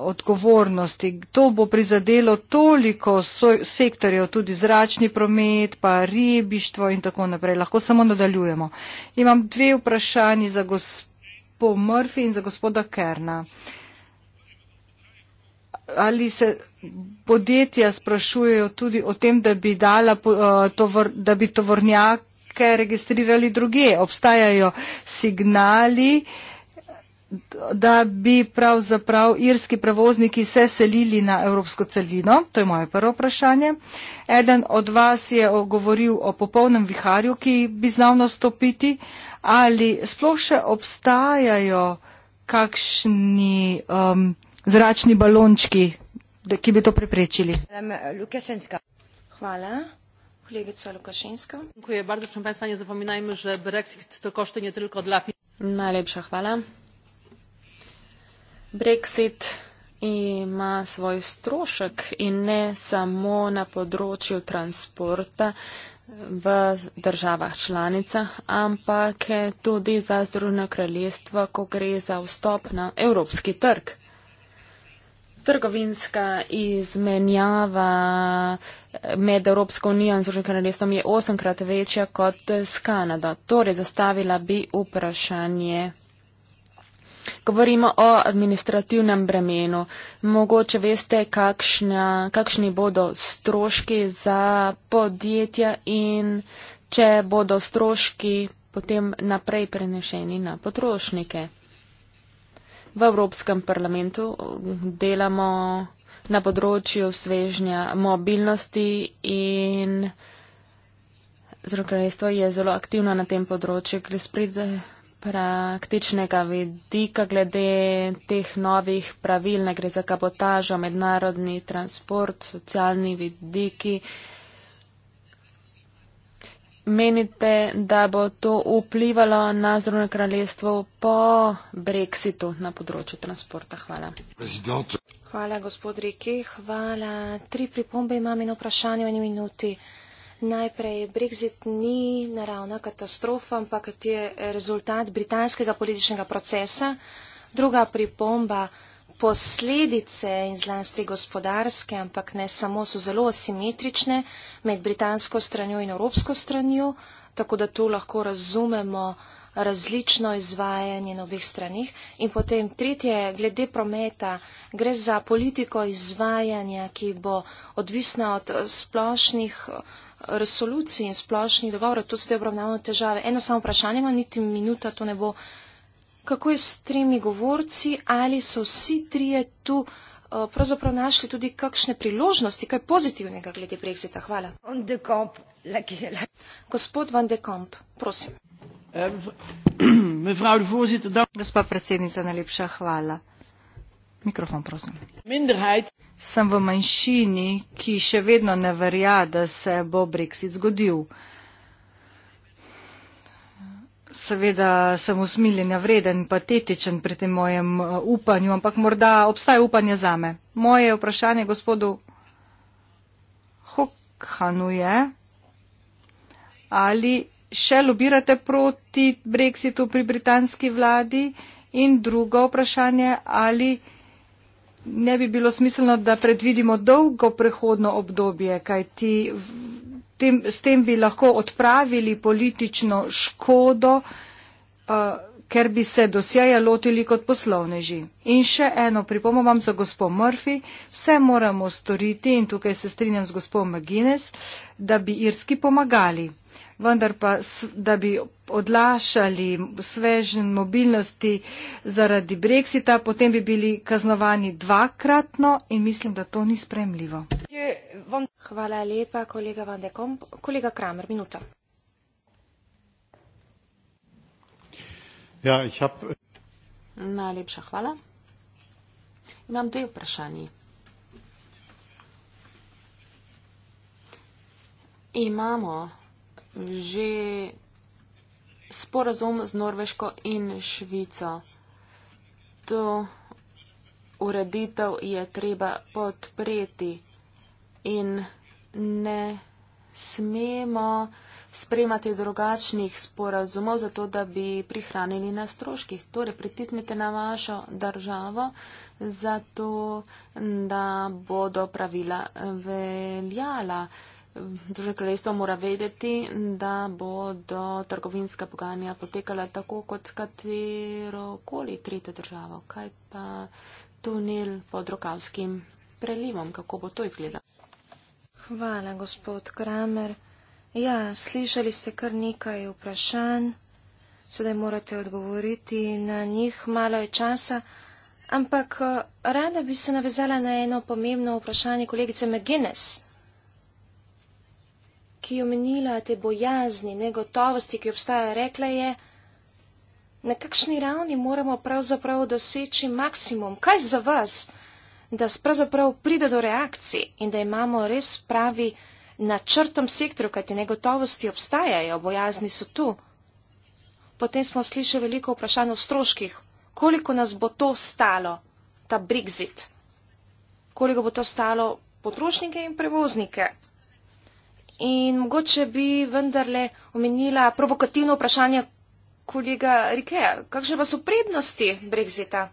odgovornosti. To bo prizadelo toliko so, sektorjev, tudi zračni promet, pa ribištvo in tako naprej. Lahko samo nadaljujemo. Imam dve vprašanji za gospod Murphy in za gospoda Kerna. Ali se podjetja sprašujejo tudi o tem, da bi, dala, eh, tovr, da bi tovornjake registrirali druge? Obstajajo signali, uh, da bi pravzaprav irski prevozniki se selili na evropsko celino? To je moje prvo vprašanje. Eden od vas je govoril o popolnem viharju, ki bi znal nastopiti. Ali sploh še obstajajo kakšni um, zračni balončki, da, ki bi to preprečili? Hvala. Kolegica Lukašenska. Dziękuję bardzo, proszę Państwa, nie zapominajmy, że Brexit to koszty nie tylko dla. Najlepsza chwala. Brexit ima svoj strošek in ne samo na področju transporta v državah članicah, ampak tudi za Združeno kraljestvo, ko gre za vstop na evropski trg. Trgovinska izmenjava med Evropsko unijo in Združenim kraljestvom je osemkrat večja kot s Kanado. Torej, zastavila bi vprašanje Govorimo o administrativnem bremenu. Mogoče veste, kakšna, kakšni bodo stroški za podjetja in če bodo stroški potem naprej prenešeni na potrošnike. V Evropskem parlamentu eh, delamo na področju svežnja mobilnosti in zrokarejstvo je zelo aktivno na tem področju. Gre spredaj praktičnega vidika glede teh novih pravil, ne gre za kabotažo, mednarodni transport, socialni vidiki. Menite, da bo to vplivalo na zrovno kraljestvo po brexitu na področju transporta? Hvala. Hvala, gospod Riki. Hvala. Tri pripombe imam in vprašanje v eni minuti. Najprej Brexit ni naravna katastrofa, ampak je rezultat britanskega političnega procesa. Druga pripomba, posledice in zlasti gospodarske, ampak ne samo, so zelo asimetrične med britansko stranjo in evropsko stranjo, tako da tu lahko razumemo različno izvajanje na obih stranih. In potem tretje, glede prometa, gre za politiko izvajanja, ki bo odvisna od splošnih resoluciji in splošnih dogovorov, tu ste obravnavali težave. Eno samo vprašanje, imam niti minuta, to ne bo. Kako je s tremi govorci, ali so vsi trije tu eh, pravzaprav našli tudi kakšne priložnosti, kaj pozitivnega glede Brexita? Hvala. Gospod Van de Kamp, prosim. Eh, Gospa predsednica, najlepša hvala. Mikrofon, prosim. Minderheit. Sem v manjšini, ki še vedno ne verja, da se bo Brexit zgodil. Seveda sem usmiljena vreden, patetičen pri tem mojem uh, upanju, ampak morda obstaja upanje za me. Moje vprašanje gospodu Hokhanu je, ali še lobirate proti Brexitu pri britanski vladi in drugo vprašanje, ali ne bi bilo smiselno, da predvidimo dolgo prehodno obdobje, kaj ti tem, s tem bi lahko odpravili politično škodo, uh, ker bi se dosjeja lotili kot poslovneži. In še eno pripomo vam za gospod Murphy, vse moramo storiti, in tukaj se strinjam z gospod McGuinness, da bi irski pomagali vendar pa, da bi odlašali svežen mobilnosti zaradi brexita, potem bi bili kaznovani dvakratno in mislim, da to ni spremljivo. Hvala lepa, kolega Van de Komp. Kolega Kramer, minuta. Ja, hab... Najlepša hvala. Imam dve vprašanji. Imamo že sporazum z Norveško in Švico. To ureditev je treba podpreti in ne smemo spremati drugačnih sporazumov, zato da bi prihranili na stroških. Torej, pritisnite na vašo državo, zato da bodo pravila veljala. Druže kraljestvo mora vedeti, da bodo trgovinska pogajanja potekala tako kot katero koli tretje državo. Kaj pa tunel pod Rokavskim prelivom, kako bo to izgledalo? Hvala, gospod Kramer. Ja, slišali ste kar nekaj vprašanj, sedaj morate odgovoriti na njih, malo je časa, ampak eh, rada bi se navezala na eno pomembno vprašanje kolegice McGuinness ki je omenila te bojazni, negotovosti, ki obstajajo, rekla je, na kakšni ravni moramo pravzaprav doseči maksimum, kaj za vas, da pravzaprav pride do reakcij in da imamo res pravi načrtom sektorju, kajti negotovosti obstajajo, bojazni so tu. Potem smo slišali veliko vprašanj o stroških, koliko nas bo to stalo, ta Brexit, koliko bo to stalo potrošnike in prevoznike in mogoče bi vendarle omenila provokativno vprašanje kolega Rikeja. Kakšne pa so prednosti Brexita?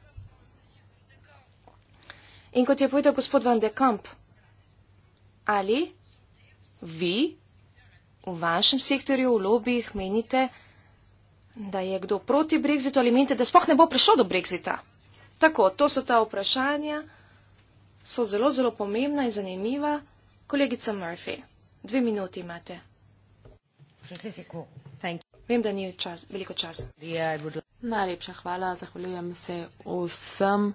In kot je povedal gospod Van de Kamp, ali vi v vašem sektorju, v lobijih menite, da je kdo proti Brexitu ali menite, da spoh ne bo prišlo do Brexita? Tako, to so ta vprašanja, so zelo, zelo pomembna in zanimiva. Kolegica Murphy. Dve minuti imate. Vem, da ni čas, veliko časa. Najlepša hvala, zahvaljujem se vsem,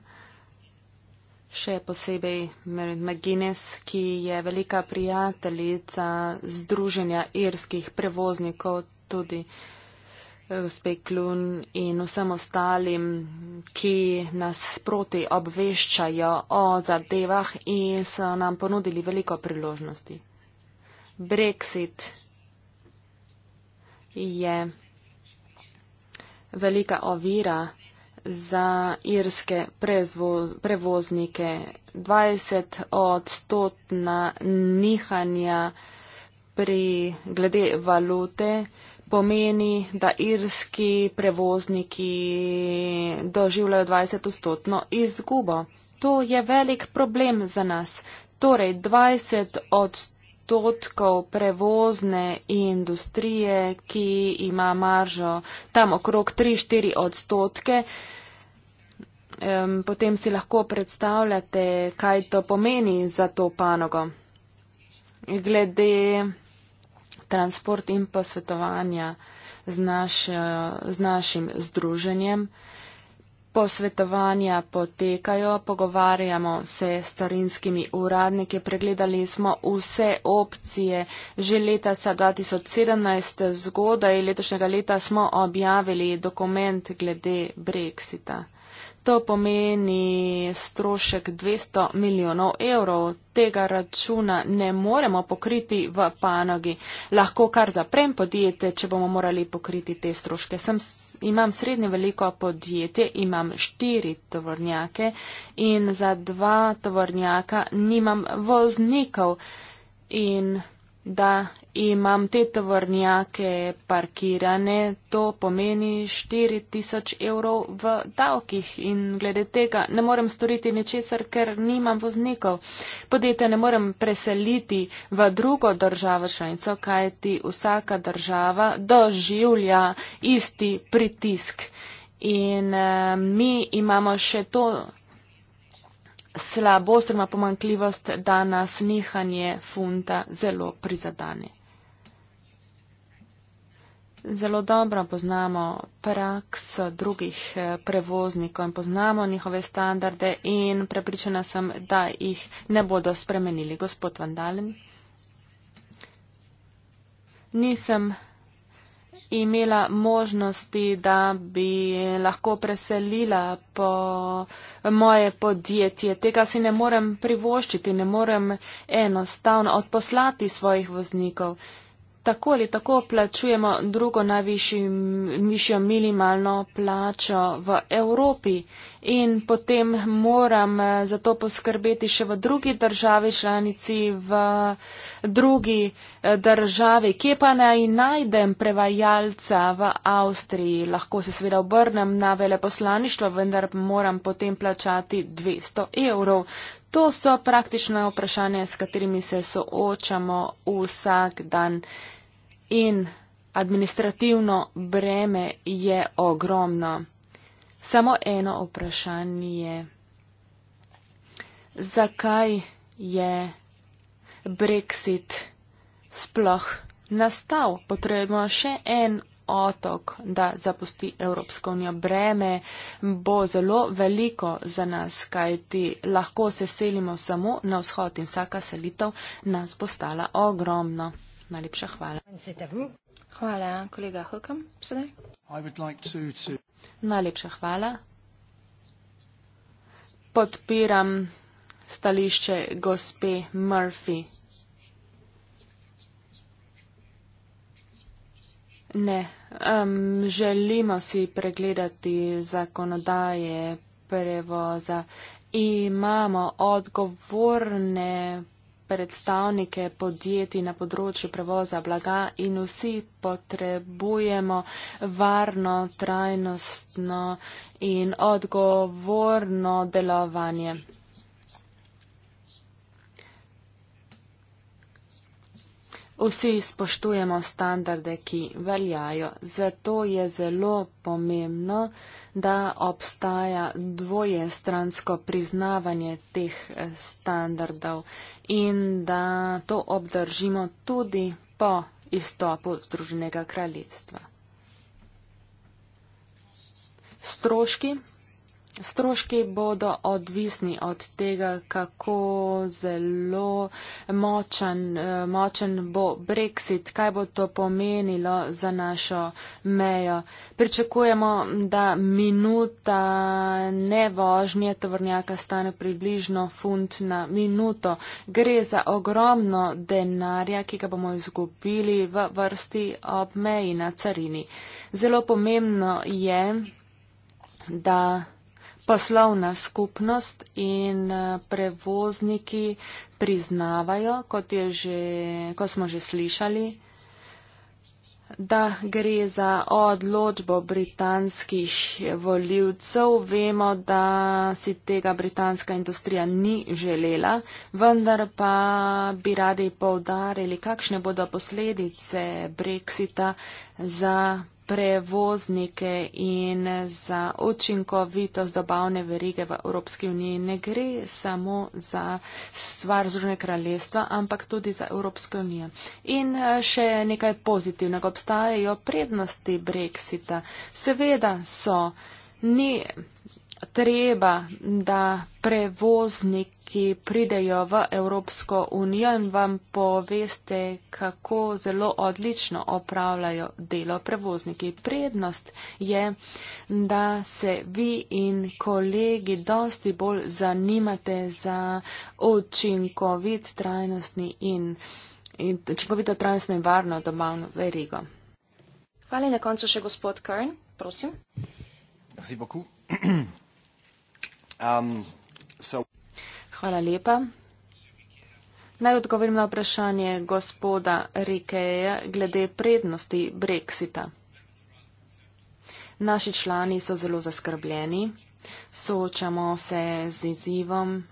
še posebej Merit McGuinness, ki je velika prijateljica Združenja irskih prevoznikov, tudi eh, gospe Klun in vsem ostalim, ki nas proti obveščajo o zadevah in so nam ponudili veliko priložnosti. Brexit je velika ovira za irske prevoznike. 20 odstotna nihanja pri glede valute pomeni, da irski prevozniki doživljajo 20 odstotno izgubo. To je velik problem za nas. Torej, 20 odstotna odstotkov prevozne industrije, ki ima maržo tam okrog 3-4 odstotke. Potem si lahko predstavljate, kaj to pomeni za to panogo. Glede transport in posvetovanja z, naš, z našim združenjem. Posvetovanja potekajo, pogovarjamo se s starinskimi uradniki, pregledali smo vse opcije. Že leta 2017 zgodaj letošnjega leta smo objavili dokument glede Brexita. To pomeni strošek 200 milijonov evrov. Tega računa ne moremo pokriti v panogi. Lahko kar zaprem podjetje, če bomo morali pokriti te stroške. Sem, imam srednje veliko podjetje, imam štiri tovornjake in za dva tovornjaka nimam voznikov. In Da imam te tovornjake parkirane, to pomeni 4000 evrov v davkih in glede tega ne morem storiti ničesar, ker nimam voznikov. Podjetje ne morem preseliti v drugo državo članico, kaj ti vsaka država doživlja isti pritisk. In e, mi imamo še to slabost oziroma pomankljivost, da nas nihanje funta zelo prizadane. Zelo dobro poznamo praks drugih eh, prevoznikov in poznamo njihove standarde in prepričana sem, da jih ne bodo spremenili. Gospod Vandalen, nisem imela možnosti, da bi lahko preselila po moje podjetje. Tega si ne morem privoščiti, ne morem enostavno odposlati svojih voznikov tako ali tako plačujemo drugo najvišjo minimalno plačo v Evropi in potem moram eh, za to poskrbeti še v drugi državi članici, v drugi eh, državi, kje pa naj najdem prevajalca v Avstriji. Lahko se seveda obrnem na veleposlaništvo, vendar moram potem plačati 200 evrov. To so praktične vprašanja, s katerimi se soočamo vsak dan in administrativno breme je ogromno. Samo eno vprašanje. Zakaj je Brexit sploh nastal? Potrebno je še en otok, da zapusti Evropsko unijo. Breme bo zelo veliko za nas, kajti lahko se selimo samo na vzhod in vsaka selitev nas bo stala ogromno. Najlepša hvala. Hvala, kolega Hukam, sedaj. To, to... Najlepša hvala. Podpiram stališče gospe Murphy. Ne, um, želimo si pregledati zakonodaje prevoza. Imamo odgovorne predstavnike podjetij na področju prevoza blaga in vsi potrebujemo varno, trajnostno in odgovorno delovanje. Vsi spoštujemo standarde, ki veljajo. Zato je zelo pomembno, da obstaja dvoje stransko priznavanje teh eh, standardov in da to obdržimo tudi po izstopu Združenega kraljestva. Stroški Stroški bodo odvisni od tega, kako zelo močen, eh, močen bo Brexit, kaj bo to pomenilo za našo mejo. Pričakujemo, da minuta nevožnje tovornjaka stane približno funt na minuto. Gre za ogromno denarja, ki ga bomo izgubili v vrsti ob meji na carini. Zelo pomembno je, da poslovna skupnost in eh, prevozniki priznavajo, kot, je že, kot smo že slišali, da gre za odločbo britanskih voljivcev. Vemo, da si tega britanska industrija ni želela, vendar pa bi radi povdarili, kakšne bodo posledice Brexita za prevoznike in za očinkovitost dobavne verige v Evropski uniji. Ne gre samo za stvar Združene kraljestva, ampak tudi za Evropsko unijo. In eh, še nekaj pozitivnega. Obstajajo prednosti Brexita. Seveda so ni treba, da prevozniki pridejo v Evropsko unijo in vam poveste, kako zelo odlično opravljajo delo prevozniki. Prednost je, da se vi in kolegi dosti bolj zanimate za učinkovit, trajnostni in, in učinkovito, trajnostno in varno domavno verigo. Hvala in na koncu še gospod Karn, prosim. Merci beaucoup. Um, so... Hvala lepa. Naj odgovorim na vprašanje gospoda Rikeja glede prednosti Brexita. Naši člani so zelo zaskrbljeni, soočamo se z izzivom,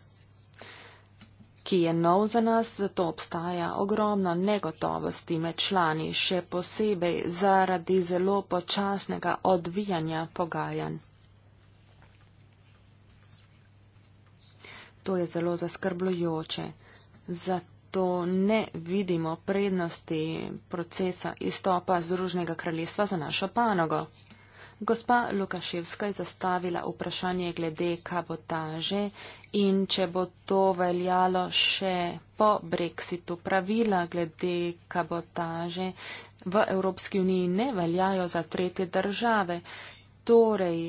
ki je nov za nas, zato obstaja ogromna negotovosti med člani, še posebej zaradi zelo počasnega odvijanja pogajanj. To je zelo zaskrbljujoče. Zato ne vidimo prednosti procesa izstopa Združnega kraljestva za našo panogo. Gospa Lukaševska je zastavila vprašanje glede kabotaže in če bo to veljalo še po brexitu. Pravila glede kabotaže v Evropski uniji ne veljajo za tretje države. Torej,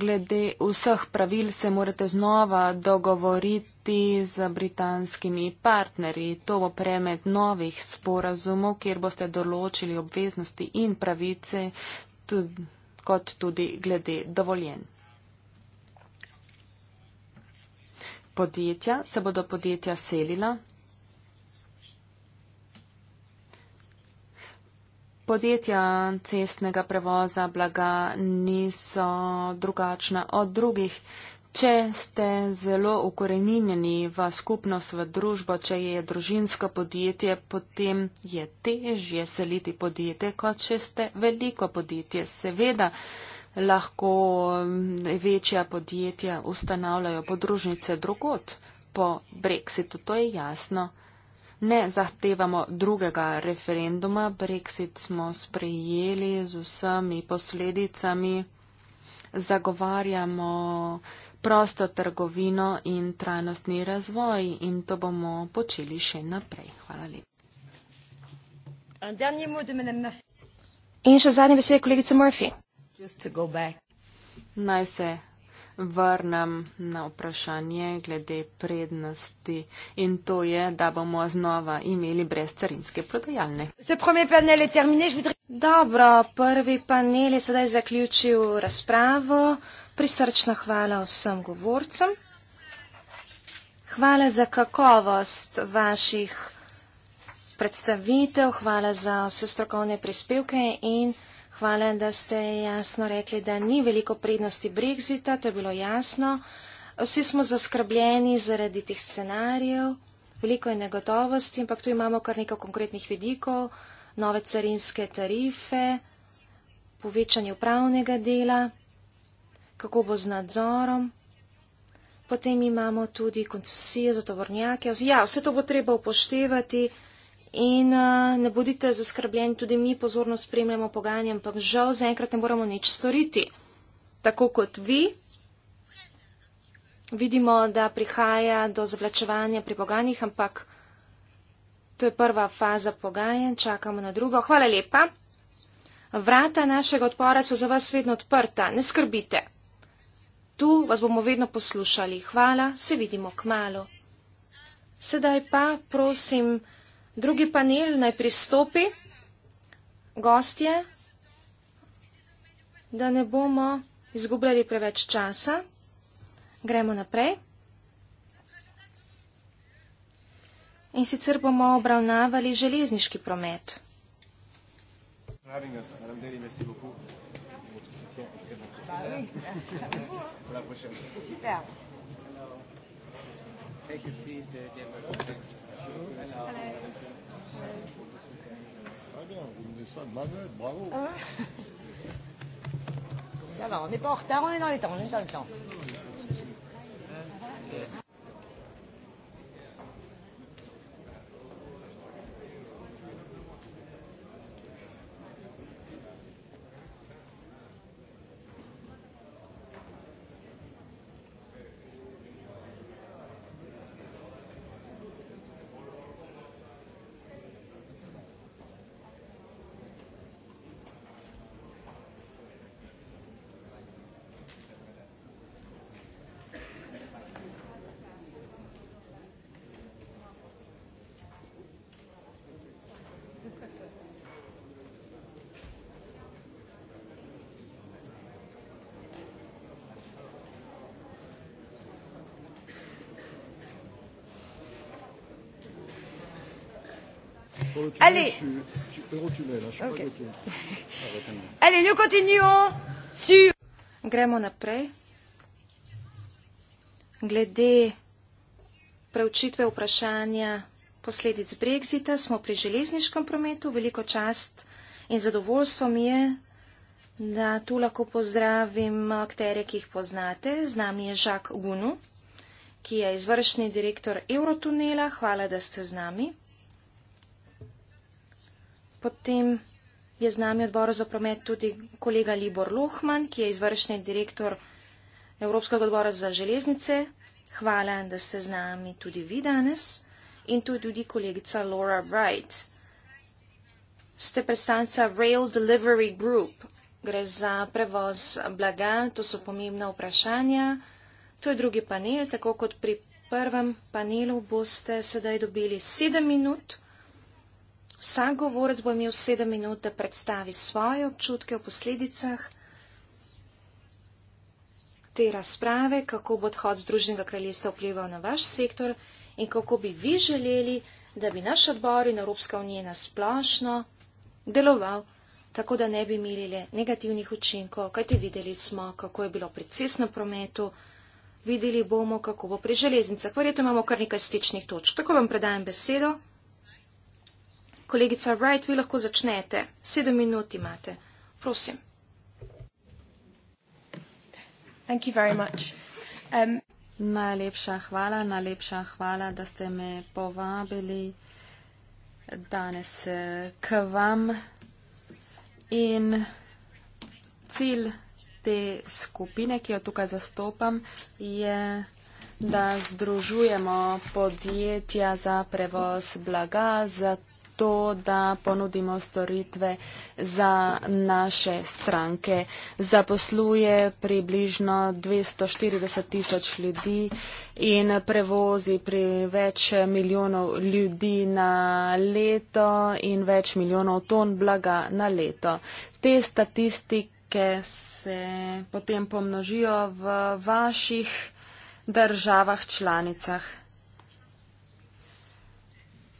glede vseh pravil se morate znova dogovoriti z britanskimi partnerji. To bo premed novih sporazumov, kjer boste določili obveznosti in pravice, tudi, kot tudi glede dovoljen. Podjetja se bodo podjetja selila, Podjetja cestnega prevoza blaga niso drugačna od drugih. Če ste zelo ukorenjeni v skupnost, v družbo, če je družinsko podjetje, potem je težje seliti podjetje, kot če ste veliko podjetje. Seveda lahko večja podjetja ustanavljajo podružnice drugot po brexitu, to je jasno ne zahtevamo drugega referenduma. Brexit smo sprejeli z vsemi posledicami. Zagovarjamo prosto trgovino in trajnostni razvoj in to bomo počeli še naprej. Hvala lepa. In še zadnje besede, kolegica Murphy. Naj se vrnem na vprašanje glede prednosti in to je, da bomo znova imeli brezcarinske prodajalne. Dobro, prvi panel je sedaj zaključil razpravo. Prisrčna hvala vsem govorcem. Hvala za kakovost vaših predstavitev, hvala za vse strokovne prispevke in. Hvala, da ste jasno rekli, da ni veliko prednosti brexita, to je bilo jasno. Vsi smo zaskrbljeni zaradi teh scenarijev, veliko je negotovosti, ampak tu imamo kar nekaj konkretnih vidikov, nove carinske tarife, povečanje upravnega dela, kako bo z nadzorom. Potem imamo tudi koncesije za tovornjake. Ja, vse to bo treba upoštevati in uh, ne bodite zaskrbljeni, tudi mi pozorno spremljamo pogajanje, ampak žal zaenkrat ne moramo nič storiti. Tako kot vi, vidimo, da prihaja do zavlačevanja pri pogajanjih, ampak to je prva faza pogajanj, čakamo na drugo. Hvala lepa. Vrata našega odpora so za vas vedno odprta, ne skrbite. Tu vas bomo vedno poslušali. Hvala, se vidimo k malu. Sedaj pa prosim. Drugi panel naj pristopi, gostje, da ne bomo izgubljali preveč časa. Gremo naprej. In sicer bomo obravnavali železniški promet. Take a seat, uh, Hello. Hello. Ça va, on n'est pas en retard, on est dans les temps, on est dans le temps. Allez. Allez, nous continuons sur. Gremo naprej. Glede preučitve vprašanja posledic Brexita smo pri železniškem prometu. Veliko čast in zadovoljstvo mi je, da tu lahko pozdravim akterje, ki jih poznate. Z nami je Žak Gunu, ki je izvršni direktor Eurotunela. Hvala, da ste z nami. Potem je z nami odboru za promet tudi kolega Libor Lohman, ki je izvršni direktor Evropskega odbora za železnice. Hvala, da ste z nami tudi vi danes. In tu je tudi kolegica Laura Wright. Ste predstavnica Rail Delivery Group. Gre za prevoz blaga, to so pomembna vprašanja. To je drugi panel, tako kot pri prvem panelu boste sedaj dobili sedem minut. Vsak govorec bo imel sedem minut, da predstavi svoje občutke o posledicah te razprave, kako bo odhod Združenega kraljestva vplival na vaš sektor in kako bi vi želeli, da bi naš odbor in Evropska unija nasplošno deloval, tako da ne bi imeli le negativnih učinkov, kajti videli smo, kako je bilo pri cestnem prometu, videli bomo, kako bo pri železnicah. Verjetno imamo kar nekaj stičnih točk. Tako vam predajem besedo. Kolegica Wright, vi lahko začnete. Sedem minut imate. Prosim. Thank you very much. Um... Najlepša hvala, najlepša hvala, da ste me povabili danes eh, k vam. In cilj te skupine, ki jo tukaj zastopam, je, da združujemo podjetja za prevoz blaga, za to, da ponudimo storitve za naše stranke. Zaposluje približno 240 tisoč ljudi in prevozi pri več milijonov ljudi na leto in več milijonov ton blaga na leto. Te statistike se potem pomnožijo v vaših državah članicah.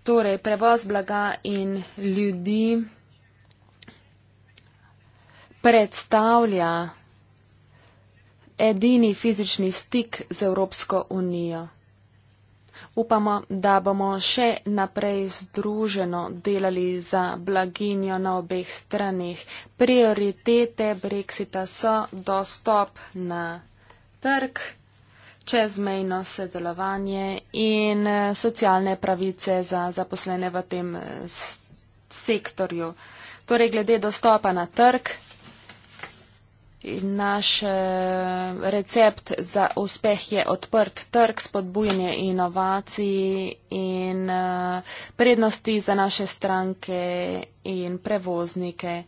Torej, prevoz blaga in ljudi predstavlja edini fizični stik z Evropsko unijo. Upamo, da bomo še naprej združeno delali za blaginjo na obeh stranih. Prioritete Brexita so dostop na trg čezmejno sedelovanje in eh, socialne pravice za zaposlene v tem eh, sektorju. Torej, glede dostopa na trg, naš eh, recept za uspeh je odprt trg, spodbujanje inovacij in prednosti za naše stranke in prevoznike.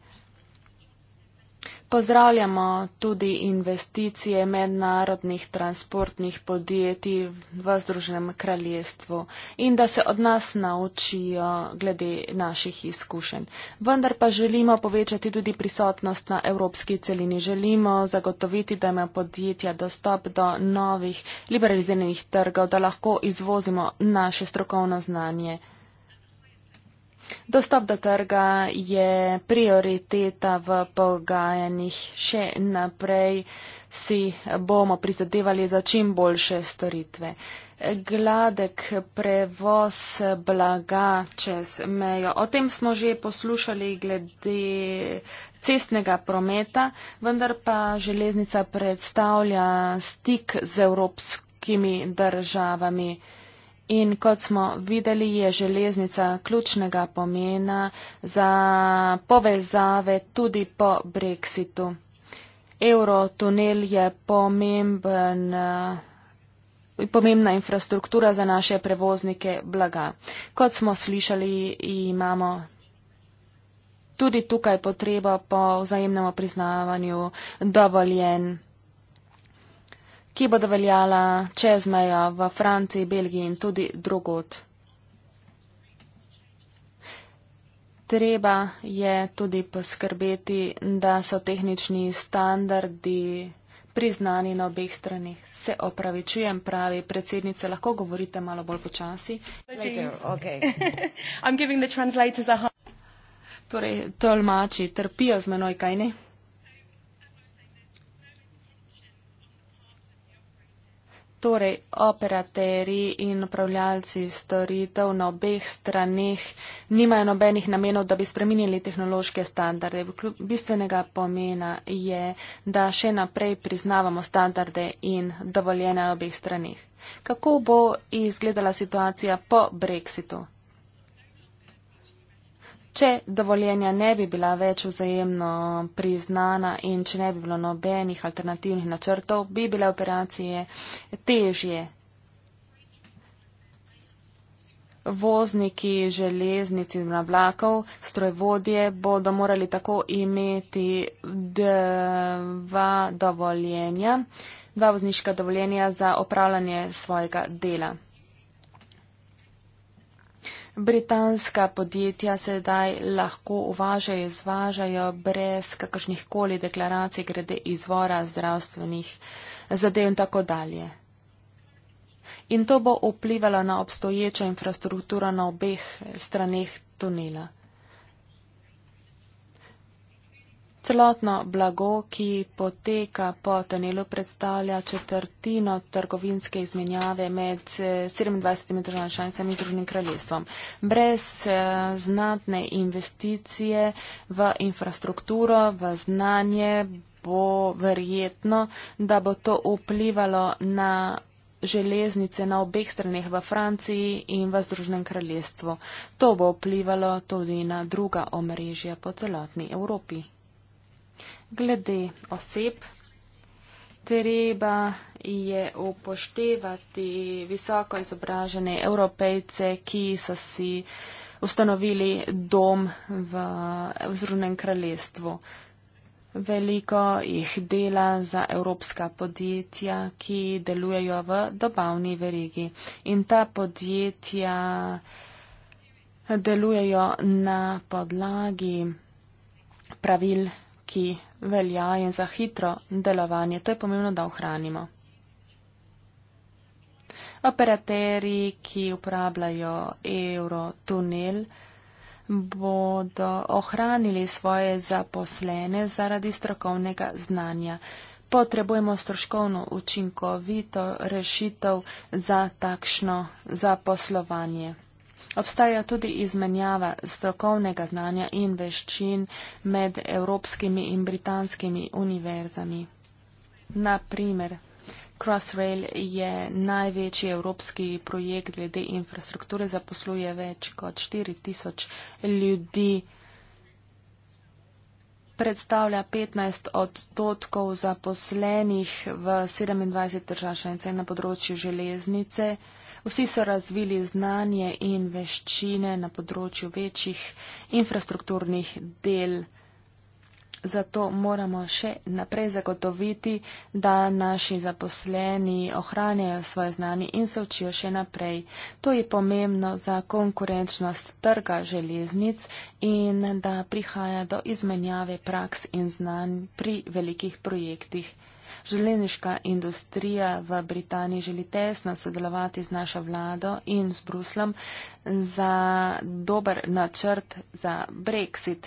Pozdravljamo tudi investicije mednarodnih transportnih podjetij v Združenem kraljestvu in da se od nas naučijo glede naših izkušenj. Vendar pa želimo povečati tudi prisotnost na evropski celini. Želimo zagotoviti, da ima podjetja dostop do novih liberaliziranih trgov, da lahko izvozimo naše strokovno znanje. Dostop do trga je prioriteta v pogajanjih. Še naprej si bomo prizadevali za čim boljše storitve. Gladek prevoz blaga čez mejo. O tem smo že poslušali glede cestnega prometa, vendar pa železnica predstavlja stik z evropskimi državami. In kot smo videli, je železnica ključnega pomena za povezave tudi po Brexitu. Eurotunel je pomemben, eh, pomembna infrastruktura za naše prevoznike blaga. Kot smo slišali, imamo tudi tukaj potrebo po vzajemnemu priznavanju dovoljen ki bodo veljala čez mejo v Franciji, Belgiji in tudi drugot. Treba je tudi poskrbeti, da so tehnični standardi priznani na obeh stranih. Se opravičujem, pravi predsednica, lahko govorite malo bolj počasi. Okay. torej, tolmači trpijo z menoj, kaj ne? Torej, operaterji in upravljalci storitev na obeh stranih nimajo nobenih namenov, da bi spremenili tehnološke standarde. Bistvenega pomena je, da še naprej priznavamo standarde in dovoljene na obeh stranih. Kako bo izgledala situacija po brexitu? če dovoljenja ne bi bila več vzajemno priznana in če ne bi bilo nobenih alternativnih načrtov, bi bile operacije težje. Vozniki železnic in vlakov, strojvodje bodo morali tako imeti dva dovoljenja, dva vozniška dovoljenja za opravljanje svojega dela. Britanska podjetja sedaj lahko uvažajo, izvažajo brez kakršnih koli deklaracij glede izvora zdravstvenih zadev in tako dalje. In to bo vplivalo na obstoječo infrastrukturo na obeh straneh tunela. Celotno blago, ki poteka po tunelu, predstavlja četrtino trgovinske izmenjave med 27 eh, državami članicami in Združenim kraljestvom. Brez eh, znatne investicije v infrastrukturo, v znanje bo verjetno, da bo to vplivalo na železnice na obeh stranih v Franciji in v Združenem kraljestvu. To bo vplivalo tudi na druga omrežja po celotni Evropi glede oseb. Treba je upoštevati visoko izobražene evropejce, ki so si ustanovili dom v vzrunem kraljestvu. Veliko jih dela za evropska podjetja, ki delujejo v dobavni verigi. In ta podjetja delujejo na podlagi pravil ki velja in za hitro delovanje. To je pomembno, da ohranimo. Operateri, ki uporabljajo eurotunel, bodo ohranili svoje zaposlene zaradi strokovnega znanja. Potrebujemo stroškovno učinkovito rešitev za takšno zaposlovanje. Obstaja tudi izmenjava strokovnega znanja in veščin med evropskimi in britanskimi univerzami. Naprimer, Crossrail je največji evropski projekt glede infrastrukture, zaposluje več kot 4000 ljudi, predstavlja 15 odstotkov zaposlenih v 27 držav članice na področju železnice. Vsi so razvili znanje in veščine na področju večjih infrastrukturnih del. Zato moramo še naprej zagotoviti, da naši zaposleni ohranjajo svoje znanje in se učijo še naprej. To je pomembno za konkurenčnost trga železnic in da prihaja do izmenjave praks in znanj pri velikih projektih. Želeniška industrija v Britaniji želi tesno sodelovati z našo vlado in s Bruslom za dober načrt za Brexit.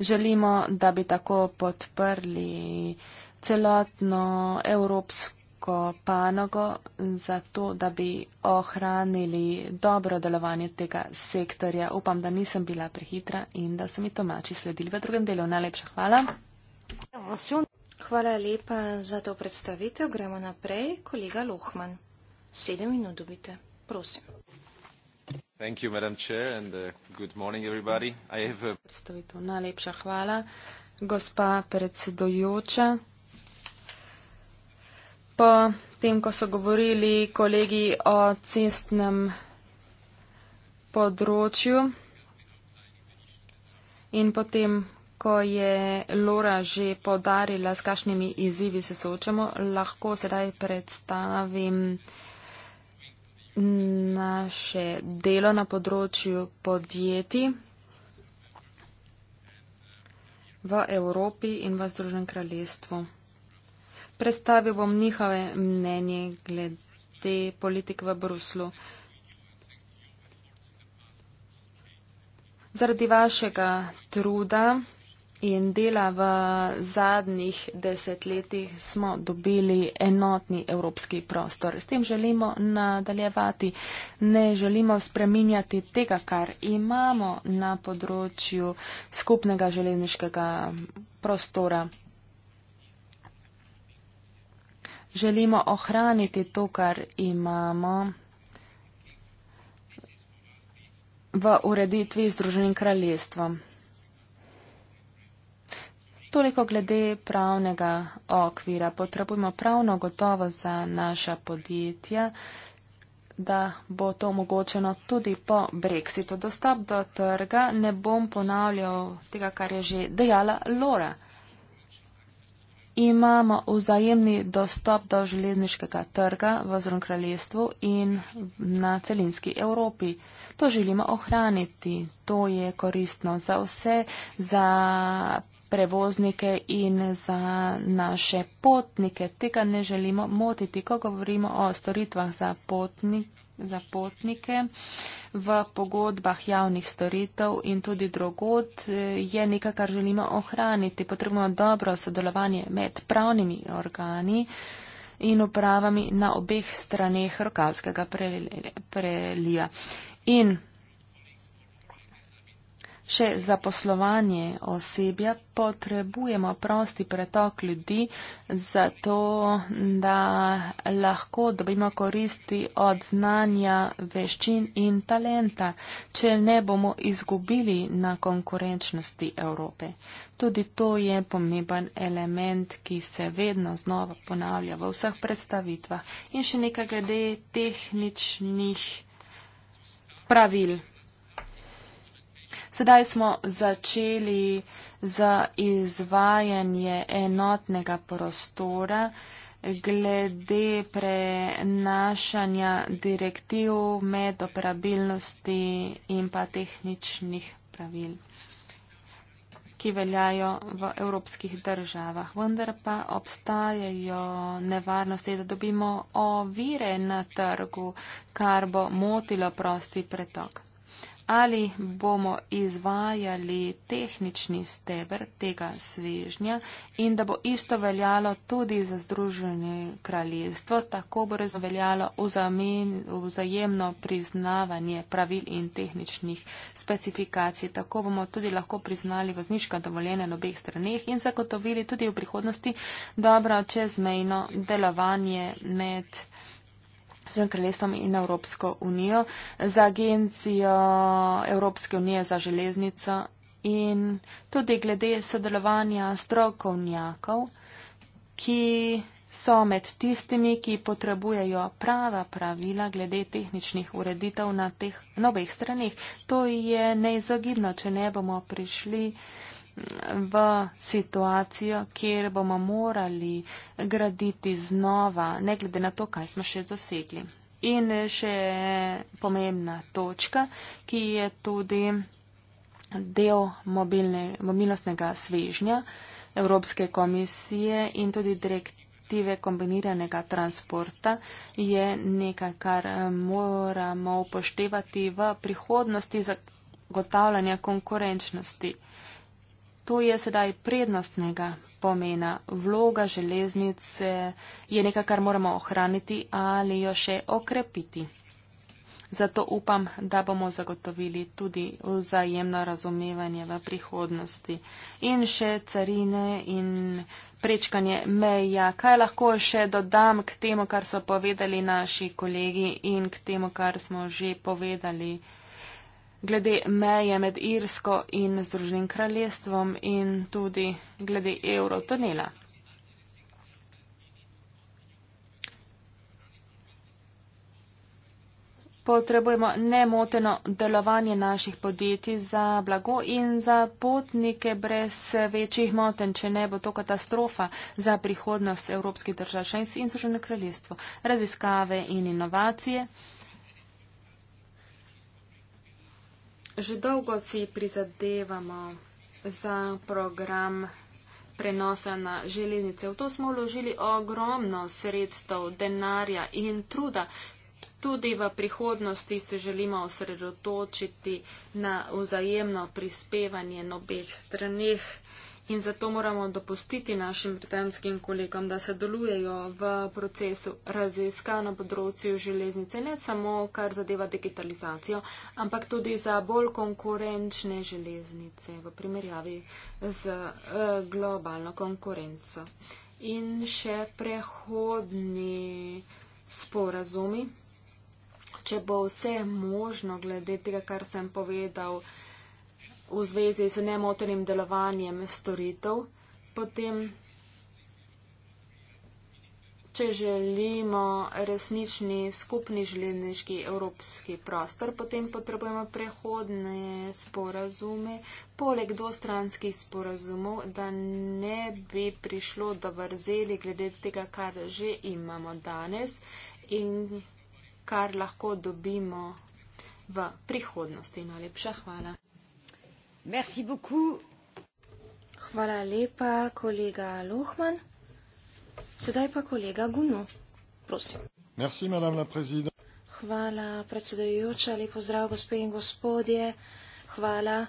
Želimo, da bi tako podprli celotno evropsko panogo za to, da bi ohranili dobro delovanje tega sektorja. Upam, da nisem bila prehitra in da so mi tomači sledili v drugem delu. Najlepša hvala. Hvala lepa za to predstavitev. Gremo naprej. Kolega Lohman, sedem minut dobite. Prosim. Uh, Najlepša hvala, gospa predsedojoča. Po tem, ko so govorili kolegi o cestnem področju in potem ko je Lora že podarila, s kakšnimi izzivi se soočamo, lahko sedaj predstavim naše delo na področju podjetij v Evropi in v Združenem kraljestvu. Predstavil bom njihove mnenje glede politik v Bruslu. Zaradi vašega truda in dela v zadnjih desetletjih smo dobili enotni evropski prostor. S tem želimo nadaljevati. Ne želimo spreminjati tega, kar imamo na področju skupnega železniškega prostora. Želimo ohraniti to, kar imamo v ureditvi Združenim kraljestvom. Toliko glede pravnega okvira. Potrebujemo pravno gotovo za naša podjetja, da bo to omogočeno tudi po Brexitu. Dostop do trga ne bom ponavljal tega, kar je že dejala Lora. Imamo vzajemni dostop do železniškega trga v Zrn kraljestvu in na celinski Evropi. To želimo ohraniti. To je koristno za vse, za prevoznike in za naše potnike. Tega ne želimo motiti, ko govorimo o storitvah za, potni, za potnike. V pogodbah javnih storitev in tudi drugod je nekaj, kar želimo ohraniti. Potrebno je dobro sodelovanje med pravnimi organi in upravami na obeh straneh Rokavskega preliva. In Še za poslovanje osebja potrebujemo prosti pretok ljudi, zato da lahko dobimo koristi od znanja, veščin in talenta, če ne bomo izgubili na konkurenčnosti Evrope. Tudi to je pomemben element, ki se vedno znova ponavlja v vseh predstavitvah. In še nekaj glede tehničnih pravil. Sedaj smo začeli za izvajanje enotnega prostora glede prenašanja direktiv med operabilnosti in pa tehničnih pravil ki veljajo v evropskih državah. Vendar pa obstajajo nevarnosti, da dobimo ovire na trgu, kar bo motilo prosti pretok ali bomo izvajali tehnični steber tega svežnja in da bo isto veljalo tudi za Združeno kraljestvo, tako bo res veljalo vzajemno priznavanje pravil in tehničnih specifikacij. Tako bomo tudi lahko priznali vozniška dovoljenja na obeh straneh in zagotovili tudi v prihodnosti dobro čezmejno delovanje med. Združenim kraljestvom in Evropsko unijo, za agencijo Evropske unije za železnico in tudi glede sodelovanja strokovnjakov, ki so med tistimi, ki potrebujejo prava pravila glede tehničnih ureditev na teh novih stranih. To je neizogibno, če ne bomo prišli v situacijo, kjer bomo morali graditi znova, ne glede na to, kaj smo še dosegli. In še pomembna točka, ki je tudi del mobilne, mobilnostnega svežnja Evropske komisije in tudi direktive kombiniranega transporta, je nekaj, kar moramo upoštevati v prihodnosti zagotavljanja konkurenčnosti. To je sedaj prednostnega pomena. Vloga železnic je nekaj, kar moramo ohraniti ali jo še okrepiti. Zato upam, da bomo zagotovili tudi vzajemno razumevanje v prihodnosti. In še carine in prečkanje meja. Kaj lahko še dodam k temu, kar so povedali naši kolegi in k temu, kar smo že povedali? glede meje med Irsko in Združenim kraljestvom in tudi glede eurotonela. Potrebujemo nemoteno delovanje naših podjetij za blago in za potnike brez večjih moten, če ne bo to katastrofa za prihodnost evropskih držav članic in Združenih kraljestvo. Raziskave in inovacije. Že dolgo si prizadevamo za program prenosa na železnice. V to smo vložili ogromno sredstev, denarja in truda. Tudi v prihodnosti se želimo osredotočiti na vzajemno prispevanje nobeh stranih in zato moramo dopustiti našim britanskim kolegom, da se delujejo v procesu raziska na področju železnice, ne samo kar zadeva digitalizacijo, ampak tudi za bolj konkurenčne železnice v primerjavi z eh, globalno konkurenco. In še prehodni sporazumi. Če bo vse možno glede tega, kar sem povedal, v zvezi z nemotenim delovanjem storitev, potem, če želimo resnični skupni želeniški evropski prostor, potem potrebujemo prehodne sporazume, poleg dvostranskih sporazumov, da ne bi prišlo do vrzeli glede tega, kar že imamo danes in kar lahko dobimo v prihodnosti. Najlepša hvala. Merci beaucoup. Hvala lepa, kolega Lohman. Sedaj pa kolega Guno. Prosim. Merci, madame la présidente. Hvala, predsedujoča. Lep pozdrav, gospe in gospodje. Hvala,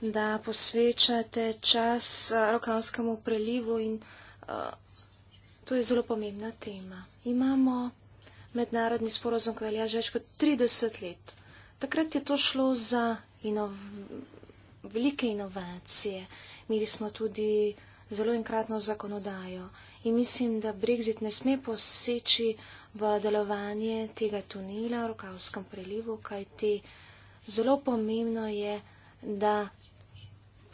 da posvečate čas eh, Rokanskemu prelivu in uh, to je zelo pomembna tema. Imamo mednarodni sporozum, ki velja že več kot 30 let. Takrat je to šlo za inov velike inovacije, imeli smo tudi zelo enkratno zakonodajo in mislim, da Brexit ne sme poseči v delovanje tega tunela v Rokavskem prelivu, kajti zelo pomembno je, da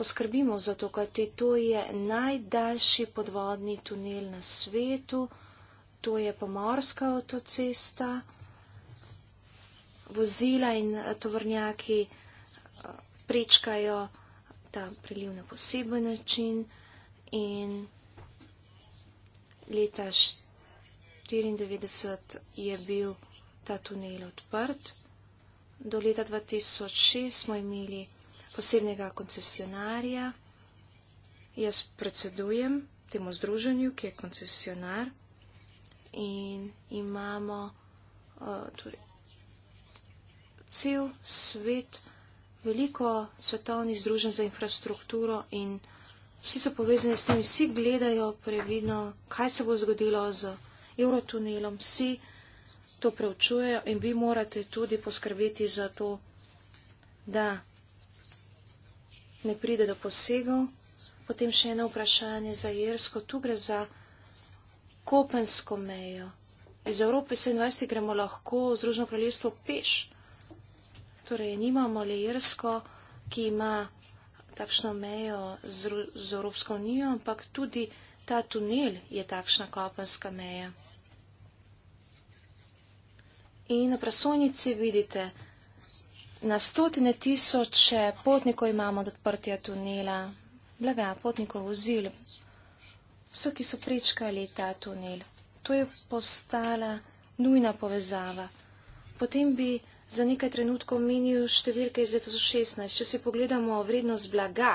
poskrbimo za to, kajti to je najdaljši podvodni tunel na svetu, to je pomorska avtocesta, vozila in tovrnjaki prečkajo ta priliv na poseben način in leta 1994 je bil ta tunel odprt. Do leta 2006 smo imeli posebnega koncesionarja. Jaz predsedujem temu združenju, ki je koncesionar in imamo uh, torej, cel svet veliko svetovnih združen za infrastrukturo in vsi so povezani s tem, vsi gledajo previdno, kaj se bo zgodilo z eurotunelom, vsi to preučujejo in vi morate tudi poskrbeti za to, da ne pride do posegov. Potem še eno vprašanje za Jersko. Tu gre za kopensko mejo. Iz Evrope 27 gremo lahko v Združeno kraljestvo peš torej nimamo le Irsko, ki ima takšno mejo z, z Evropsko unijo, ampak tudi ta tunel je takšna kopenska meja. In na prasojnici vidite, na stotine tisoče potnikov imamo od odprtja tunela, blaga potnikov vozil, vse, ki so prečkali ta tunel. To je postala nujna povezava. Potem bi za nekaj trenutkov menil številke iz leta 2016. Če si pogledamo vrednost blaga,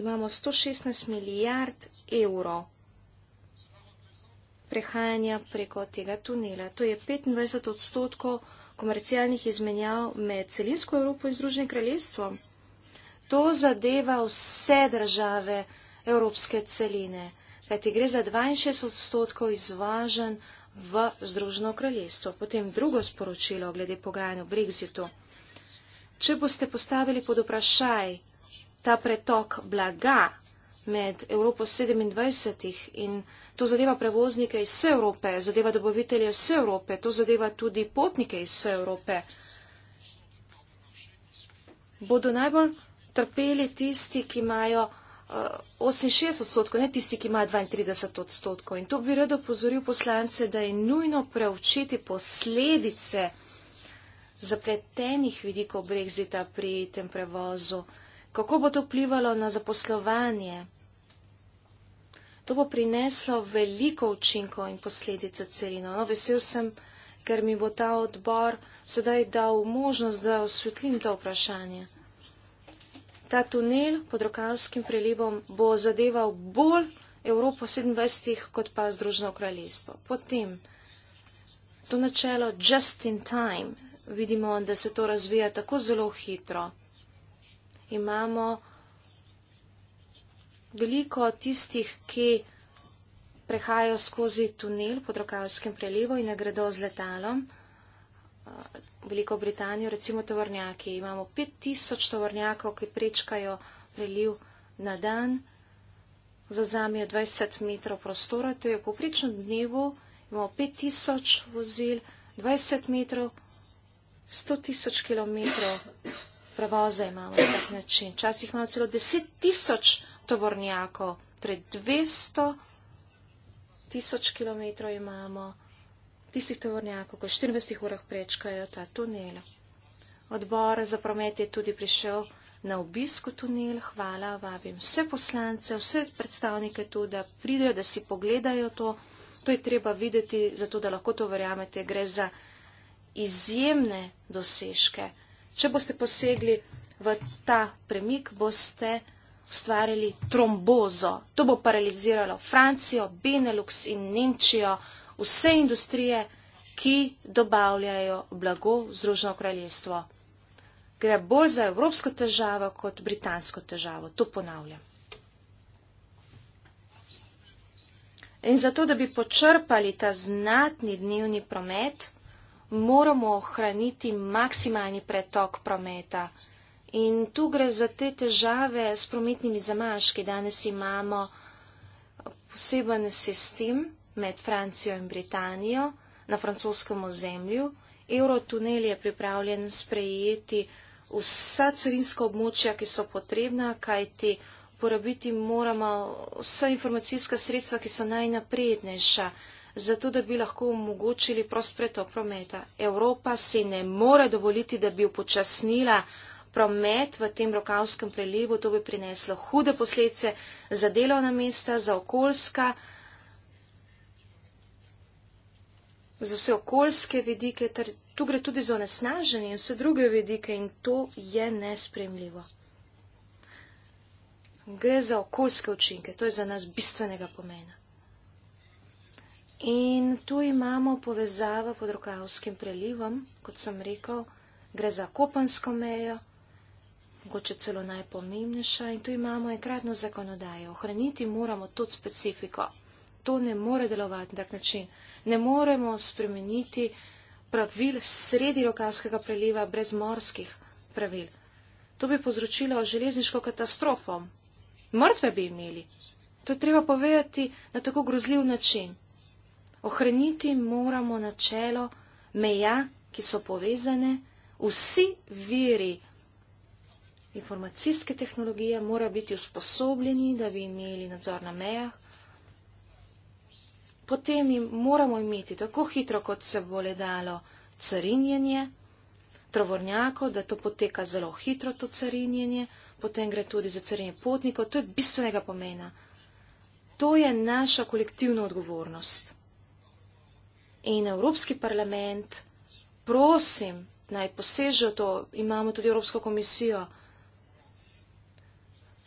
imamo 116 milijard evrov prehajanja preko tega tunela. To je 25 odstotkov komercialnih izmenjav med celinsko Evropo in Združenim kraljestvom. To zadeva vse države evropske celine, kajti gre za 62 odstotkov izvažen v Združeno kraljestvo. Potem drugo sporočilo glede pogajanja o Brexitu. Če boste postavili pod vprašaj ta pretok blaga med Evropo 27 in to zadeva prevoznike iz vse Evrope, zadeva dobavitelje vse Evrope, to zadeva tudi potnike iz vse Evrope, bodo najbolj trpeli tisti, ki imajo 68 odstotkov, ne tisti, ki imajo 32 odstotkov. In to bi rado opozoril poslance, da je nujno preučiti posledice zapletenih vidikov brexita pri tem prevozu. Kako bo to vplivalo na zaposlovanje? To bo prineslo veliko učinkov in posledice celino. No, vesel sem, ker mi bo ta odbor sedaj dal možnost, da osvetlim to vprašanje ta tunel pod Rokanskim prelivom bo zadeval bolj Evropo 27. kot pa Združeno kraljestvo. Potem to načelo just in time. Vidimo, da se to razvija tako zelo hitro. Imamo veliko tistih, ki prehajajo skozi tunel pod Rokanskim prelivom in ne gredo z letalom. Veliko Britanijo, recimo tovornjaki. Imamo 5000 tovornjakov, ki prečkajo preliv na dan, zauzamijo 20 metrov prostora, to je v poprečnem dnevu, imamo 5000 vozil, 20 metrov, 100 tisoč km prevoza imamo na tak način. Včasih imamo celo 10 tisoč tovornjakov, torej 200 tisoč km imamo tistih tovornjakov, ko v 14 urah prečkajo ta tunel. Odbor za promet je tudi prišel na obisko tunel. Hvala, vabim vse poslance, vse predstavnike tu, da pridejo, da si pogledajo to. To je treba videti, zato da lahko to verjamete. Gre za izjemne dosežke. Če boste posegli v ta premik, boste ustvarili trombozo. To bo paraliziralo Francijo, Benelux in Nemčijo vse industrije, ki dobavljajo blago v Združeno kraljestvo. Gre bolj za evropsko težavo kot britansko težavo. To ponavljam. In zato, da bi počrpali ta znatni dnevni promet, moramo ohraniti maksimalni pretok prometa. In tu gre za te težave s prometnimi zamaški. Danes imamo poseben sistem med Francijo in Britanijo na francoskem ozemlju. Eurotunel je pripravljen sprejeti vsa carinska območja, ki so potrebna, kajti porabiti moramo vsa informacijska sredstva, ki so najnaprednejša, zato da bi lahko omogočili prost pretok prometa. Evropa se ne more dovoliti, da bi upočasnila promet v tem rokavskem prelivu, to bi prineslo hude posledice za delovna mesta, za okoljska. za vse okoljske vidike, ter tu gre tudi za onesnaženje in vse druge vidike in to je nespremljivo. Gre za okoljske učinke, to je za nas bistvenega pomena. In tu imamo povezavo pod Rokavskim prelivom, kot sem rekel, gre za kopansko mejo, mogoče celo najpomembnejša in tu imamo enkratno zakonodajo. Ohraniti moramo to specifiko to ne more delovati na tak način. Ne moremo spremeniti pravil sredi rokavskega preliva brez morskih pravil. To bi povzročilo železniško katastrofo. Mrtve bi imeli. To je treba povedati na tako grozljiv način. Ohraniti moramo načelo meja, ki so povezane, vsi viri informacijske tehnologije morajo biti usposobljeni, da bi imeli nadzor na mejah, potem jim moramo imeti tako hitro, kot se bo le dalo, carinjenje, trovornjako, da to poteka zelo hitro, to carinjenje, potem gre tudi za carinje potnikov, to je bistvenega pomena. To je naša kolektivna odgovornost. In Evropski parlament, prosim, naj posežejo to, imamo tudi Evropsko komisijo,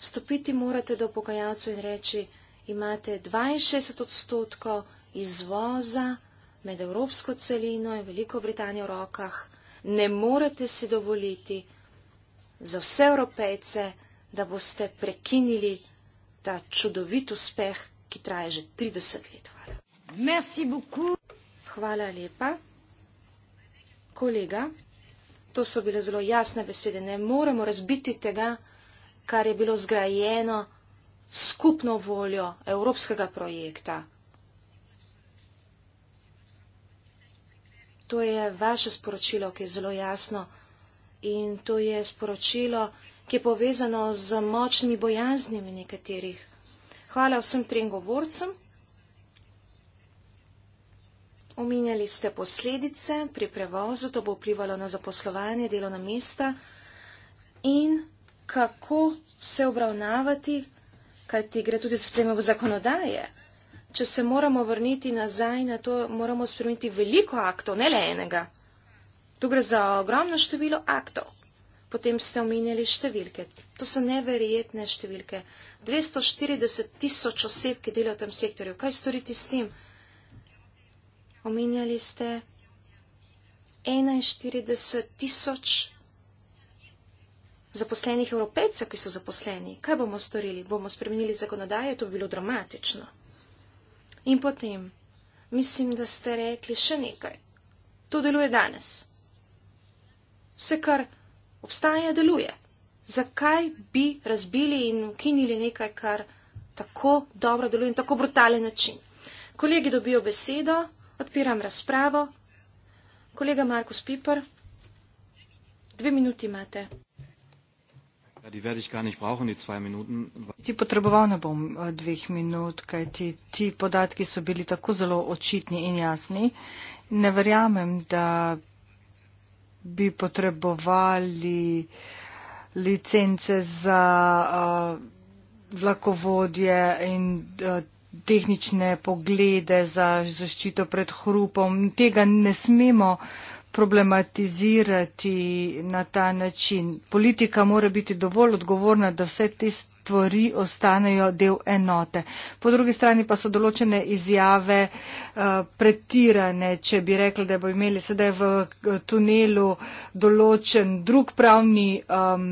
stopiti morate do pogajalcev in reči, imate 62 odstotkov izvoza med Evropsko celino in Veliko Britanijo v rokah, ne morete si dovoliti za vse evropejce, da boste prekinili ta čudovit uspeh, ki traje že 30 let. Hvala. Merci Hvala lepa. Kolega, to so bile zelo jasne besede. Ne moremo razbiti tega, kar je bilo zgrajeno skupno voljo evropskega projekta. To je vaše sporočilo, ki je zelo jasno in to je sporočilo, ki je povezano z močnimi bojaznimi nekaterih. Hvala vsem trem govorcem. Omenjali ste posledice pri prevozu, to bo vplivalo na zaposlovanje, delo na mesta in kako se obravnavati kajti gre tudi za spremembo zakonodaje. Če se moramo vrniti nazaj na to, moramo spremeniti veliko aktov, ne le enega. Tu gre za ogromno število aktov. Potem ste omenjali številke. To so neverjetne številke. 240 tisoč oseb, ki delajo v tem sektorju. Kaj storiti s tem? Omenjali ste 41 tisoč zaposlenih evropejcev, ki so zaposleni. Kaj bomo storili? Bomo spremenili zakonodajo, to bi bilo dramatično. In potem, mislim, da ste rekli še nekaj. To deluje danes. Vse, kar obstaja, deluje. Zakaj bi razbili in ukinili nekaj, kar tako dobro deluje in tako brutalen način? Kolegi dobijo besedo, odpiram razpravo. Kolega Markus Piper, dve minuti imate. Ja, die werde ich gar nicht brauchen, die zwei Minuten. Ti potreboval ne bom eh, dveh minut, kaj ti, ti podatki so bili tako zelo očitni in jasni. Ne verjamem, da bi potrebovali licence za uh, vlakovodje in uh, tehnične poglede za zaščito pred hrupom. Tega ne smemo problematizirati na ta način. Politika mora biti dovolj odgovorna, da vse te stvari ostanejo del enote. Po drugi strani pa so določene izjave uh, pretirane, če bi rekli, da bi imeli sedaj v tunelu določen drug pravni. Um,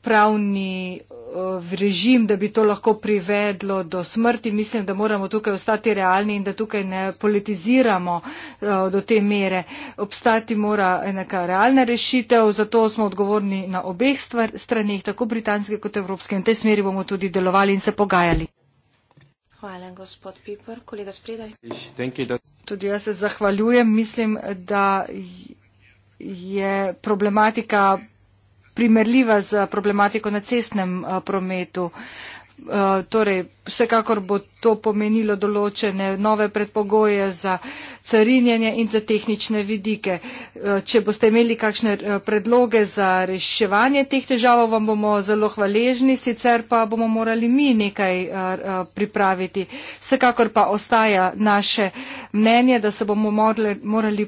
pravni eh, režim, da bi to lahko privedlo do smrti. Mislim, da moramo tukaj ostati realni in da tukaj ne politiziramo eh, do te mere. Obstati mora enaka realna rešitev, zato smo odgovorni na obeh stranih, tako britanske kot evropske. In v tej smeri bomo tudi delovali in se pogajali. Hvala, gospod Piper. Kolega Spredaj. Tudi jaz se zahvaljujem. Mislim, da je problematika primerljiva z problematiko na cestnem eh, prometu. Eh, torej, vsekakor bo to pomenilo določene nove predpogoje za carinjenje in za tehnične vidike. Eh, če boste imeli kakšne predloge za reševanje teh težav, vam bomo zelo hvaležni, sicer pa bomo morali mi nekaj pripraviti. Vsekakor pa ostaja naše mnenje, da se bomo morali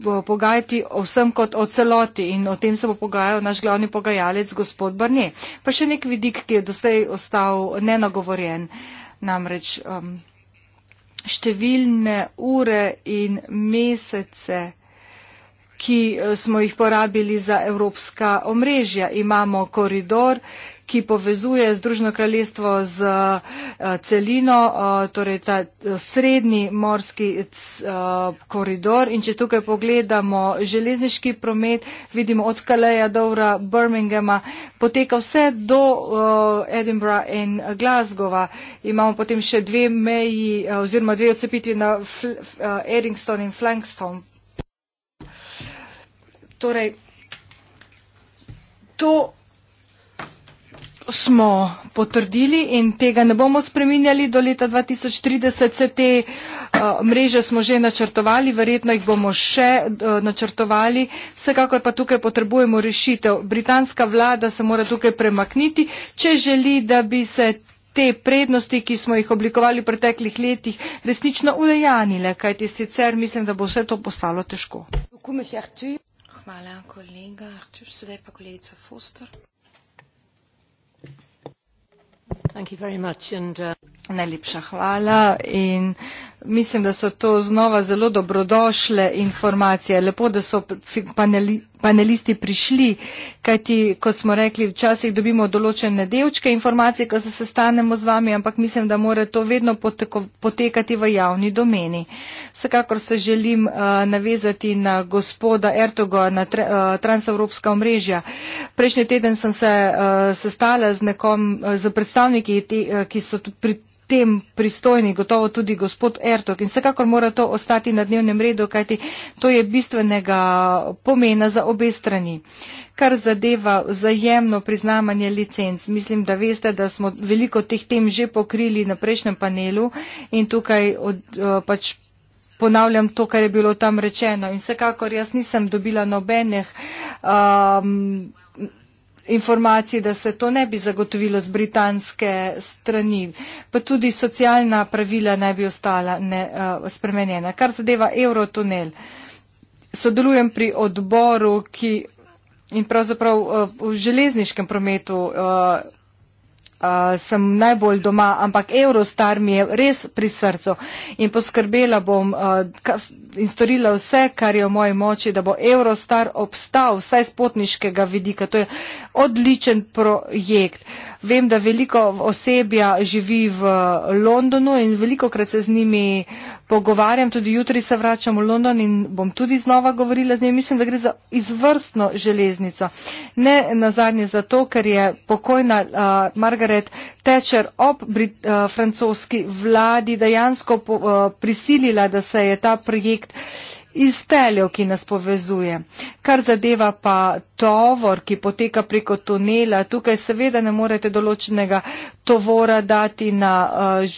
pogajati o vsem kot o celoti in o tem se bo pogajal naš glavni pogajalec, gospod Barnje. Pa še nek vidik, ki je dostaj ostal nenagovorjen, namreč um, številne ure in mesece, ki eh, smo jih porabili za evropska omrežja. Imamo koridor, ki povezuje Združeno kraljestvo z eh, celino, eh, torej ta eh, srednji morski koridor. In če tukaj pogledamo železniški promet, vidimo od Kaleja do Ura, Birminghama, poteka vse do Edinburgh in Glasgowa. Imamo potem še dve meji oziroma dve odcepitvi na Eddington in Flankston. Torej, to smo potrdili in tega ne bomo spreminjali do leta 2030. Se te eh, mreže smo že načrtovali, verjetno jih bomo še eh, načrtovali. Vsekakor pa tukaj potrebujemo rešitev. Britanska vlada se mora tukaj premakniti, če želi, da bi se te prednosti, ki smo jih oblikovali v preteklih letih, resnično udejanile, kajti sicer mislim, da bo vse to postalo težko. Hvala, kolega. Sedaj pa kolegica Foster thank you very much and good uh, morning. Najlepša hvala in mislim, da so to znova zelo dobrodošle informacije. Lepo, da so paneli, panelisti prišli, kajti, kot smo rekli, včasih dobimo določene delčke informacije, ko se sestanemo z vami, ampak mislim, da mora to vedno poteko, potekati v javni domeni. Vsekakor se želim uh, navezati na gospoda Ertogo, na tre, uh, transevropska omrežja. Prejšnji teden sem se uh, sestala z nekom, uh, eh, z predstavniki, te, uh, ki so pri tem pristojni, gotovo tudi gospod Ertok. In vsekakor mora to ostati na dnevnem redu, kajti to je bistvenega pomena za obe strani. Kar zadeva vzajemno priznamanje licenc, mislim, da veste, da smo veliko teh tem že pokrili na prejšnjem panelu in tukaj od, eh, pač. Ponavljam to, kar je bilo tam rečeno. In vsekakor jaz nisem dobila nobenih um, informacij, da se to ne bi zagotovilo z britanske strani, pa tudi socialna pravila ne bi ostala ne, uh, spremenjena. Kar zadeva Eurotunel, sodelujem pri odboru, ki in pravzaprav uh, v železniškem prometu. Uh, uh, sem najbolj doma, ampak Eurostar mi je res pri srcu in poskrbela bom uh, kas, in storila vse, kar je v moji moči, da bo Eurostar obstal vsaj z potniškega vidika. To je odličen projekt. Uh, vem, da veliko osebja živi v Londonu in veliko krat se z njimi pogovarjam, tudi jutri se vračam v London in bom tudi znova govorila z njimi. Mislim, da gre za izvrstno železnico. Ne na zadnje zato, ker je pokojna uh, Margaret Thatcher ob Brit, uh, francoski vladi dejansko po, uh, prisilila, da se je ta projekt uh, izpeljal, ki nas povezuje. Kar zadeva pa tovor, ki poteka preko tunela, tukaj seveda ne morete določenega tovora dati na uh,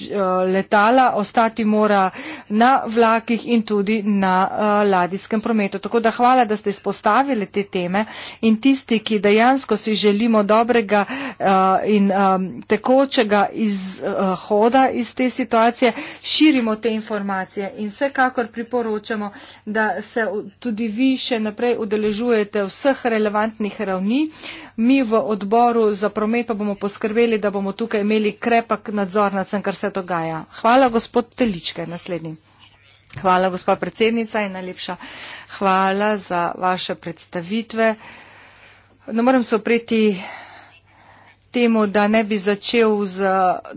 letala, ostati mora na vlakih in tudi na uh, ladijskem prometu. Tako da hvala, da ste izpostavili te teme in tisti, ki dejansko si želimo dobrega uh, in um, tekočega izhoda uh, iz te situacije, širimo te informacije in vsekakor priporočamo, da se tudi vi še naprej udeležujete vseh relevantnih ravni. Mi v odboru za promet pa bomo poskrbeli, da bomo tukaj imeli krepak nadzor nad vsem, kar se dogaja. Hvala, gospod Teličke, naslednji. Hvala, gospa predsednica in najlepša hvala za vaše predstavitve. Ne morem se opreti temu, da ne bi začel z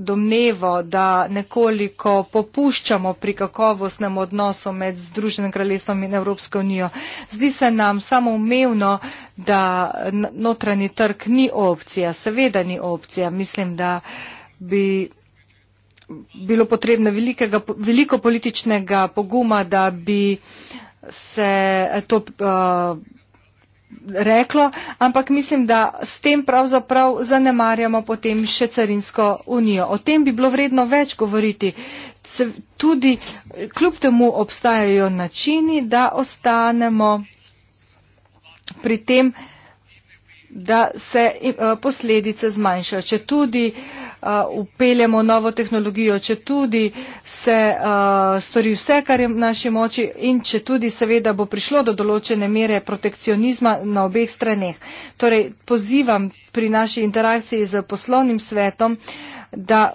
domnevo, da nekoliko popuščamo pri kakovostnem odnosu med Združenim kraljestvom in Evropsko unijo. Zdi se nam samoumevno, da notranji trg ni opcija, seveda ni opcija. Mislim, da bi bilo potrebno velikega, veliko političnega poguma, da bi se to. Uh, reklo, ampak mislim, da s tem pravzaprav zanemarjamo potem še carinsko unijo. O tem bi bilo vredno več govoriti. Tudi eh, kljub temu obstajajo načini, da ostanemo pri tem, da da se eh, posledice zmanjšajo. Če tudi upeljamo eh, novo tehnologijo, če tudi se eh, stori vse, kar je v naši moči in če tudi seveda bo prišlo do določene mere protekcionizma na obeh straneh. Torej, pozivam pri naši interakciji z poslovnim svetom, da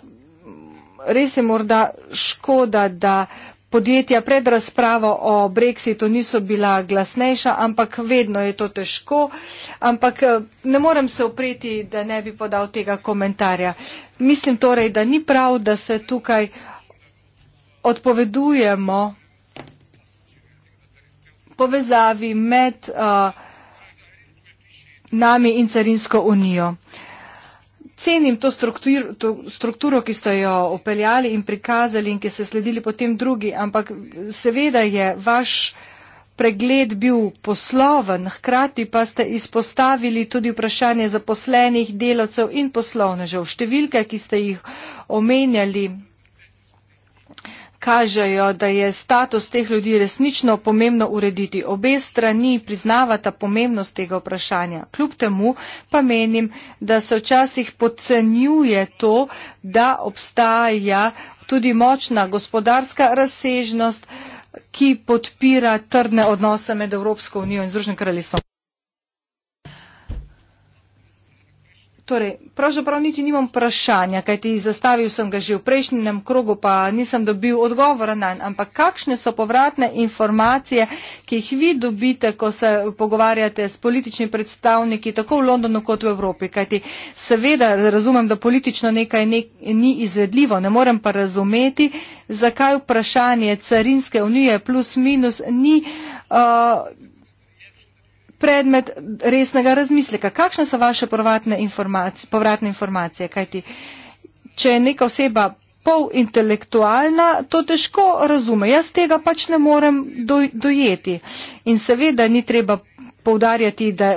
res je morda škoda, da podjetja pred razpravo o brexitu niso bila glasnejša, ampak vedno je to težko. Ampak eh, ne morem se opreti, da ne bi podal tega komentarja. Mislim torej, da ni prav, da se tukaj odpovedujemo povezavi med uh, nami in carinsko unijo. Uh, cenim to, struktur, to strukturo, ki ste jo upeljali in prikazali in ki ste sledili potem drugi, ampak seveda je vaš pregled bil posloven, hkrati pa ste izpostavili tudi vprašanje zaposlenih delavcev in poslovnežev. Številke, ki ste jih omenjali, kažejo, da je status teh ljudi resnično pomembno urediti. Obe strani priznavata pomembnost tega vprašanja. Kljub temu pa menim, da se včasih podcenjuje to, da obstaja tudi močna gospodarska razsežnost, ki podpira trdne odnose med Evropsko unijo in Združenim kraljestvom. Torej, pravzaprav niti nimam vprašanja, kaj ti zastavil sem ga že v prejšnjem krogu, pa nisem dobil odgovora na en. Ampak kakšne so povratne informacije, ki jih vi dobite, ko se pogovarjate s političnimi predstavniki tako v Londonu kot v Evropi? Kaj ti seveda razumem, da politično nekaj nek ni izvedljivo, ne morem pa razumeti, zakaj vprašanje carinske unije plus minus ni. Uh, predmet resnega razmisleka. Kakšne so vaše informacije, povratne informacije? Kajti, če je neka oseba polintelektualna, to težko razume. Jaz tega pač ne morem do, dojeti. In seveda ni treba povdarjati, da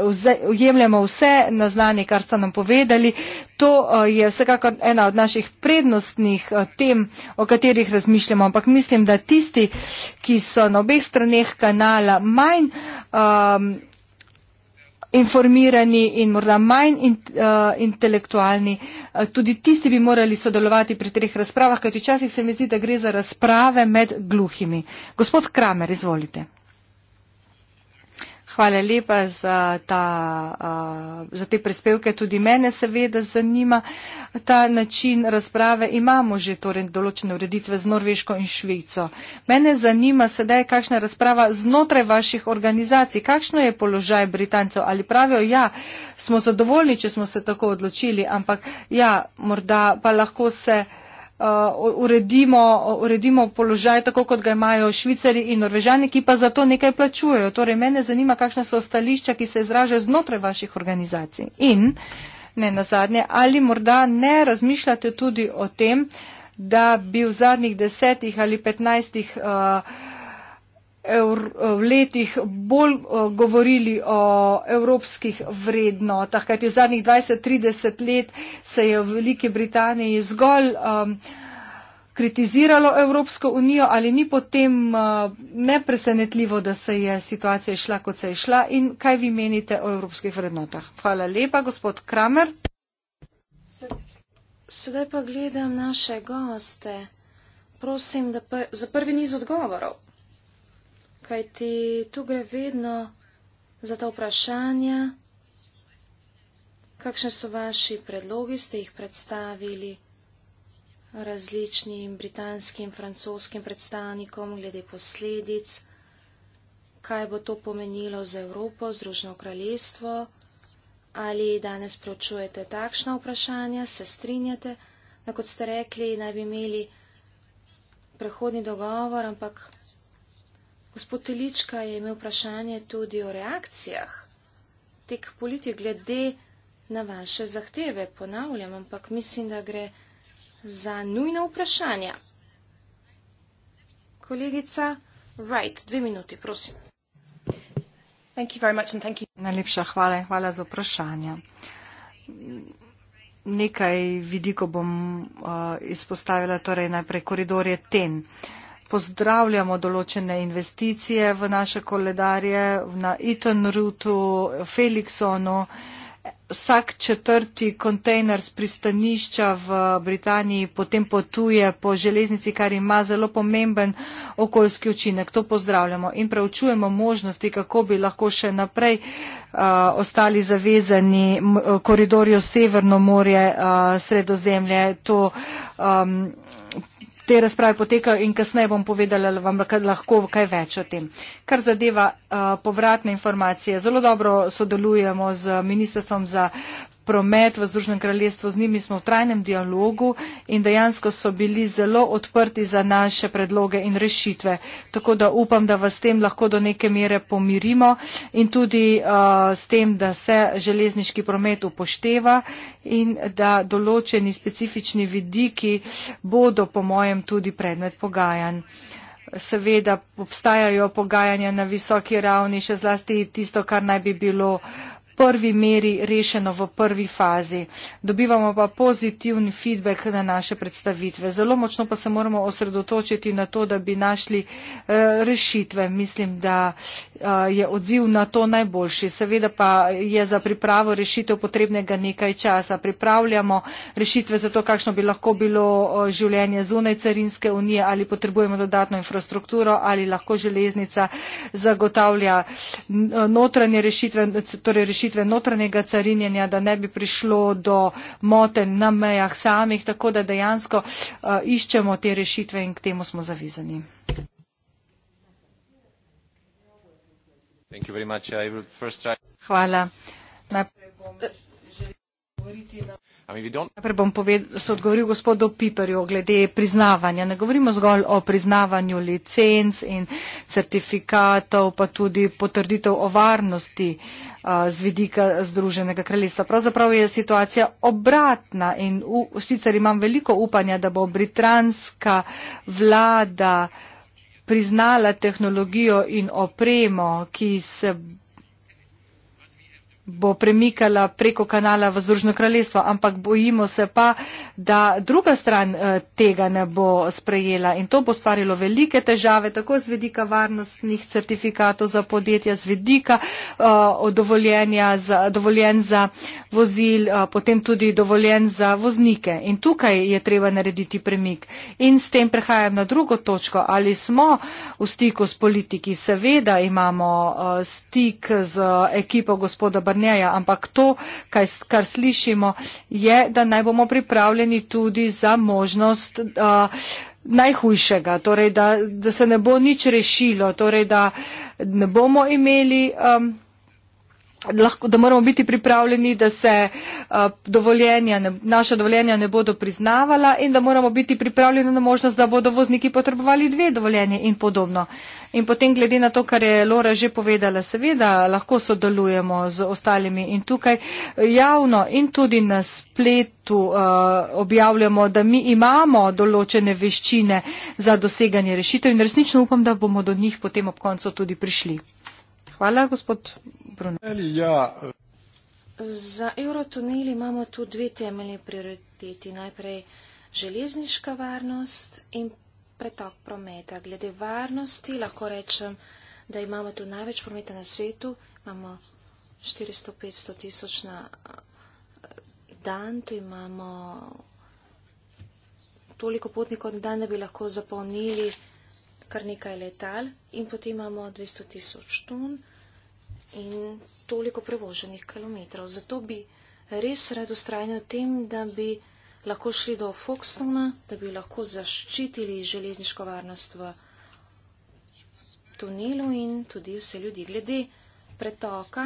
ujemljamo vse na znanje, kar ste nam povedali. To eh, je vsekakor ena od naših prednostnih eh, tem, o katerih razmišljamo, ampak mislim, da tisti, ki so na obeh straneh kanala manj um, informirani in morda manj in, uh, intelektualni. Uh, tudi tisti bi morali sodelovati pri treh razpravah, kajti včasih se mi zdi, da gre za razprave med gluhimi. Gospod Kramer, izvolite. Hvala lepa za, ta, za te prispevke. Tudi mene seveda zanima ta način razprave. Imamo že torej določene ureditve z Norveško in Švico. Mene zanima sedaj, kakšna je razprava znotraj vaših organizacij. Kakšno je položaj Britancev? Ali pravijo, ja, smo zadovoljni, če smo se tako odločili, ampak ja, morda pa lahko se. Uh, uredimo, uredimo položaj, tako kot ga imajo švicari in norvežani, ki pa za to nekaj plačujejo. Torej, mene zanima, kakšne so stališča, ki se izražajo znotraj vaših organizacij. In, ne nazadnje, ali morda ne razmišljate tudi o tem, da bi v zadnjih desetih ali petnajstih uh, v letih bolj eh, govorili o evropskih vrednotah, kajti v zadnjih 20-30 let se je v Veliki Britaniji zgolj um, kritiziralo Evropsko unijo ali ni potem uh, nepresenetljivo, da se je situacija išla, kot se je išla in kaj vi menite o evropskih vrednotah. Hvala lepa, gospod Kramer. Sedaj pa gledam naše goste. Prosim, da pr za prvi niz odgovorov kaj ti tu gre vedno za ta vprašanja, kakšne so vaši predlogi, ste jih predstavili različnim britanskim, francoskim predstavnikom glede posledic, kaj bo to pomenilo za Evropo, Združeno kraljestvo, ali danes preučujete takšna vprašanja, se strinjate, da no, kot ste rekli, naj bi imeli prehodni dogovor, ampak Gospod Telička je imel vprašanje tudi o reakcijah tek politik glede na vaše zahteve. Ponavljam, ampak mislim, da gre za nujna vprašanja. Kolegica Wright, dve minuti, prosim. Thank you very much and thank you. Najlepša hvala in hvala za vprašanja. Nekaj vidiko bom uh, izpostavila, torej najprej koridor je ten. Uh, pozdravljamo določene investicije v naše koledarje, na Itonrutu, Felixonu. Vsak četrti kontejner z pristanišča v Britaniji potem potuje po železnici, kar ima zelo pomemben okoljski učinek. To pozdravljamo in preučujemo možnosti, kako bi lahko še naprej uh, ostali zavezani koridorju Severno morje, uh, Sredozemlje. To, um, te razprave potekajo in kasneje bom povedala vam lahko kaj več o tem. Kar zadeva uh, povratne informacije, zelo dobro sodelujemo z Ministrstvom za promet v Združenem kraljestvu, z njimi smo v trajnem dialogu in dejansko so bili zelo odprti za naše predloge in rešitve. Tako da upam, da vas s tem lahko do neke mere pomirimo in tudi uh, s tem, da se železniški promet upošteva in da določeni specifični vidiki bodo, po mojem, tudi predmet pogajanj. Seveda obstajajo pogajanja na visoki ravni, še zlasti tisto, kar naj bi bilo uh, prvi meri rešeno v prvi fazi. Dobivamo pa pozitivni feedback na naše predstavitve. Zelo močno pa se moramo osredotočiti na to, da bi našli uh, rešitve. Mislim, da uh, je odziv na to najboljši. Seveda pa je za pripravo rešitev potrebnega nekaj časa. Pripravljamo rešitve za to, kakšno bi lahko bilo eh, življenje zunaj carinske unije ali potrebujemo dodatno infrastrukturo ali lahko železnica zagotavlja notranje rešitve, torej rešitve rešitve notranjega carinjenja, da ne bi prišlo do motenj na mejah samih, tako da dejansko uh, iščemo te rešitve in k temu smo zavizani. Hvala. Najprej bom eh. želel govoriti na. Najprej bom se odgovoril gospodu Piperju glede priznavanja. Ne govorimo zgolj o priznavanju licenc in certifikatov, pa tudi potrditev o varnosti z vidika Združenega kraljestva. Pravzaprav je situacija obratna in sicer imam veliko upanja, da bo britanska vlada priznala tehnologijo in opremo, ki se bo bo premikala preko kanala v Združeno kraljestvo, ampak bojimo se pa, da druga stran eh, tega ne bo sprejela in to bo stvarilo velike težave, tako z vedika varnostnih certifikatov za podjetja, z vedika eh, dovoljen za vozil, eh, potem tudi dovoljen za voznike. In tukaj je treba narediti premik. In s tem prehajam na drugo točko, ali smo v stiku s politiki. Seveda imamo stik z ekipo gospoda Barnaša. Korneja, ampak to, kaj, kar slišimo, je, da naj bomo pripravljeni tudi za možnost uh, najhujšega, torej da, da se ne bo nič rešilo, torej da ne bomo imeli. Um, lahko, da moramo biti pripravljeni, da se eh, dovoljenja, naša dovoljenja ne bodo priznavala in da moramo biti pripravljeni na možnost, da bodo vozniki potrebovali dve dovoljenje in podobno. In potem glede na to, kar je Lora že povedala, seveda lahko sodelujemo z ostalimi in tukaj javno in tudi na spletu uh, objavljamo, da mi imamo določene veščine za doseganje rešitev in resnično upam, da bomo do njih potem ob koncu tudi prišli. Hvala, gospod Brunel. Ja. Eh. Za eurotunel imamo tu dve temeljni prioriteti. Najprej železniška varnost in pretok prometa. Glede varnosti lahko rečem, da imamo tu največ prometa na svetu. Imamo 400-500 tisoč na eh, dan, tu imamo toliko potnikov na dan, da bi lahko zapolnili kar nekaj letal in potem imamo 200 tisoč ton in toliko prevoženih kilometrov. Zato bi res rad ustrajal tem, da bi lahko šli do Foxtona, da bi lahko zaščitili železniško varnost v tunelu in tudi vse ljudi. Glede pretoka,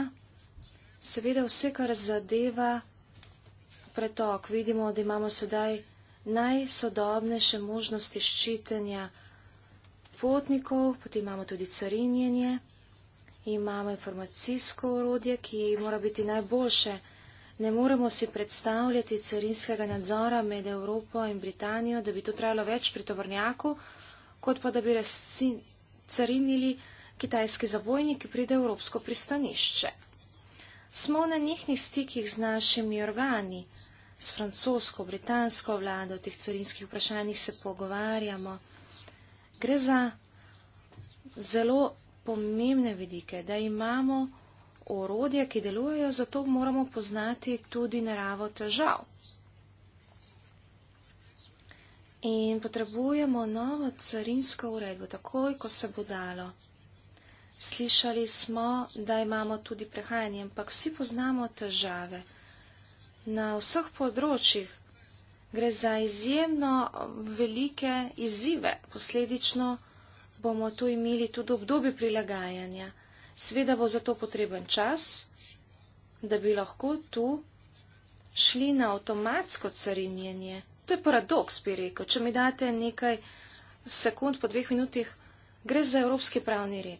seveda vse, kar zadeva pretok, vidimo, da imamo sedaj najsodobnejše možnosti ščitenja potnikov, potem imamo tudi carinjenje, imamo informacijsko orodje, ki mora biti najboljše. Ne moremo si predstavljati carinskega nadzora med Evropo in Britanijo, da bi to trajalo več pri tovrnjaku, kot pa da bi carinili kitajski zabojniki pride Evropsko pristanišče. Smo na njihnih stikih z našimi organi, s francosko, britansko vlado, o teh carinskih vprašanjih se pogovarjamo. Gre za zelo pomembne vidike, da imamo orodje, ki delujejo, zato moramo poznati tudi naravo težav. In potrebujemo novo carinsko uredbo, takoj, ko se bo dalo. Slišali smo, da imamo tudi prehajanje, ampak vsi poznamo težave. Na vseh področjih gre za izjemno velike izzive. Posledično bomo tu imeli tudi obdobje prilagajanja. Sveda bo za to potreben čas, da bi lahko tu šli na avtomatsko carinjenje. To je paradoks, bi rekel. Če mi date nekaj sekund po dveh minutih, gre za evropski pravni red.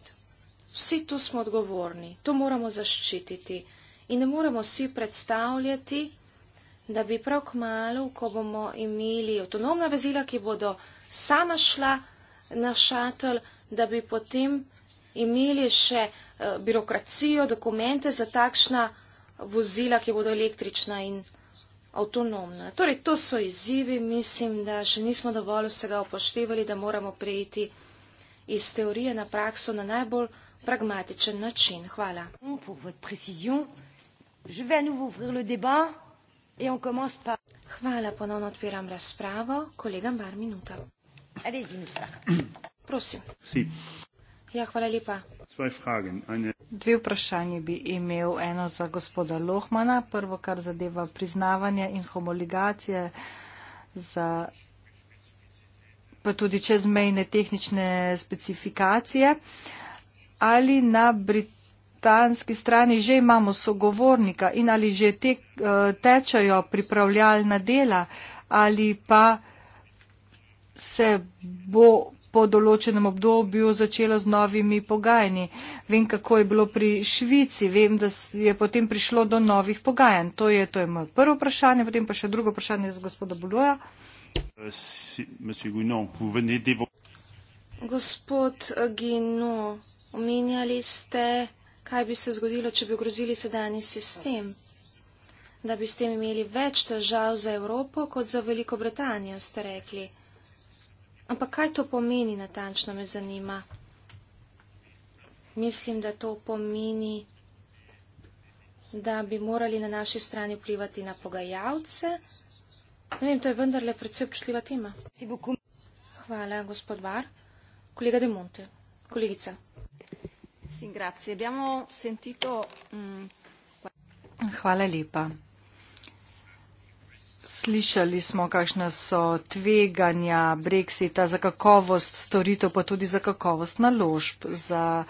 Vsi tu smo odgovorni, to moramo zaščititi. In ne moremo si predstavljati, da bi prav k malu, ko bomo imeli avtonomna vezila, ki bodo sama šla na šatel, da bi potem imeli še eh, birokracijo, dokumente za takšna vozila, ki bodo električna in avtonomna. Torej, to so izzivi, mislim, da še nismo dovolj vsega upoštevali, da moramo prejeti iz teorije na prakso na najbolj pragmatičen način. Hvala. Hvala. Hvala. Ponovno odpiram razpravo. Kolega Bar, minuta. Rezi minuta. Prosim. Si. Ja, hvala lepa. Dve vprašanje bi imel eno za gospoda Lohmana. Prvo, kar zadeva priznavanje in homoligacije za pa tudi čezmejne tehnične specifikacije. Ali na Britaniji britanski strani že imamo sogovornika in ali že te, eh, tečajo pripravljalna dela ali pa se bo po določenem obdobju začelo z novimi pogajanji. Vem, kako je bilo pri Švici, vem, da je potem prišlo do novih pogajanj. To je, to je moje prvo vprašanje, potem pa še drugo vprašanje z gospoda Buloja. Euh, Gospod Gino, omenjali ste kaj bi se zgodilo, če bi ogrozili sedajni sistem, da bi s tem imeli več težav za Evropo kot za Veliko Britanijo, ste rekli. Ampak kaj to pomeni, natančno me zanima. Mislim, da to pomeni, da bi morali na naši strani vplivati na pogajalce. Ne vem, to je vendarle predvsej občutljiva tema. Hvala, gospod Bar. Kolega Demonte. Kolegica. Mm, Hvala lepa. Slišali smo, kakšna so tveganja brexita za kakovost storitev, pa tudi za kakovost naložb, za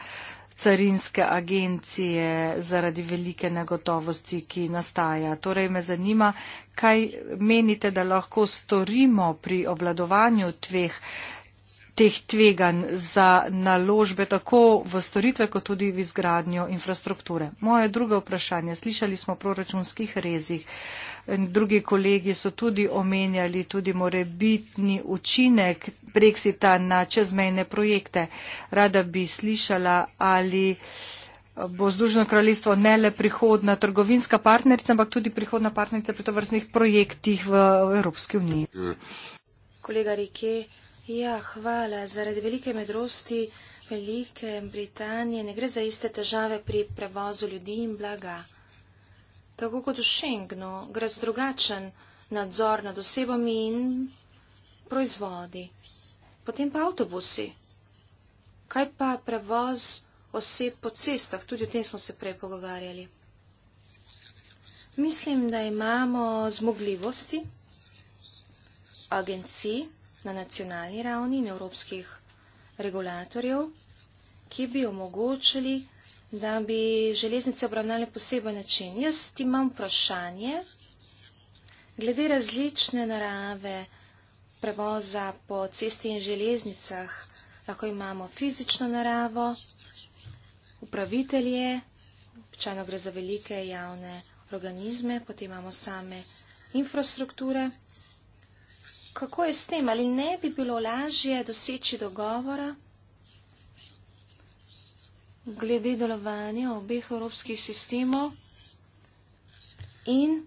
carinske agencije zaradi velike negotovosti, ki nastaja. Torej me zanima, kaj menite, da lahko storimo pri obladovanju tveh teh tveganj za naložbe tako v storitve, kot tudi v izgradnjo infrastrukture. Moje druge vprašanje. Slišali smo o proračunskih rezih. Drugi kolegi so tudi omenjali tudi morebitni učinek Brexita na čezmejne projekte. Rada bi slišala, ali bo Združeno kraljestvo ne le prihodna trgovinska partnerica, ampak tudi prihodna partnerica pri tovrstnih projektih v Evropski uniji. Kolega Rike, Ja, hvala. Zaradi velike medrosti Velike Britanije ne gre za iste težave pri prevozu ljudi in blaga. Tako kot v Schengnu gre za drugačen nadzor nad osebami in proizvodi. Potem pa avtobusi. Kaj pa prevoz oseb po cestah? Tudi o tem smo se prej pogovarjali. Mislim, da imamo zmogljivosti, agenciji, na nacionalni ravni in evropskih regulatorjev, ki bi omogočili, da bi železnice obravnali poseben način. Jaz imam vprašanje glede različne narave prevoza po cesti in železnicah. Lahko imamo fizično naravo, upravitelje, občano gre za velike javne organizme, potem imamo same infrastrukture kako je s tem, ali ne bi bilo lažje doseči dogovora glede delovanja obeh evropskih sistemov in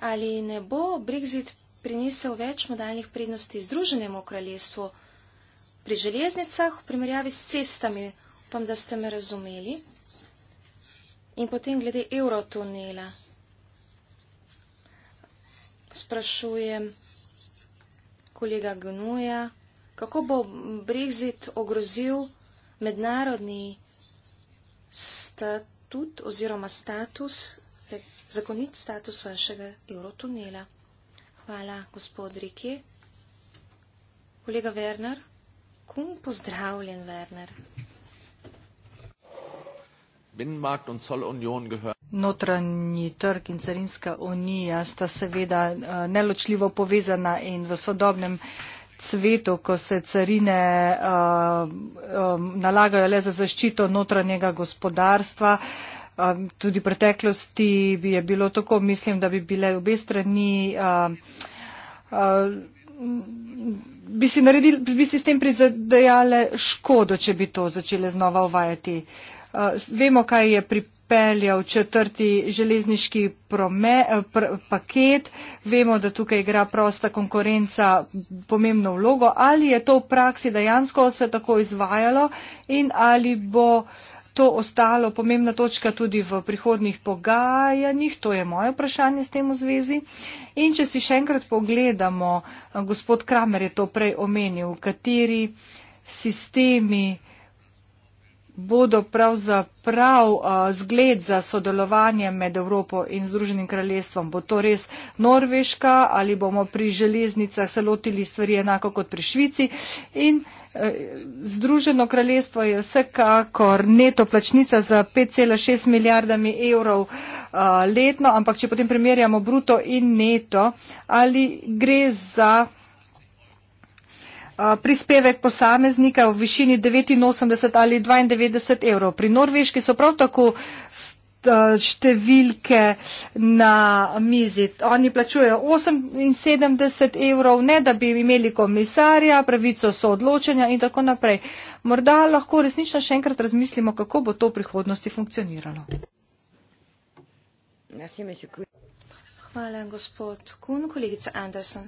ali ne bo Brexit prinesel več modalnih prednosti Združenemu kraljestvu pri železnicah v primerjavi s cestami, upam, da ste me razumeli. In potem glede evrotunela sprašuje kolega Gnuja, kako bo Brexit ogrozil mednarodni statut oziroma status, zakonit status vašega eurotunela. Hvala, gospod Riki. Kolega Werner, kum pozdravljen, Werner. Binnenmarkt und Zollunion gehören. Notranji trg in carinska unija sta seveda eh, neločljivo povezana in v sodobnem svetu, ko se carine uh, um, nalagajo le za zaščito notranjega gospodarstva. Um, tudi v preteklosti bi je bilo tako, mislim, da bi bile obe strani. Uh, uh, bi, si naredil, bi si s tem prizadejale škodo, če bi to začele znova uvajati. Uh, Vemo, kaj je pripeljal četrti železniški prome, eh, pr, paket, vemo, da tukaj igra prosta konkurenca pomembno vlogo. Ali je to v praksi dejansko se tako izvajalo in ali bo to ostalo pomembna točka tudi v prihodnih pogajanjih, to je moje vprašanje s tem v zvezi. In če si še enkrat pogledamo, eh, gospod Kramer je to prej omenil, kateri sistemi bodo pravzaprav zgled za sodelovanje med Evropo in Združenim kraljestvom? Bo to res Norveška ali bomo pri železnicah se lotili stvari enako kot pri Švici? In e, Združeno kraljestvo je vsekakor neto plačnica za 5,6 milijardami evrov letno, ampak če potem primerjamo bruto in neto, ali gre za prispevek posameznika v višini 89 ali 92 evrov. Pri Norveški so prav tako številke na mizi. Oni plačujejo 78 evrov, ne da bi imeli komisarja, pravico so odločenja in tako naprej. Morda lahko resnično še enkrat razmislimo, kako bo to v prihodnosti funkcioniralo. Merci, Hvala, gospod Kun. Kolegica Anderson.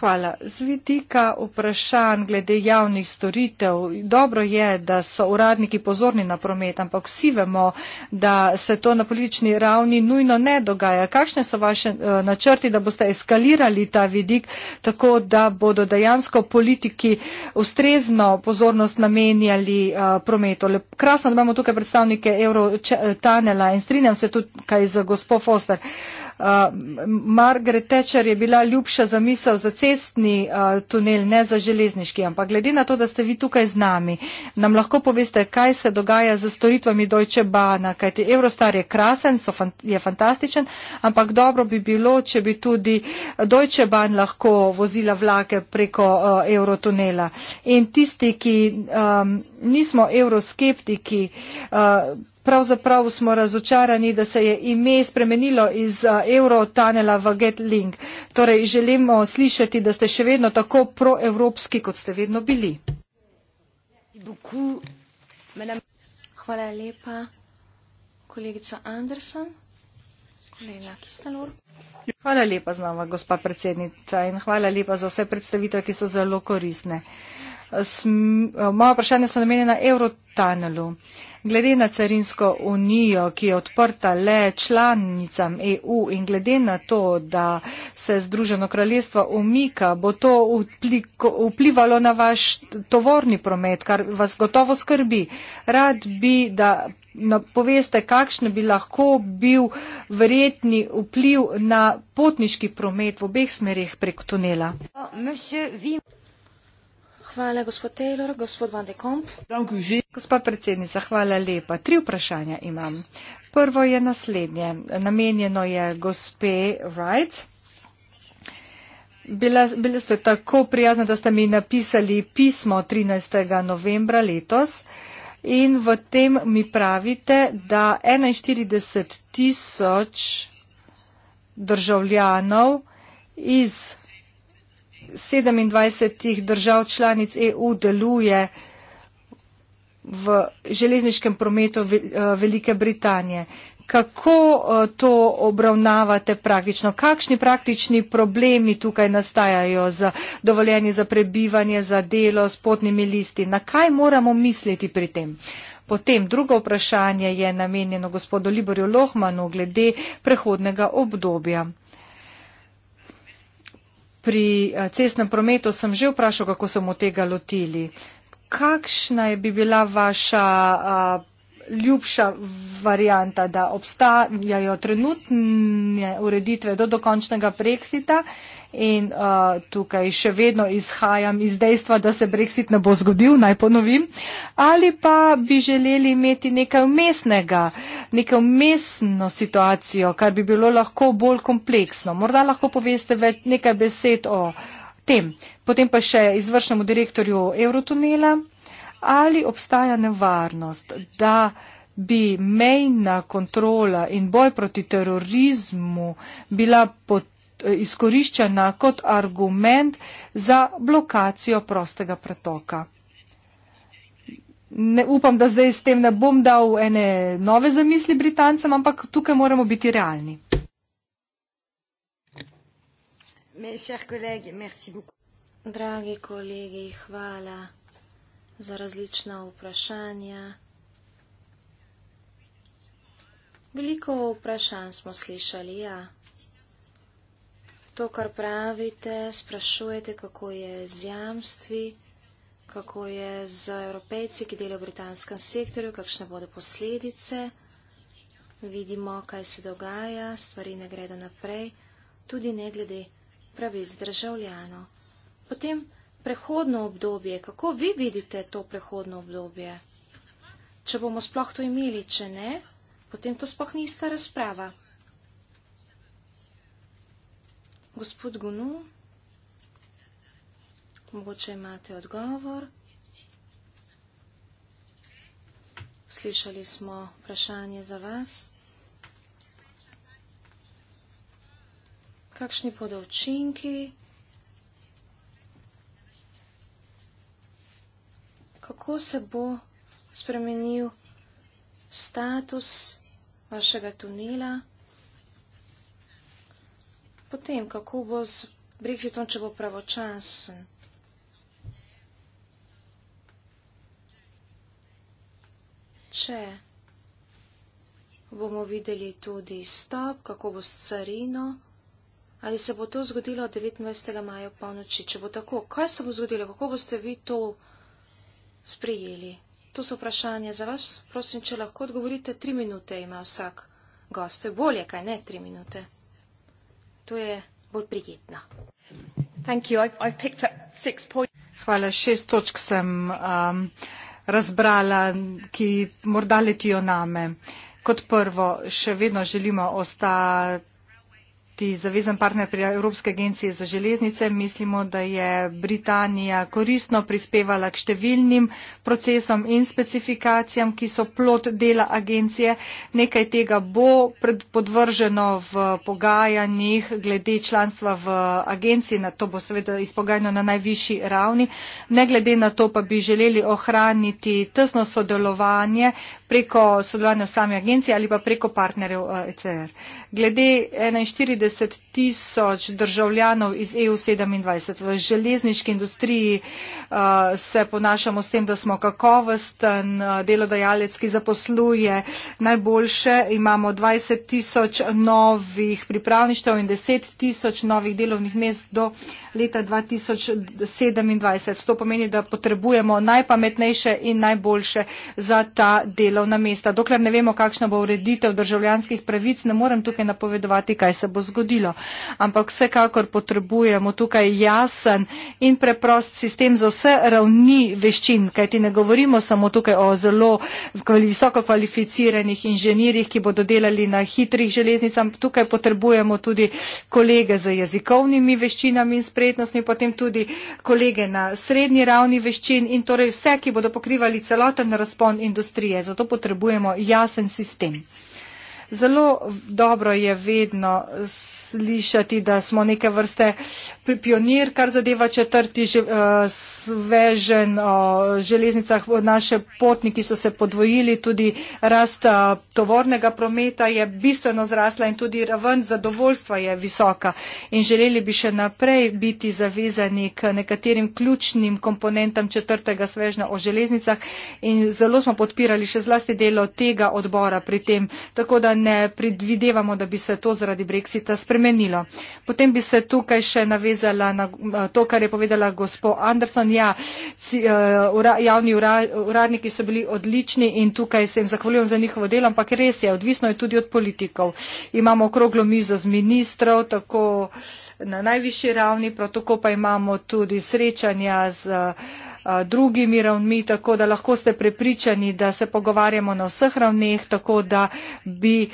Hvala. Z vidika vprašanj glede javnih storitev, dobro je, da so uradniki pozorni na promet, ampak vsi vemo, da se to na politični ravni nujno ne dogaja. Kakšne so vaše eh, načrti, da boste eskalirali ta vidik, tako da bodo dejansko politiki ustrezno pozornost namenjali eh, prometu? Krasno, da imamo tukaj predstavnike Eurotanela in strinjam se tukaj z gospod Foster. Margaret Thatcher je bila ljubša zamisel za cestni uh, tunel, ne za železniški. Ampak glede na to, da ste vi tukaj z nami, nam lahko poveste, kaj se dogaja z storitvami Deutsche Bana. Kajti Eurostar je krasen, fan, je fantastičen, ampak dobro bi bilo, če bi tudi Deutsche Bahn lahko vozila vlake preko uh, eurotunela. In tisti, ki um, nismo euroskeptiki, uh, pravzaprav smo razočarani, da se je ime spremenilo iz Eurotunnela v GetLink. Torej, želimo slišati, da ste še vedno tako proevropski, kot ste vedno bili. Hvala lepa, kolegica Andersen. Hvala lepa z nama, gospa predsednica, in hvala lepa za vse predstavitve, ki so zelo koristne. Moja vprašanja so namenjena Eurotunnelu. Uh, Glede na carinsko unijo, ki je odprta le članicam EU in glede na to, da se Združeno kraljestvo umika, bo to vplivalo na vaš tovorni promet, kar vas gotovo skrbi. Rad bi, da poveste, kakšen bi lahko bil verjetni vpliv na potniški promet v obeh smerih prek tunela. Hvala, gospod Taylor. Gospod Van de Komp. Gospa predsednica, hvala lepa. Tri vprašanja imam. Prvo je naslednje. Namenjeno je gospe Wright. Bila, bila ste tako prijazna, da ste mi napisali pismo 13. novembra letos in v tem mi pravite, da 41 tisoč državljanov iz 27 držav članic EU deluje v železniškem prometu eh, Velike Britanije. Kako eh, to obravnavate praktično? Kakšni praktični problemi tukaj nastajajo za dovoljenje za prebivanje, za delo s potnimi listi? Na kaj moramo misliti pri tem? Potem drugo vprašanje je namenjeno gospodu Liborju Lohmanu glede prehodnega obdobja pri eh, cestnem prometu sem že vprašal, kako so mu tega lotili. Kakšna je bi bila vaša a, eh, ljubša varijanta, da obstajajo trenutne ureditve do dokončnega preksita? In uh, tukaj še vedno izhajam iz dejstva, da se Brexit ne bo zgodil, naj ponovim, ali pa bi želeli imeti nekaj umestnega, nekaj umestno situacijo, kar bi bilo lahko bolj kompleksno. Morda lahko poveste več nekaj besed o tem. Potem pa še izvršnemu direktorju Eurotunela, ali obstaja nevarnost, da bi mejna kontrola in boj proti terorizmu bila potrebna izkoriščena kot argument za blokacijo prostega pretoka. Ne upam, da zdaj s tem ne bom dal ene nove zamisli Britancem, ampak tukaj moramo biti realni. Dragi kolegi, hvala za različna vprašanja. Veliko vprašanj smo slišali, ja to, kar pravite, sprašujete, kako je z jamstvi, kako je z evropejci, ki delajo v britanskem sektorju, kakšne bodo posledice. Vidimo, kaj se dogaja, stvari ne gredo naprej, tudi ne glede pravic državljano. Potem prehodno obdobje. Kako vi vidite to prehodno obdobje? Če bomo sploh to imeli, če ne, potem to sploh ni ista razprava. Gospod Gunu, mogoče imate odgovor. Slišali smo vprašanje za vas. Kakšni bodo učinki? Kako se bo spremenil status vašega tunela? Potem, kako bo z Brexitom, če bo pravočasen? Če bomo videli tudi stop, kako bo s carino, ali se bo to zgodilo 29. maja polnoči, če bo tako, kaj se bo zgodilo, kako boste vi to sprijeli? To so vprašanje za vas, prosim, če lahko odgovorite, tri minute ima vsak gost, to je bolje, kaj ne, tri minute to je bolj prijetno. Hvala, šest točk sem um, razbrala, ki morda letijo name. Kot prvo, še vedno želimo ostati biti zavezan partner pri Evropske agencije za železnice. Mislimo, da je Britanija koristno prispevala k številnim procesom in specifikacijam, ki so plot dela agencije. Nekaj tega bo podvrženo v pogajanjih glede članstva v agenciji. Na to bo seveda izpogajano na najvišji ravni. Ne glede na to pa bi želeli ohraniti tesno sodelovanje preko sodelovanja v sami agenciji ali pa preko partnerjev ECR. Eh, e Glede 41 tisoč državljanov iz EU27 v železniški industriji eh, se ponašamo s tem, da smo kakovosten eh, delodajalec, ki zaposluje najboljše. Imamo 20 tisoč novih pripravništev in 10 tisoč novih delovnih mest do leta 2027. To pomeni, da potrebujemo najpametnejše in najboljše za ta delo delovna mesta. Dokler ne vemo, kakšna bo ureditev državljanskih pravic, ne morem tukaj napovedovati, kaj se bo zgodilo. Ampak vsekakor potrebujemo tukaj jasen in preprost sistem za vse ravni veščin, kajti ne govorimo samo tukaj o zelo visoko kvalificiranih inženirjih, ki bodo delali na hitrih železnicah. Tukaj potrebujemo tudi kolege z jezikovnimi veščinami in spretnostmi, potem tudi kolege na srednji ravni veščin in torej vse, ki bodo pokrivali celoten razpon industrije. Zato potrebujemo jasen sistem zelo dobro je vedno slišati, da smo neke vrste pionir, kar zadeva četrti že, uh, svežen o uh, železnicah. Naše potniki so se podvojili, tudi rast uh, tovornega prometa je bistveno zrasla in tudi raven zadovoljstva je visoka. In želeli bi še naprej biti zavezani k nekaterim ključnim komponentam četrtega svežna o železnicah in zelo smo podpirali še zlasti delo tega odbora pri tem. Tako da ne predvidevamo, da bi se to zaradi brexita spremenilo. Potem bi se tukaj še navezala na eh, to, kar je povedala gospod Anderson. Ja, eh, javni uradniki so bili odlični in tukaj se jim zahvaljujem za njihovo delo, ampak res je, odvisno je tudi od politikov. Imamo okroglo mizo z ministrov, tako na najvišji ravni, prav tako pa imamo tudi srečanja z uh, drugimi ravnmi, tako da lahko ste prepričani, da se pogovarjamo na vseh ravneh, tako da bi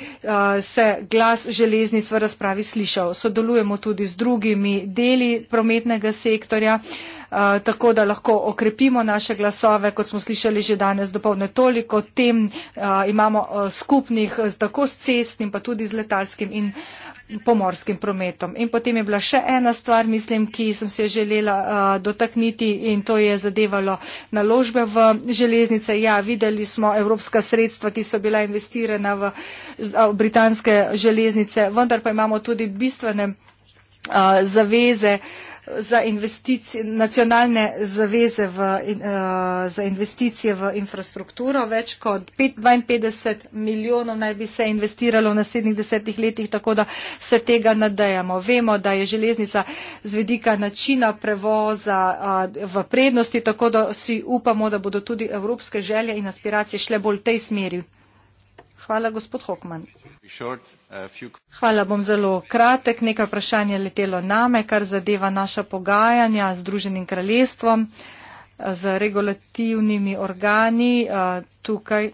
se glas železnic v razpravi slišal. Sodelujemo tudi z drugimi deli prometnega sektorja. Uh, tako da lahko okrepimo naše glasove, kot smo slišali že danes dopolne toliko, tem uh, imamo uh, skupnih uh, tako s cestnim, pa tudi z letalskim in uh, pomorskim prometom. In potem je bila še ena stvar, mislim, ki sem se želela uh, dotakniti in to je zadevalo naložbe v železnice. Ja, videli smo evropska sredstva, ki so bila investirana v, v britanske železnice, vendar pa imamo tudi bistvene uh, zaveze. Uh, za investicije, nacionalne zaveze v, eh, za investicije v infrastrukturo. Več kot 52 milijonov naj bi se investiralo v naslednjih desetih letih, tako da se tega nadejamo. Vemo, da je železnica z vedika načina prevoza eh, v prednosti, tako da si upamo, da bodo tudi evropske želje in aspiracije šle bolj v tej smeri. Hvala, gospod Hokman. Hvala, bom zelo kratek. Nekaj vprašanj je letelo name, kar zadeva naša pogajanja z Združenim kraljestvom, z regulativnimi organi. Tukaj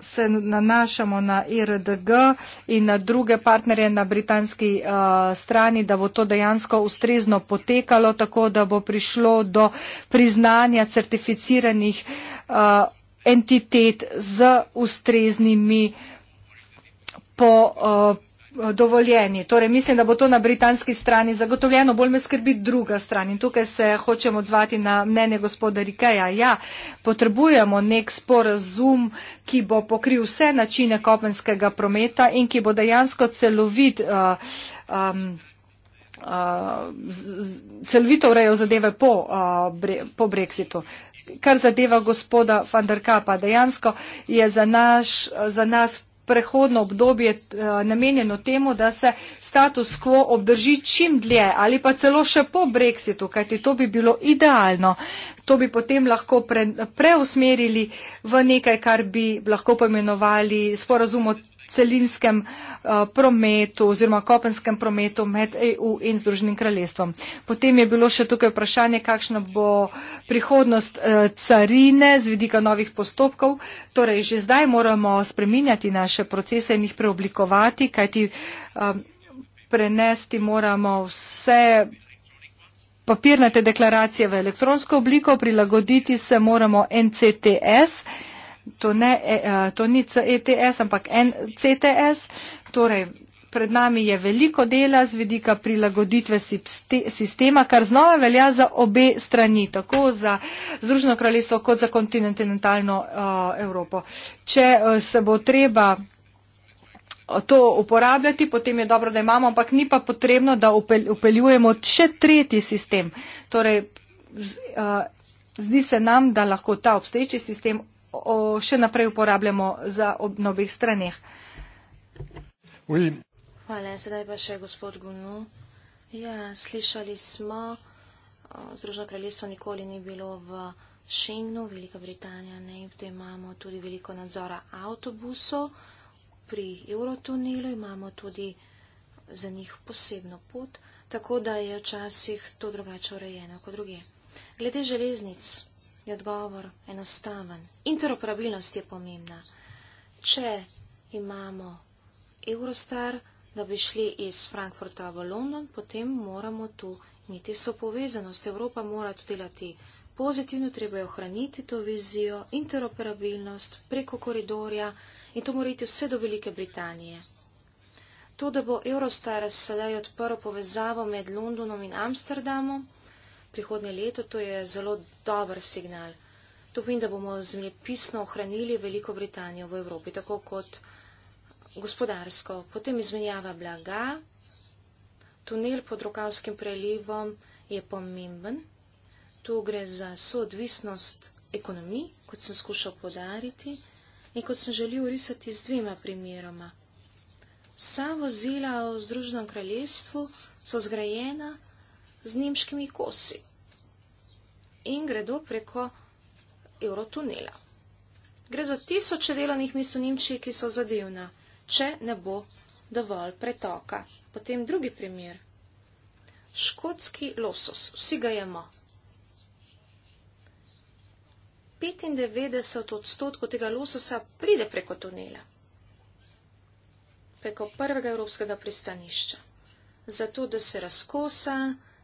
se nanašamo na IRDG e in na druge partnerje na britanski uh, strani, da bo to dejansko ustrezno potekalo, tako da bo prišlo do priznanja certificiranih uh, entitet z ustreznimi po uh, dovoljeni. Torej, mislim, da bo to na britanski strani zagotovljeno, bolj me skrbi druga stran. In tukaj se hočem odzvati na mnenje gospoda Rikeja. Ja, potrebujemo nek sporazum, ki bo pokril vse načine kopenskega prometa in ki bo dejansko celovit. Uh, um, Uh, celovito urejo zadeve po, uh, bre, po brexitu. Kar zadeva gospoda Fandarkapa, dejansko je za, naš, za nas prehodno obdobje eh, namenjeno temu, da se status quo obdrži čim dlje ali pa celo še po brexitu, kajti to bi bilo idealno. To bi potem lahko pre, preusmerili v nekaj, kar bi lahko poimenovali sporazum o celinskem eh, prometu oziroma kopenskem prometu med EU in Združenim kraljestvom. Potem je bilo še tukaj vprašanje, kakšna bo prihodnost eh, carine z vidika novih postopkov. Torej, že zdaj moramo spreminjati naše procese in jih preoblikovati, kajti eh, prenesti moramo vse papirnate deklaracije v elektronsko obliko, prilagoditi se moramo NCTS to, ne, e, e, to ni CETS, ampak NCTS. Torej, pred nami je veliko dela z vidika prilagoditve sistema, kar znova velja za obe strani, tako za Združeno kraljestvo kot za kontinentalno e, Evropo. Če se bo treba to uporabljati, potem je dobro, da imamo, ampak ni pa potrebno, da upeljujemo še tretji sistem. Torej, z, uh, zdi se nam, da lahko ta obstoječi sistem o, še naprej uporabljamo za obnovih stranih. Oui. Hvala, sedaj pa še gospod Gunu. Ja, slišali smo, Združeno kraljestvo nikoli ni bilo v Šengnu, Velika Britanija ne, tu imamo tudi veliko nadzora avtobusov, pri Eurotunelu imamo tudi za njih posebno pot, tako da je včasih to drugače urejeno kot druge. Glede železnic, je odgovor enostaven. Interoperabilnost je pomembna. Če imamo Eurostar, da bi šli iz Frankfurta v London, potem moramo tu imeti sopovezanost. Evropa mora tu delati pozitivno, treba je ohraniti to vizijo, interoperabilnost preko koridorja in to morate vse do Velike Britanije. To, da bo Eurostar sedaj odprl povezavo med Londonom in Amsterdamom, prihodnje leto, to je zelo dober signal. To pomeni, da bomo zemljepisno ohranili Veliko Britanijo v Evropi, tako kot gospodarsko. Potem izmenjava blaga, tunel pod Rokavskim prelivom je pomemben. Tu gre za soodvisnost ekonomij, kot sem skušal podariti in kot sem želel risati z dvema primeroma. Vsa vozila v Združenem kraljestvu so zgrajena z nemškimi kosi in gredo preko eurotunela. Gre za tisoče delovnih mest v Nemčiji, ki so zadevna, če ne bo dovolj pretoka. Potem drugi primer. Škotski losos. Vsi ga jemo. 95 odstotkov tega lososa pride preko tunela, preko prvega evropskega pristanišča, zato da se razkosa,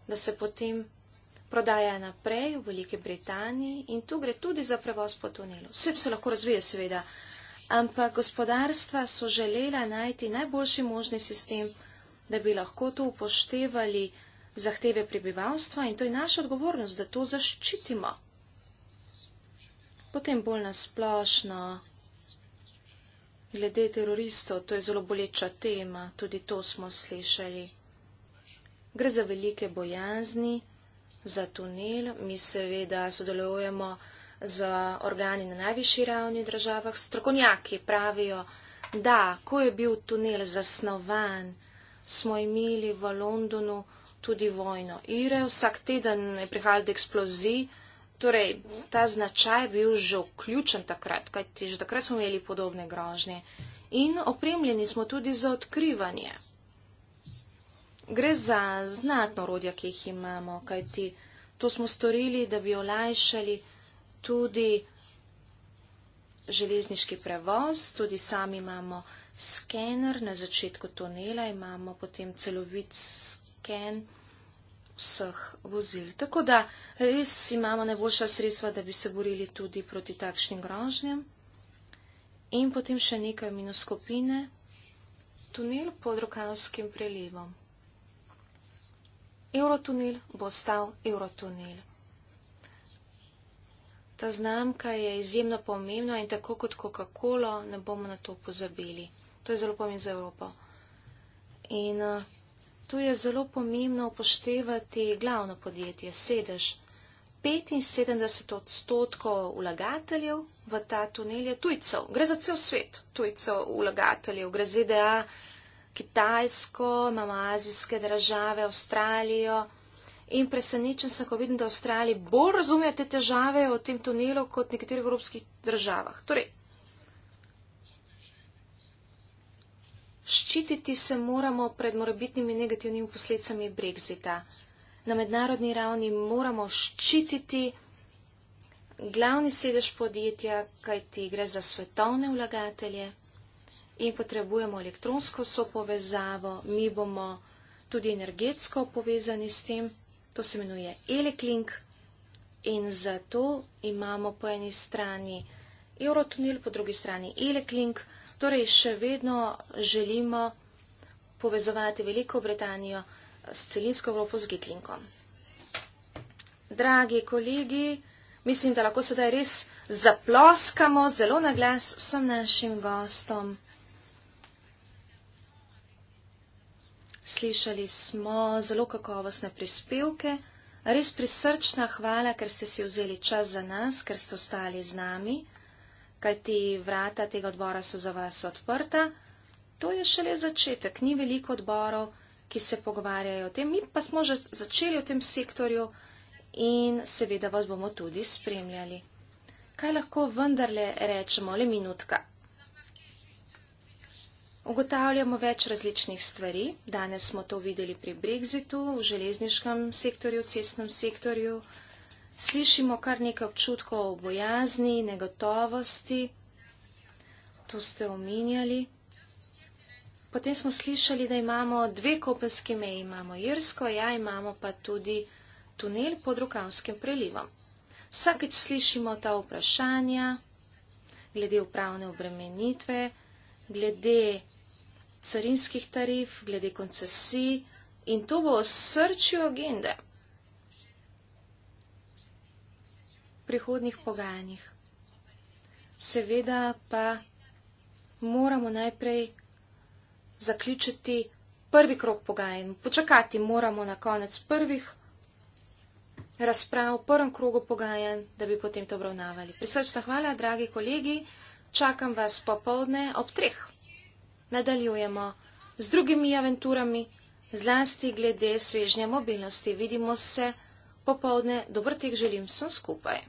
da se potem prodaja naprej v Veliki Britaniji in tu gre tudi za prevoz po tunelu. Vse se lahko razvije, seveda, ampak gospodarstva so želela najti najboljši možni sistem, da bi lahko to upoštevali zahteve prebivalstva in to je naša odgovornost, da to zaščitimo. Potem bolj nasplošno, glede teroristov, to je zelo boleča tema, tudi to smo slišali gre za velike bojazni za tunel. Mi seveda sodelujemo z organi na najvišji ravni državah. Strokovnjaki pravijo, da ko je bil tunel zasnovan, smo imeli v Londonu tudi vojno Ire, vsak teden je prihajalo do eksplozij, torej ta značaj je bil že vključen takrat, kajti že takrat smo imeli podobne grožnje. In opremljeni smo tudi za odkrivanje. Gre za znatno orodja, ki jih imamo, kajti to smo storili, da bi olajšali tudi železniški prevoz, tudi sami imamo skener na začetku tunela, imamo potem celovit sken vseh vozil. Tako da res imamo najboljša sredstva, da bi se borili tudi proti takšnim grožnjem. In potem še nekaj minoskopine, tunel pod Rokavskim prelivom. Eurotunel bo stal Eurotunel. Ta znamka je izjemno pomembna in tako kot Coca-Cola ne bomo na to pozabili. To je zelo pomembno za Evropo. In eh, tu je zelo pomembno upoštevati glavno podjetje, sedež. 75 odstotkov vlagateljev v ta tunel je tujcev. Gre za cel svet tujcev, vlagateljev, gre za ZDA, Kitajsko, imamo azijske države, Avstralijo. In presenečen sem, ko vidim, da Avstralija bolj razume te težave v tem tunelu kot v nekaterih evropskih državah. Torej, ščititi se moramo pred morebitnimi negativnimi posledicami Brexita. Na mednarodni ravni moramo ščititi glavni sedež podjetja, kajti gre za svetovne vlagatelje in potrebujemo elektronsko sopovezavo, mi bomo tudi energetsko povezani s tem, to se imenuje Eliklink in zato imamo po eni strani Eurotunel, po drugi strani Eliklink, torej še vedno želimo povezovati Veliko Britanijo s celinsko Evropo z Gitlinkom. Dragi kolegi, mislim, da lahko sedaj res zaploskamo zelo na glas vsem našim gostom. slišali smo zelo kakovostne prispevke. Res prisrčna hvala, ker ste si vzeli čas za nas, ker ste ostali z nami, kajti vrata tega odbora so za vas odprta. To je šele začetek, ni veliko odborov, ki se pogovarjajo o tem, mi pa smo že začeli v tem sektorju in seveda vas bomo tudi spremljali. Kaj lahko vendarle rečemo, le minutka? Ugotavljamo več različnih stvari. Danes smo to videli pri Brexitu, v železniškem sektorju, cestnem sektorju. Slišimo kar nekaj občutkov o bojazni, negotovosti. To ste omenjali. Potem smo slišali, da imamo dve kopenske meje. Imamo Jersko, ja, imamo pa tudi tunel pod Rukavskim prelivom. Vsakeč slišimo ta vprašanja glede upravne obremenitve, glede carinskih tarif, glede koncesij in to bo srčjo agende prihodnih pogajanjih. Seveda pa moramo najprej zaključiti prvi krok pogajanj. Počakati moramo na konec prvih razprav, v prvem krogu pogajanj, da bi potem to obravnavali. Prisrčna hvala, dragi kolegi. Čakam vas popovdne ob treh nadaljujemo z drugimi aventurami, zlasti glede svežnja mobilnosti. Vidimo se popovdne, dobrtek želim vsem skupaj.